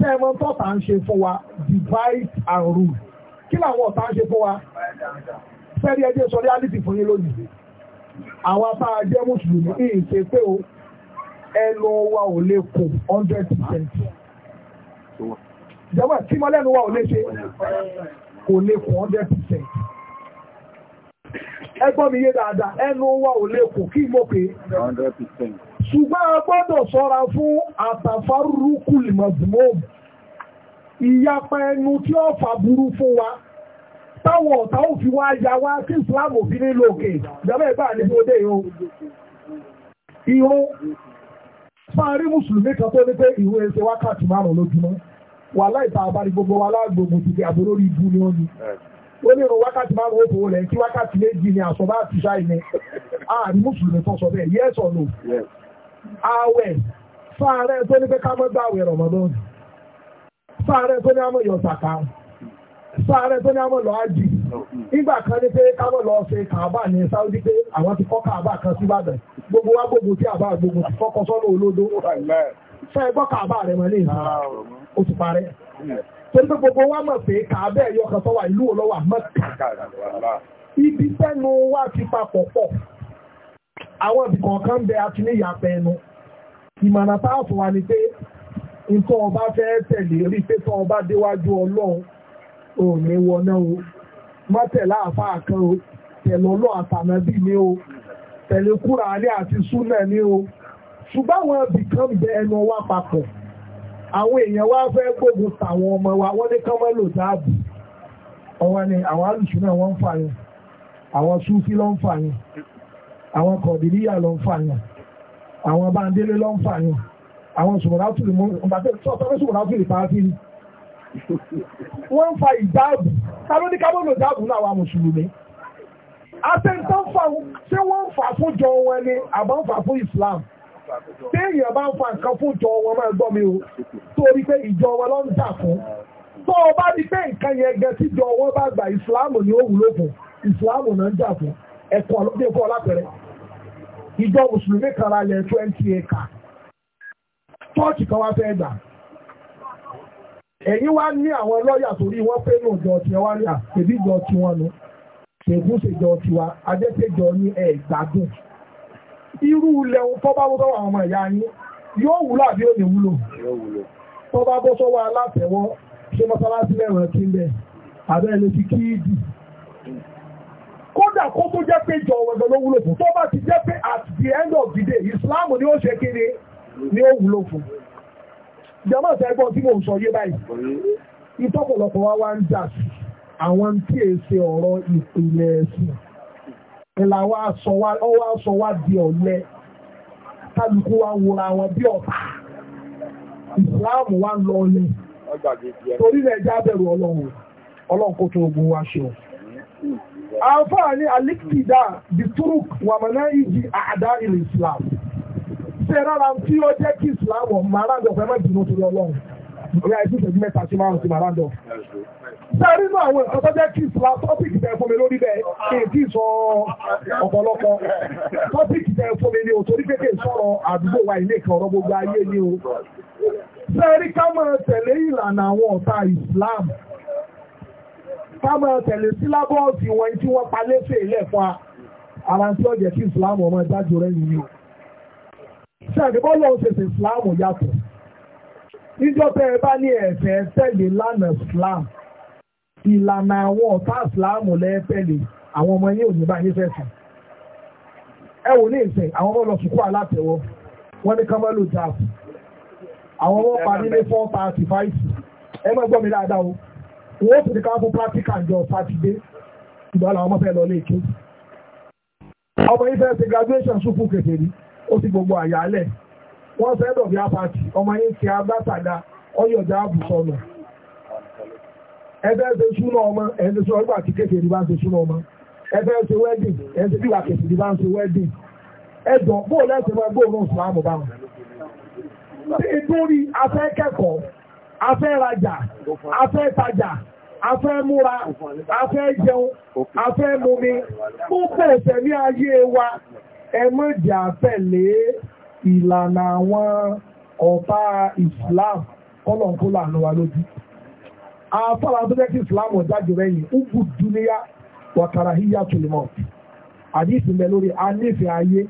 S1: Sẹ́wọ̀n tọ́ta ń ṣe fún wa divide and rule. Kí làwọn ọ̀tá ń ṣe fún wa? Fẹ́rí ẹjẹ́ sọ reality fún yín lónìí. Àwọn apá ajẹ́ Mùsùlùmí ìṣe pé o ẹnu wa ò lè kò ìjọba tí mo lẹ́nu wa ò lè ṣe kò lè kù hundred percent ẹ gbọ́ mi yé dáadáa ẹnu wa ò lè kù kí mo pè é hundred percent ṣùgbọ́n a gbọ́dọ̀ sọ́ra fún àtàfárúkú lìmọ̀dùmọ́ọ̀mù ìyapa ẹnu tí ó fà burú fún wa táwọn ọ̀tá ò fi wá ya wá tí Islam ò fi nílò òkè ìjọba ìgbà ní ọdẹ ìhun ìhun fáàrí mùsùlùmí kan tó ní pé ìhun ẹsẹ̀ wákàtí márùn-ún lójúmọ́ wà láìta àbárí gbogbo wa lágbògbò ti fi àbò lórí ibu ni wọn ni ó ní irun wákàtí máa ń wo fowó rẹ̀ kí wákàtí méjì ni àsọ̀bá àti ṣáìnẹ ààrí mùsùlùmí tó sọ bẹ́ẹ̀ yes or no ààwẹ̀ fáàrẹ́ tó ní pé ká mọ́ gbàwẹ̀ rọ̀mọ́dọ́n fáàrẹ́ tó ní àmọ́ yọ̀sàkà fáàrẹ́ tó ní àmọ́ lọ ájì nígbà kan ní pé ká mọ́ lọ ṣe kàábà ní Saudi pé àwọn ti kọ́ kàábà kan sí ó ti parẹ́ torí pé gbogbo wa mọ̀ pé kàábẹ́ ẹ̀yọ kan tó ìlú olówà mọ́ta ibi tẹ́nu wa ti papọ̀ pọ̀ àwọn ibì kọ̀ọ̀kan bẹ àti ní ìyàpẹ̀ táàfù wa ni pé nǹkan ọba fẹ́ tẹ̀lé rí pé tọ́ ọba déwájú ọlọ́run òní wọná o má tẹ̀lé àáfàá kan o tẹ̀lé ọlọ́ àtànábì ni o tẹ̀lé kúràálẹ̀ àti súnà ni o ṣùgbọ́n àwọn ibì bẹ ẹnu wa papọ̀ àwọn èèyàn wá fẹ́ gbógun tàwọn ọmọ wa wọ́n ní kánmọ́ lò dáàbò ọwọ́ ni àwọn alùsù náà wọ́n ń fà yẹn àwọn súfí ló ń fà yẹn àwọn kọ̀dìríyà ló ń fà yẹn àwọn báńdélé ló ń fà yẹn àwọn sùmùràtùlì mú ìgbàtẹ́ sọ́tọ́rọ́ sùmùràtùlì pàápí ni wọ́n ń fa ìdáàbò tàbí ní kábọ́nù ìdáàbò náà wà mùsùlùmí àtẹ̀ntàn fà ṣé wọ́n ń fà fún jọ wọn ni àbọ̀ fà fún Islam téèyàn bá ń fa nǹkan fún ìjọ wọn máa gbọ́ mi o torí pé ìjọ wọn ló ń tà fún tó o bá rí pé nǹkan yẹn gẹ tíjọ wọn bá gba ìsìláàmù ni ó wúlò fún ìsìláàmù náà ń jà fún ẹ̀kọ́ ọlọ́dẹ́kọ́ ọlápẹ̀rẹ̀ ìjọ mùsùlùmí kan ra lẹ̀ twenty acre chọ́ọ̀chì kan wá fẹ́ gbà ẹ̀yin wá ní àwọn lọ́ọ̀yà torí wọ́n pé nù jọ tiẹ̀ wá rí à ṣèbí jọ tiwọn nu ṣègùn ṣèjọ tiwa ajẹ́pẹ́jọ ní ẹ̀ gbádùn irú ilẹ̀ tọ́bá bó sọ́wọ́ àwọn ọmọ ìyá yín yóò wúlò àbí ò ní wúlò tọ́bá bó sọ́wọ́ alátẹ̀wọ́ ṣe mọ́sálásí lẹ́rọ kí ń bẹ̀ abẹ́ ilé ti kí kódà kó tó jẹ́ pé jọ at end of Islam ni ni ìtọ́pọ̀lọpọ̀ wa wá ń jà sí àwọn tí ọ̀rọ̀ ìpìlẹ̀ ẹ̀sìn ìlà wa sọ wá ọwọ́ sọ wá di ọ̀lẹ kálukú wa wòra wọn bí ọ̀tá ìsìláàmù wa ń lọ ọlẹ torí rẹ̀ já bẹ̀rù ọlọ́run ọlọ́run kò tó ogun wa ṣe o. àǹfààní alikida bituruk wàmánà ìjì àdá ilẹ̀ islam ṣe rárá tí ó jẹ́ kí islam ọ̀ máa rájọ̀ fẹ́ mọ́ ìdùnnú torí ọlọ́run bóyá ẹjú ìṣẹ́jú mẹ́ta sí márùn-ún sí màláńdọ̀. Ṣé nínú àwọn nǹkan tó jẹ́ kí ìsìlá tọ́pìkì tẹ fún mi lórí bẹ́ẹ̀ kí n tí sọ ọ̀pọ̀lọpọ̀ tọ́pìkì tẹ fún mi ní o torí pé kí n sọ̀rọ̀ àdúgbò wa ilé kan ọ̀rọ̀ ayé ni o. Ṣé rí ká máa tẹ̀lé ìlànà àwọn ọ̀tá Islam ká máa tẹ̀lé sílábọ̀ọ̀sì wọn tí wọ́n pa lẹ́sẹ̀ ilẹ̀ fún wa ara tí ó jẹ́ kí Islam ọmọ o. Ṣé àdìbọ́ lọ́wọ́ ṣèṣe Islam yàtọ̀ níjọba ẹ bá ní ẹ̀fẹ́ tẹ̀lé lánàá Islam ìlànà àwọn ọ̀tá Islam lẹ́ẹ̀tẹ̀lé àwọn ọmọ yín ò ní bá yín fẹ́ sùn ẹ wò ní ìsìn àwọn ọmọ lọ alátẹ̀wọ́ wọ́n ní kamalu jap àwọn ọmọ parí ní four thirty five ẹ má gbọ́ mi dáadáa o wọ́n ti di ká fún practical jọ sátidé ìgbà làwọn ọmọ fẹ́ lọ léèké ọmọ yín fẹ́ ṣe graduation sùkú kékeré ó ti gbogbo àyà alẹ́ wọ́n fẹ́ dọ̀bí apàtì ọmọ yín ti agbátàdá ọyọ̀dá àbùsọ̀nà ẹgbẹ́ ṣe súnà ọmọ ẹni sọ ọgbà tí kéfèé ní bá ń ṣe súnà ọmọ ẹgbẹ́ ṣe wẹ́dìn ẹni tí wà kéfèé ní bá ń ṣe wẹ́dìn ẹ̀dọ̀ bóò lẹ́sẹ̀ máa gbóòórùn ìsìlámù báwọn. nítorí afẹ́ kẹ́kọ̀ọ́ afẹ́ rajà afẹ́ tajà afẹ́ múra afẹ́ jẹun afẹ́ mumi gbogbo ìṣẹ̀mí ayé wa ẹ má jà pẹ̀lẹ́ ìlànà àwọn ọ̀pá Islam kọ́lọ̀ kó lànà lójú afọ́lá tó jẹ́ kí Islam ọ̀jáde rẹ̀yìn ugu dúníyà wàkàrà híyà tùlùmọ̀ àdìsí mẹ́ lórí anífẹ́ ayé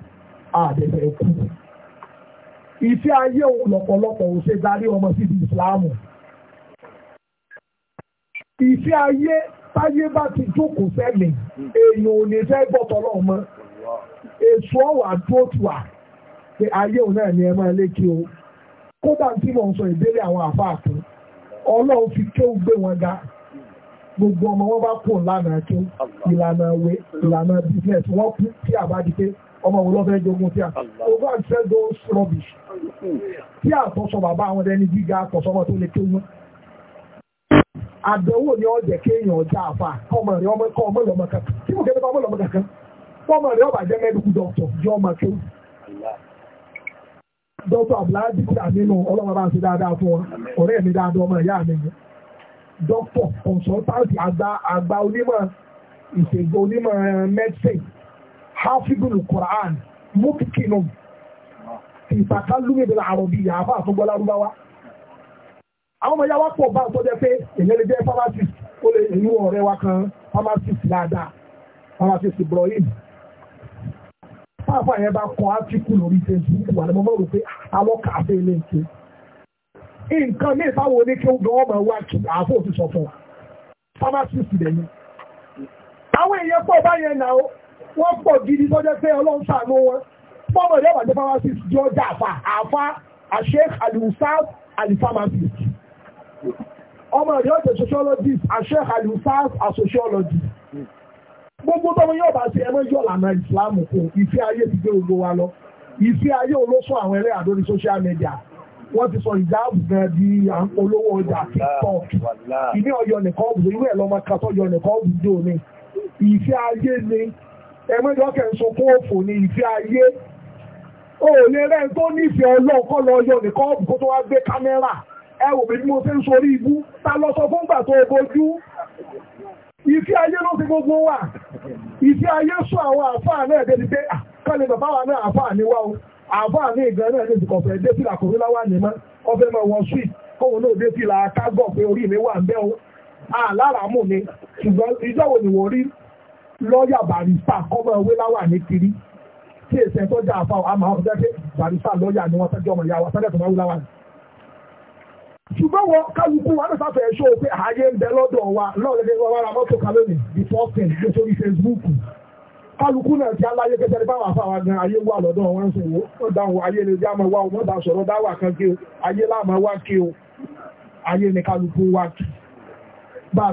S1: àdẹ̀fẹ́ ẹ̀kú ìfẹ́ ayé lọ̀pọ̀lọpọ̀ ò ṣe darí ọmọ síbi Islam ìfẹ́ ayé táyé bá ti jókòó sẹ́mi èèyàn ò ní fẹ́ gbọ́tọ̀ lọ́mọ èso ọ̀wà tó tù wà pé ayé òun náà ni ẹ máa lé kí o kódà tí mò ń sọ ìdílé àwọn àfáà fún ọlọ́run fi kéwù gbé wọn ga gbogbo ọmọ wọn bá kú lánà kí ìlànà ìwé ìlànà business wọn kú tí a bá di pé ọmọ wo ló fẹ́ jogún tí a over and sell those rubbish tí a tọ́ sọ bàbá àwọn ẹni gíga àtọ̀sọ́mọ tó lè kéwù àdánwò ni ọ̀jẹ̀ kéèyàn ọjà àfà ọmọ rẹ ọmọ ẹ̀kọ́ ọmọ lọ́mọ kankan tí mo kẹ́ ọmọ lọ́mọ kankan ọmọ rẹ ọba jẹ́ mẹ́dùkú dọ́kítọ̀ jẹ́ ọmọ kéwù dókítà abdulhadi aminu ọlọ́run bá ń ṣe dáadáa fún wọn ọ̀rẹ́ mi dáadáa ọmọ ìyá mi yẹn dókítà consultant àgbà àgbà onímọ̀ ìṣègùn onímọ̀ eh, medicine hafidul quran mukikinum ìtàkálùmí ìbílẹ̀ àròbí yà àbá àtúgbọ́ lárúbáwá àwọn ọmọ yàwá pọ̀ bá àtọ́jẹ́ pé èyàn lè jẹ́ pharmacist ó lè inú ọ̀rẹ́ wa kan pharmacist dáadáa pharmacist Ibrahim pápá yẹn bá kọ átíkù lórí Facebook wà ní mo mọ̀ rò pé àwọn kàáfẹ́ ilé ń ṣe nǹkan ní ìfáwọn oníkẹ́ ogun ọmọ wa kì àáfò ti sọ fún wa pharmacist dẹ̀ ni àwọn èèyàn pọ̀ báyẹn náà wọ́n pọ̀ gidi sọ́jọ́ pé ọlọ́run ṣàánú wọn fọ́mọ̀ ìyá ìbàjẹ́ pharmacist jọjá àfà àfà àṣeik aliusaf alipharmacist ọmọ ìyá ìjẹ́ sociologist àṣeik aliusaf asociologist gbogbo tọ́mọ yóò bá ṣe ẹmọ yọ̀ lànà ìsìláàmù fún ìfẹ́ ayé ti gbé gbogbo wa lọ ìfẹ́ ayé olóṣù àwọn ẹlẹ́ àdórí social media wọ́n ti sọ ìjáàbù gan di à ń polówó ọjà tiktok ìní ọyọ nìkan ọ̀bùn irú ẹ̀ lọ́mọ kan tọ́jọ nìkan ọ̀bùn dé òní ìfẹ́ ayé ni ẹmọ ìjọ kẹ́ ń sọ kó òfò ni ìfẹ́ ayé ó lè rẹ́ tó nífẹ̀ẹ́ ọlọ́ọ̀kọ́ lọ ọyọ nìkan ọ̀bùn kó tó wá gbé kámẹ́rà ẹ wò mí bí mo ṣe ń sorí ibú ta lọ sọ fún gbà tó o bojú ìfẹ́ ayé ló fi gbogbo wà ìfẹ́ ayé sọ àwọn àfáà náà débi pé ah, kálẹ̀ bàbá wa náà àfáà ní wá o àfáà ní ìgbà náà lèsì kọ̀fẹ́ dé fìlà kò rí láwà nìmọ́ ọfẹ́ mọ̀ wọ́n sùn kóhun náà dé fìlà kágọ̀ pé orí mi wà ń bẹ́ o àlára mù ni ṣùgbọ́n ìjọ wo ni wọ́n rí lọ́ọ̀yà barista kọ́mọ ewé láwà ní kiri tí èsẹ̀ tó já àfáà àmà ọ̀dẹ́fẹ́ barista lọ́ọ̀yà ni wọ́n tẹ́jọ́ ọmọ ìyá wa tẹ́lẹ̀ tó máa wú láwà ní. ṣùgbọ́n wọn kálukú wa náà sáfẹ́ ṣó pé ààyè wa lọ́ọ̀lẹ́dẹ́ wọn wá ra mọ́tò kan lónìí the first thing kálukú náà ti aláyé kẹsẹ̀ nípa àwọn afáwa gan ayé wà lọ́dọ̀ wọn ń sòwò wọ́n dá ayé lè máa wá wọn sọ̀rọ̀ o ayé láàmà wá kí o ayé ni kálukú wá kí bá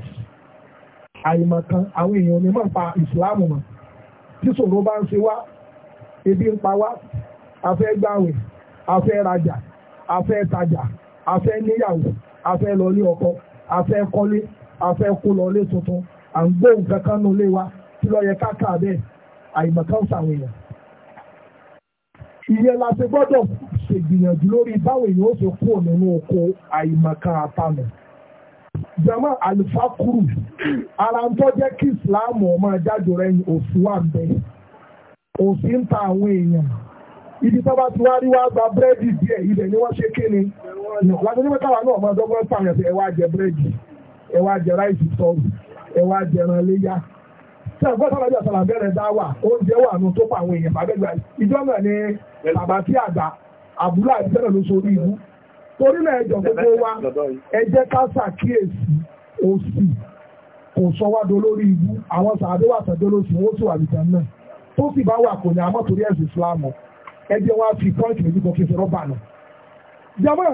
S1: a àìmọ̀kan àwọn èèyàn ní máa pa ìsìláàmù mọ̀ tí ṣòro bá ń ṣe wá ebi ń pa wá afẹ́ gbàwẹ̀ afẹ́ rajà afẹ́ tajà afẹ́ níyàwó afẹ́ lọlé ọkọ afẹ́ kọ́lé afẹ́ kó lọlé tuntun à ń gbóhùn kankan nù lé wa tí ló yẹ ká kà bẹ́ẹ̀ àìmọ̀kan ṣàwọn èèyàn. ìyẹn la ṣe gbọ́dọ̀ ṣègbìyànjú lórí báwo èèyàn ó ṣe kúrò nínú oko àìmọ̀kan àtàmọ̀. jama alifakuru ara ń tọ́ kí ìsìláàmù ọmọ ajáde rẹ̀ òsì wà ń bẹ ń ibi bá ti wá rí wá gba búrẹ́dì díẹ̀ ibẹ̀ ni wọ́n ṣe kéne láti ní mẹ́tàlá náà ọmọ ọdọ́gbọ́n pààyàn sí ẹ wá jẹ búrẹ́dì ẹ wá jẹ ráìsì sọrọ ẹ wá jẹ ẹran léyà tí bí dá wà oúnjẹ wà torílẹ̀ ẹjọ́ gbogbo wa ẹ jẹ́ ká ṣàkíyèsí òsì kò sọ wá do lórí ibú àwọn sàádó wà sàdó lóṣù wọn ó sì wà lùtà náà tó sì bá wà kò ní àmọ́ torí ẹ̀sìn ìsìláàmù ẹ jẹ́ wá fi pọ́ǹkì méjì kan kí rọ́bà náà. jama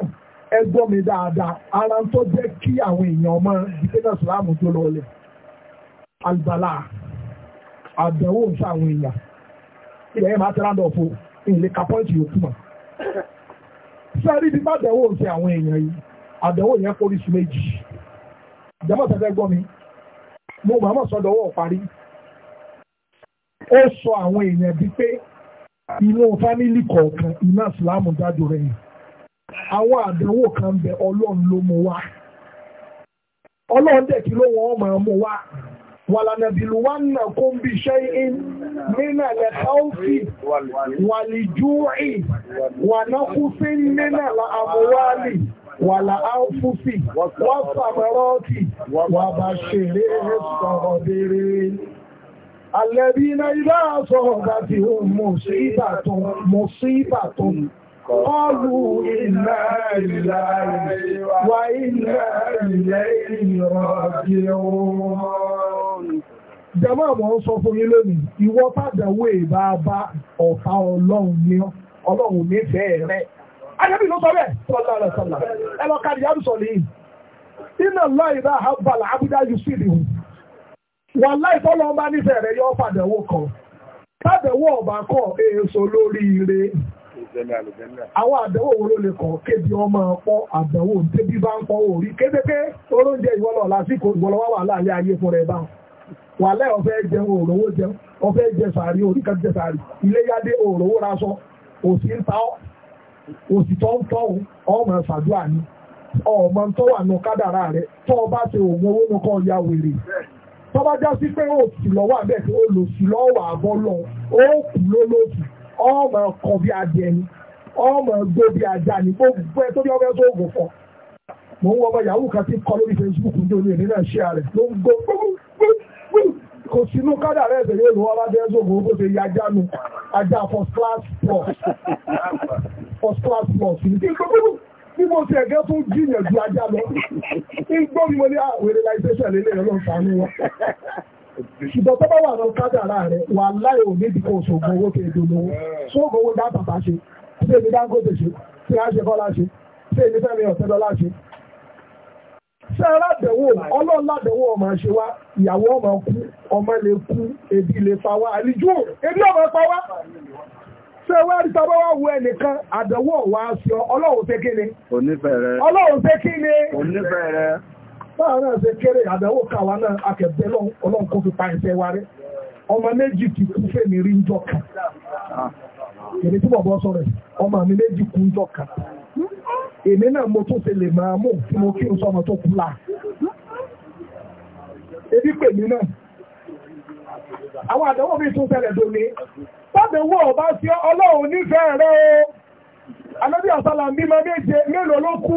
S1: ẹ gbọ́ mi dáadáa ara ń tó jẹ́ kí àwọn èèyàn ọmọ ìdílé ìsìláàmù tó lọ lẹ̀ alùbálà àdánwò ń sáwọn èèyàn ilẹ̀ yẹn máa tẹ́lá sáré ibi bá dẹ̀wò ń àwọn èèyàn yìí àdẹ̀wò yẹn kó oríṣi méjì ìjọba gbọ́ mi mo máa mọ̀ sọ́dọ̀ ọwọ́ parí ó sọ àwọn èèyàn bíi pé inú fámìlì kọ̀ọ̀kan iná ìsìlámù jáde rẹ̀ àwọn àdánwò kan bẹ ọlọ́run ló wá ọlọ́run dẹ̀ kí ló ولنبلونكم بشيء من الخوف والجوع ونقص من الأموال والأنفس والثمرات وبشر الصابرين الذين إذا أصابتهم مصيبة مصيبة قالوا إنا لله وإنا إليه راجعون jàmáà mọ̀ ń sọ fún yín lónìí ìwọ pàdánwò ìbá bá ọ̀tá ọlọ́run ní ọlọ́run nífẹ̀ẹ́ rẹ̀ ayébí ló sọ bẹ́ẹ̀ sọ́lá rẹ̀ sọ́lá ẹ lọ kárí iná wà bá nífẹ̀ẹ́ rẹ̀ yọ ọ̀bà èso àwọn àdánwò wo ló lè kàn kébi ọmọ ọ̀pọ̀ àdánwò tẹ́bí bá ń pọ̀ orí kéékèèké oróúnjẹ ìwọlọ̀ lásìkò ìwọlọ̀wà wà láàrin ayé fún rẹ̀ báwọn wà láì ọ̀fẹ́ jẹun òrówó jẹun ọ̀fẹ́ jẹ sàárì orí kan jẹ sàárì iléyádé òrówó raṣọ òsì ń ta ọ́ òsì tó ń tọ́ ọmọ ṣàdúrà ni ọmọ tó wà nù kádàrá rẹ̀ tó o bá ṣe òògùn owó nù kọ́ ya wèrè tó bá sí pé òsì lọ́wọ́ àbẹ̀ tí lòsì lọ́wọ́ àbọ̀ lọ ó kù lólóòsì ọmọ kan bí adìẹ ni ọmọ gbé bí ajá ni gbogbo ẹ tó ní ọmọ ẹ tó ògùn fọ mo ń wọ ọmọ yahoo kan ti kọ lórí Facebook ní olú èmi náà ṣe ààrẹ ló ń gbó kò sínú kádà rẹ̀ tẹ̀lé ìlú ọlájẹ́ ẹ̀zọ́gbò ó ṣe ya ajá nu ajá first class plus first class plus ní gbogbo bí mo ti ẹ̀gẹ́ tó jìyàn ju ajá lọ ní gbọ́ mi mo ní àwèrè ah, láìsẹ́sẹ̀ lélẹ̀ ọlọ́sàn-án wọn ṣùgbọ́n tó bá wà lọ kádàrá rẹ̀ wà láì ò níbi kan ṣògùn owó kéde olówó ṣóògùn owó dá bàbá ṣe ṣé èmi Dangote ṣe ṣé a ṣe Kọ́lá ṣe ṣé èmi Fẹ́mi Ọ̀tẹ́dọ́lá ṣe. ṣé aládẹ̀wò ọlọ́ọ̀ládẹ̀wò ọmọ ṣe wá ìyàwó ọmọ kú ọmọ lè kú ebi lè fa wá àlejò ebi ọmọ pa wá. ṣé wá rí sábà wá wo ẹnìkan àdẹ̀wò wá sí ọ ọlọ́run ṣe kí ni. onífẹ̀ẹ́ rẹ ọlọ́run ṣe báwa náà kéré àdánwò káwa náà fi pa wa rẹ́ ọmọ méjì ti kú rí
S2: kan
S1: tí bọ̀bọ̀ sọ rẹ̀ ọmọ mi méjì kú njọ́ kan èmi náà mo tún ṣe lè máa mú tí mo kí n sọmọ tó kú ebi pèmí náà àwọn mi tún ọba sí ọlọ́run nífẹ̀ẹ́ rẹ̀ o anábíàsálà mímọ méje mélòó ló kú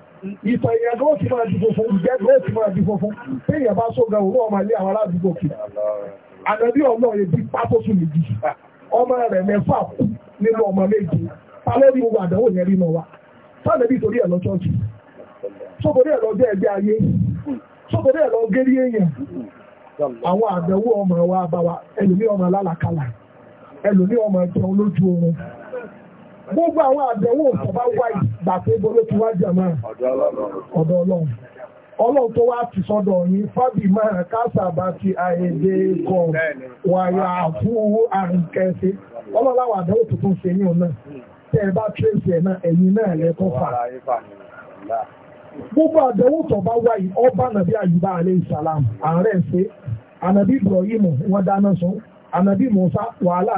S1: ìtọ̀ èèyàn gan ó ti máa dìbò fún ìjẹ́ ó ti máa dìbò fún pé èèyàn bá sóga òun ọmọ ilé àwọn aládùúgbò kì àdàbí ọmọ rẹ̀ mẹ́fà kú nínú ọmọ méje ta gbogbo àdánwò yẹn rí náà wá sáàdẹ̀bí torí ẹ̀ lọ chọ́ọ̀chì sókòdé ẹ̀ lọ jẹ́ ẹgbẹ́ ayé ẹ̀ ọmọ wa bá wa ẹlòmí ọmọ alálàkalà ẹlòmí ọmọ gbogbo àwọn àdánwò tó bá wá ìgbà pé bọ́lọ́ ti ọ̀dọ̀ ọlọ́run ọlọ́run tó wá ti sọ́dọ̀ yín fábì máa kásàbá ti àyèdè kọ̀ wàyà fún àrùnkẹ́sí ọlọ́láwà tuntun ṣe yín ẹ bá ẹ̀ náà ẹ̀yìn náà fà gbogbo ọba nàbí àyùbá alẹ́ ìsàlám ṣe Musa wàhálà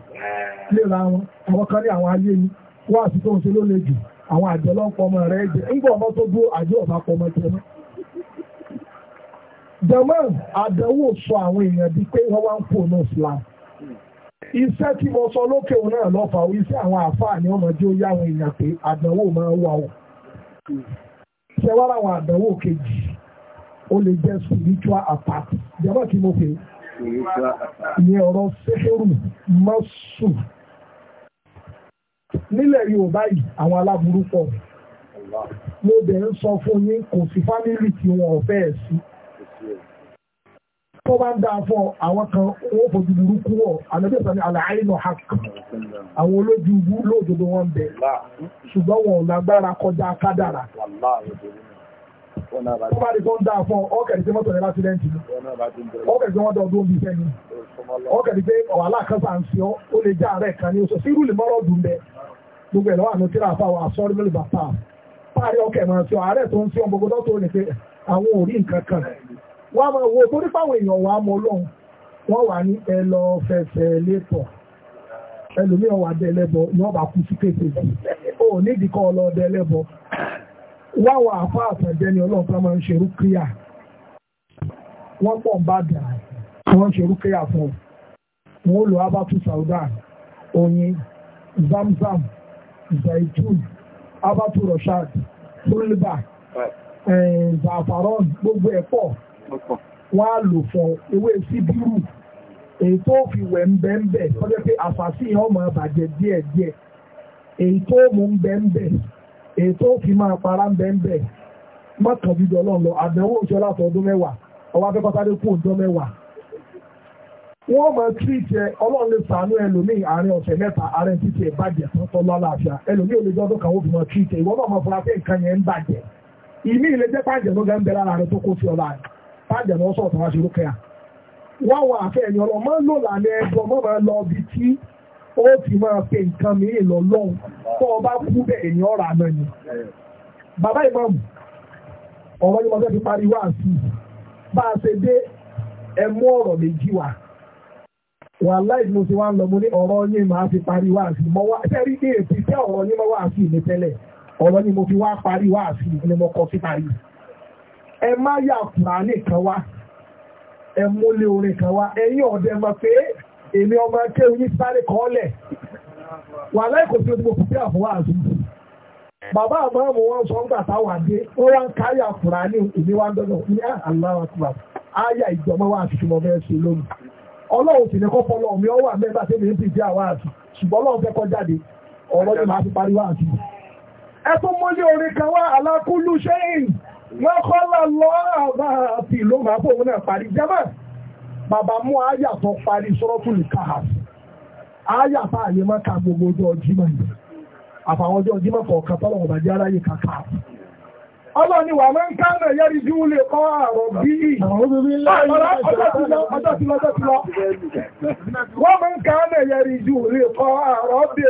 S1: lera wọn àwọn kan ní àwọn ayé ni wọ́n àti tó ń ló le jù àwọn àjọ ọmọ rẹ̀ jẹ́ nígbà ọmọ tó dúró àjọ pọ̀ ọmọ jẹ́ náà. sọ àwọn èèyàn di pé wọ́n wá ń fò Ise Islam iṣẹ́ tí mo sọ lókè òun náà lọ́fà iṣẹ́ àwọn àfáà ni ọmọ jẹ́ ó yá pé máa ń wà ó wá láwọn kejì ó lè jẹ́ spiritual
S2: ní
S1: ọ̀rọ̀ síhìrù mọ́sù nílẹ̀ Yorùbá yìí àwọn aláburú pọ̀ mo dẹ̀ ń sọ fún yín kò sí fámìlì tí wọn ò fẹ́ sí tó bá ń dáa fún àwọn kan wọ́n fojú burúkú wọ̀ àlẹ́bẹ̀sà ní àlàáìnà hak àwọn olójú lóòdodo wọn bẹ̀ ṣùgbọ́n wọn lágbára kọjá kádàrà tó bá di tó ń dá fún ọ ọkẹ̀dì pé mọ́tò rẹ lásìdẹ́ǹtì
S2: ni ọkẹ̀dì pé
S1: wọ́n dọ̀ ọdún bíi sẹ́ni ọkẹ̀dì pé wàhálà kan sà ń fi ọ ó lè já àárẹ̀ kan ní oṣù sí rúlì mọ́rọ̀ dùn bẹ gbogbo ẹ̀ lọ́wọ́ àná tíra àfàwọ̀ àsọ́rí mẹ́lì bàtà páàrí ọkẹ̀ mọ̀ sí àárẹ̀ tó ń fi ọmọ gbogbo tó ní pé àwọn ò rí nǹkan kan wọ́n máa wo torí fáwọn èèyàn wà mọ́ lọ́hùn wọ́n wà ní ẹ lọ fẹsẹ̀ létọ̀ ẹlòmíràn wà dẹ́lẹ́bọ ni wọ́n bá kú sí kété ò nídìí Wa àfá àfẹ̀jẹ́ ni ọlọ́run tó máa ń ṣerú kíyà wọ́n pọ̀ ń bá dà wọ́n ṣerú kíyà fún wọn abatu sauda oyin zamzam zaitun abatu rashad eh, zafaron gbogbo ẹ̀ pọ̀ wọ́n á lò fún ewé síbírù èyí fi wẹ̀ ń bẹ́ ń bẹ́ pé àfàsíyàn ọmọ ètò òfin máa para ń bẹ́ ń bẹ́ mẹ́wàá ọwọ́ kú mẹ́wàá wọ́n máa tí sàánú àárín ọ̀sẹ̀ mẹ́ta títí ò lè kan fi máa tí ìtẹ́ ìwọ́n máa fura pé nǹkan yẹn ń bàjẹ́ ìmí ilé jẹ́ pàjẹ́ ló gán bẹ lára rẹ tó kó sí ọlá rẹ pàjẹ́ lọ sọ̀tọ̀ wá ṣerú kẹ́yà wọ́n wọ àfẹ́ ẹ̀yìn máa ń lò lálẹ́ ẹgbọ́n máa ó ti máa pe nǹkan mìíràn lọ tó o kú bẹ́ẹ̀ ní ọ̀rọ̀ àná ni. bàbá ọ̀rọ̀ fẹ́ fi parí wá bá a ṣe dé ẹ ọ̀rọ̀ méjì wá lọ mo ní ọ̀rọ̀ yín máa fi parí wá sí wá ṣe rí èsì tẹ́lẹ̀ ọ̀rọ̀ mo fi wá parí ni mo parí. ẹ má yà èmi ọmọ akéwì ní sáré kọ́ọ̀lẹ̀ wà láìkò tí ó ti gbogbo pé àfọwọ́ àzùmù bàbá àmọ́mù wọn sọ ńgbà táwà dé ó wá ń káyà Kùránì èmi wá ń dọ́dọ̀ ní ah, aláwọ̀ àkùrà ìjọba wà àti ṣe lónìí sì ní lọ mi fi parí àti. ẹ tún mú ní orin kan wá alákúlù kọ́ bàbá mú àyà tó parí sọ́rọ́fùlì káàsì àyà tá àyè má ka gbogbo ọjọ́ ọjímọ̀ yìí àfàwọn ọjọ́ ọjímọ̀ kọ̀ọ̀kan tọ́lọ̀ ọ̀bà jẹ́ aráyè kàkà ọlọ́ni wà máa ń ká náà yẹ́rì bí ó lè kọ́ bí i ọjọ́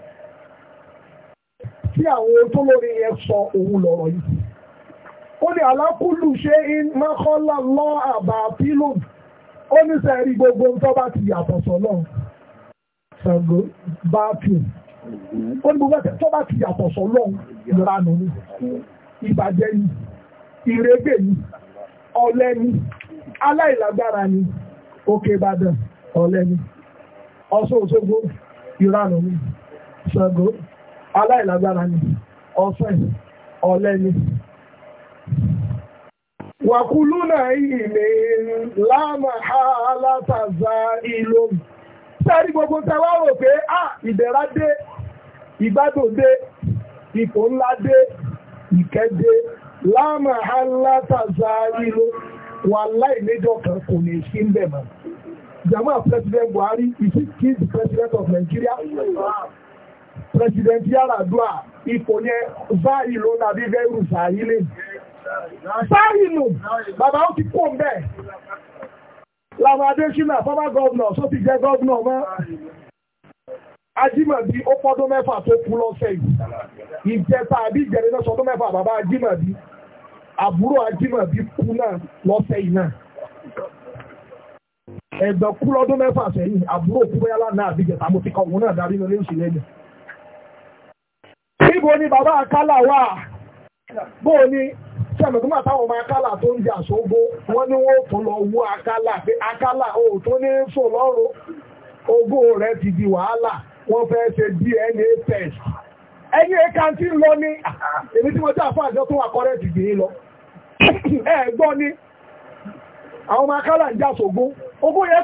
S1: tí àwọn tó lórí sọ òun lọ̀rọ̀ yìí ó ní alákùlù ṣe in mọ́kànlá lọ àbá pílò ó ní sẹ́rí gbogbo tó bá ti yàtọ̀ sọ́lọ́ Ṣàngó bá pì ó ní gbogbo tó bá ti yàtọ̀ sọ́lọ́ ìranù ni ìbàjẹ́ ni ìrégbè ni ọ̀lẹ ni aláìlágbára ni òkè Ìbàdàn ọ̀lẹ ni Ọ̀ṣun Òṣogbo ìranù ni Ṣàngó aláìlágbára ni ọ̀fẹ́ ọ̀lẹ́ni wàkúlú náà yìí lè láàmà alátàzà ìlò sẹ́rí gbogbo tẹwà rò pé à ìdẹ̀ra dé ìgbádùn dé ipò ńlá dé ìkẹ́ dé láàmà alátàzà ìlò wà láì president Buhari is the president of Nigeria president Yar'Adua ipò yẹn báyìí ló nàbí bẹ́rù sàáyílé báyìí nù bàbá ó ti kó mbẹ́ làwọn adésínà former governor só ti jẹ́ governor mọ́ ajímọ̀bí ó pọ́dún mẹ́fà tó kú lọ́sẹ̀ yìí ìjẹta àbí ìjẹrin náà sọdún mẹ́fà bàbá ajímọ̀bí àbúrò ajímọ̀bí kú náà lọ́sẹ̀ yìí náà ẹ̀gbọ́n kú lọ́dún mẹ́fà sẹ́yìn àbúrò kú bóyá lánàá àbíjẹta mo ti kọ̀ òun náà darí lọ lẹ́yìn sí lẹ́yìn ibu ni bàbá akala wa bụ onye ní sẹ́mìtúmọ̀ táwọn ọmọ akálà tó ń jà sógbó, wọ́n ní lọ wú akálà pé akálà ti di wàhálà, wọn se DNA test. Ẹyin ẹ̀ka lọ ni èmi tí mo jẹ́ àfọ àjọ tó ti di lọ. Ẹ gbọ́ ni àwọn ọmọ akala ń jà sógbó. yẹn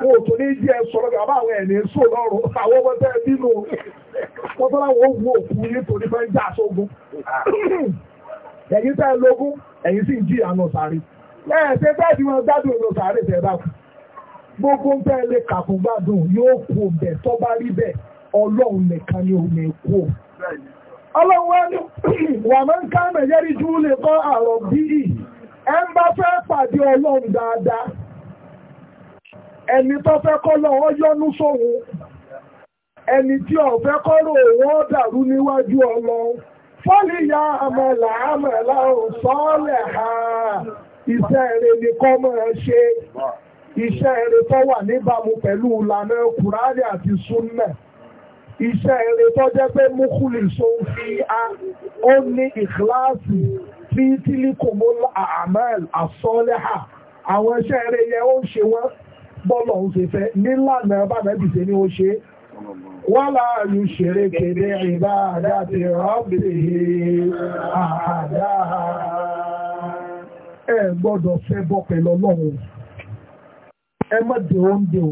S1: wọn ò tó ní jí ẹ sọ̀rọ̀ bí àbá àwọn ẹ̀ní sọ lọ́rùn àwọn ọmọ tẹ́ nínú wọn tó láwọn òkú ní torí fẹ́ jà sógun ẹ̀yin tẹ́ lógún ẹ̀yin sì jí àánú sáré ẹ̀ ṣe bẹ́ẹ̀ bí wọn gbádùn ìlú sáré tẹ́ bá kú gbogbo tẹ́ lè kàkún gbádùn yóò kú bẹ̀ tó bá rí bẹ̀ ọlọ́run nìkan ni òun kú ọlọ́run ń ká kọ́ bá ẹni tó fẹ́ kọ́ lọ ọ yọ́nú sóhun ẹni tí ó fẹ́ kọ́ rò wọ́n dàrú níwájú ọlọ́run fọ́lì ya àmàlà àmàlà òsọ́ọ̀lẹ̀ ha iṣẹ́ rẹ̀ ni kọ́ máa ṣe iṣẹ́ rẹ̀ tó wà níbàmú pẹ̀lú ìlànà kùránì àti súnnà iṣẹ́ rẹ̀ tó jẹ́ pé múkúlì so ń fi a ó ní ìkíláàsì fi tílíkùmọ́lá àmàlà àsọ́ọ̀lẹ̀ ha àwọn iṣẹ́ rẹ̀ yẹ ó ń ṣe wọ́n bọ́lọ̀ ń ṣe fẹ́ nílànà bàbẹ́bì ṣe ni ó ṣe wọ́lá yóò ṣeré kéde ìbá àdáti rọ́bìnrin àdá ẹ gbọ́dọ̀ fẹ́ bọ́ pẹ̀lú ọlọ́run ẹ má jọ ẹ̀dẹ́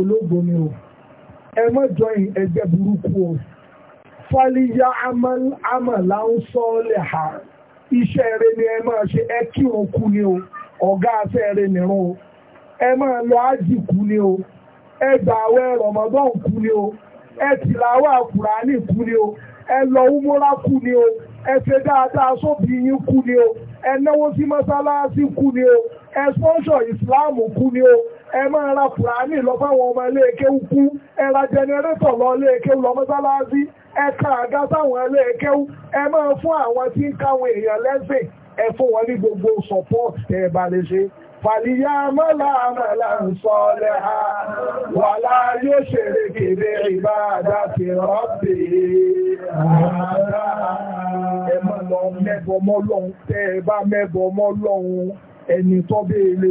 S1: olóògbé mi o. ẹ má jọyìn ẹgbẹ́ burúkú o fàlíyà àmàlà ń sọ́ọ̀lẹ̀ ha iṣẹ́ eré ni ẹ máa ṣe ẹ kí ni o ọ̀gá afẹ́ eré nìrún o ẹ máa lọ ájì ni o ẹ gbà àwẹ̀ rọ̀mọ́dọ́n kú ni o ẹ tìlàwà kùránì kú ni o ẹ lọ úmúra kú ni o ẹ ṣe dáadáa sóbì yín kú ni o. ẹ̀náwó sí mọ́sálásí kú ni o ẹ̀sọ́ṣọ̀ ìsìláàmù kú ni o ẹ máa ra kùránì lọ fáwọn ọmọ iléekéwú kú ẹ ra jẹnẹrétọ̀ lọ iléekéwú lọ mọ́sálásí ẹ ka àga sáwọn iléekéwú ẹ máa fún àwọn tí ń káwọn èèyàn lẹ́sìn ẹ fún wọn ní gbogbo support ẹ̀ bá ṣe فليعمل عملا صالحا ولا يشرك بعبادة ربه أحدا ẹ má lọ mẹ́bọ mọ́ Ọlọ́hun tẹ́ ẹ bá mẹ́bọ mọ́ ẹni tó bẹ́ẹ̀ lè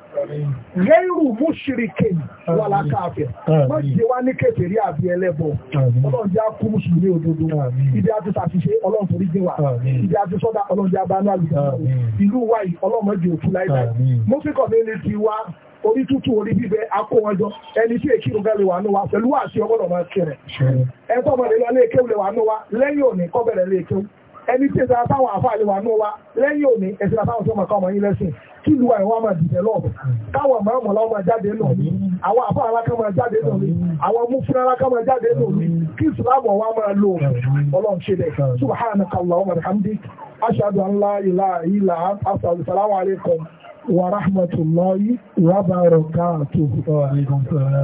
S1: gẹ́rù mùsùlùkìn wà lákàfẹ́ má jẹ́ wá ní kékeré àbí ẹlẹ́bọ ọlọ́run jẹ́ kú mùsùlùmí òdodo ibi àti sàṣìṣe ọlọ́run torí jẹ́ wà ibi àti sọ́dá ọlọ́run jẹ́ abánú àlùjá ìlú wa yìí ọlọ́run jẹ́ òkú láìláì mọ́fí community wa orí tútù orí bíbẹ akówọjọ ẹni tí èkí ló gẹ́lẹ̀ wà ní pẹ̀lú àti ọgbọ́dọ̀ máa kẹrẹ̀ ẹgbọ́n bọ̀dẹ̀ lọ lé kéwù lè wà lẹ́yìn òní kọ́bẹ̀rẹ̀ lè kéwù ẹni tí èsì àtàwọn àfáà lè wà ní lẹ́yìn òní èsì àtàwọn tó mọ̀ kọ́ yín lẹ́sìn kí ìlú àìwá máa develop káwọn màmú ọlá máa jáde nù mí àwọn àbá aláka máa jáde nù mí àwọn mufin aláka máa jáde nù mí kí ìsìlámù ọwá máa lò ọlọ́run ṣe lẹ̀ subhanaka allahumma bihamdik ashhadu an la ilaha illa anta wa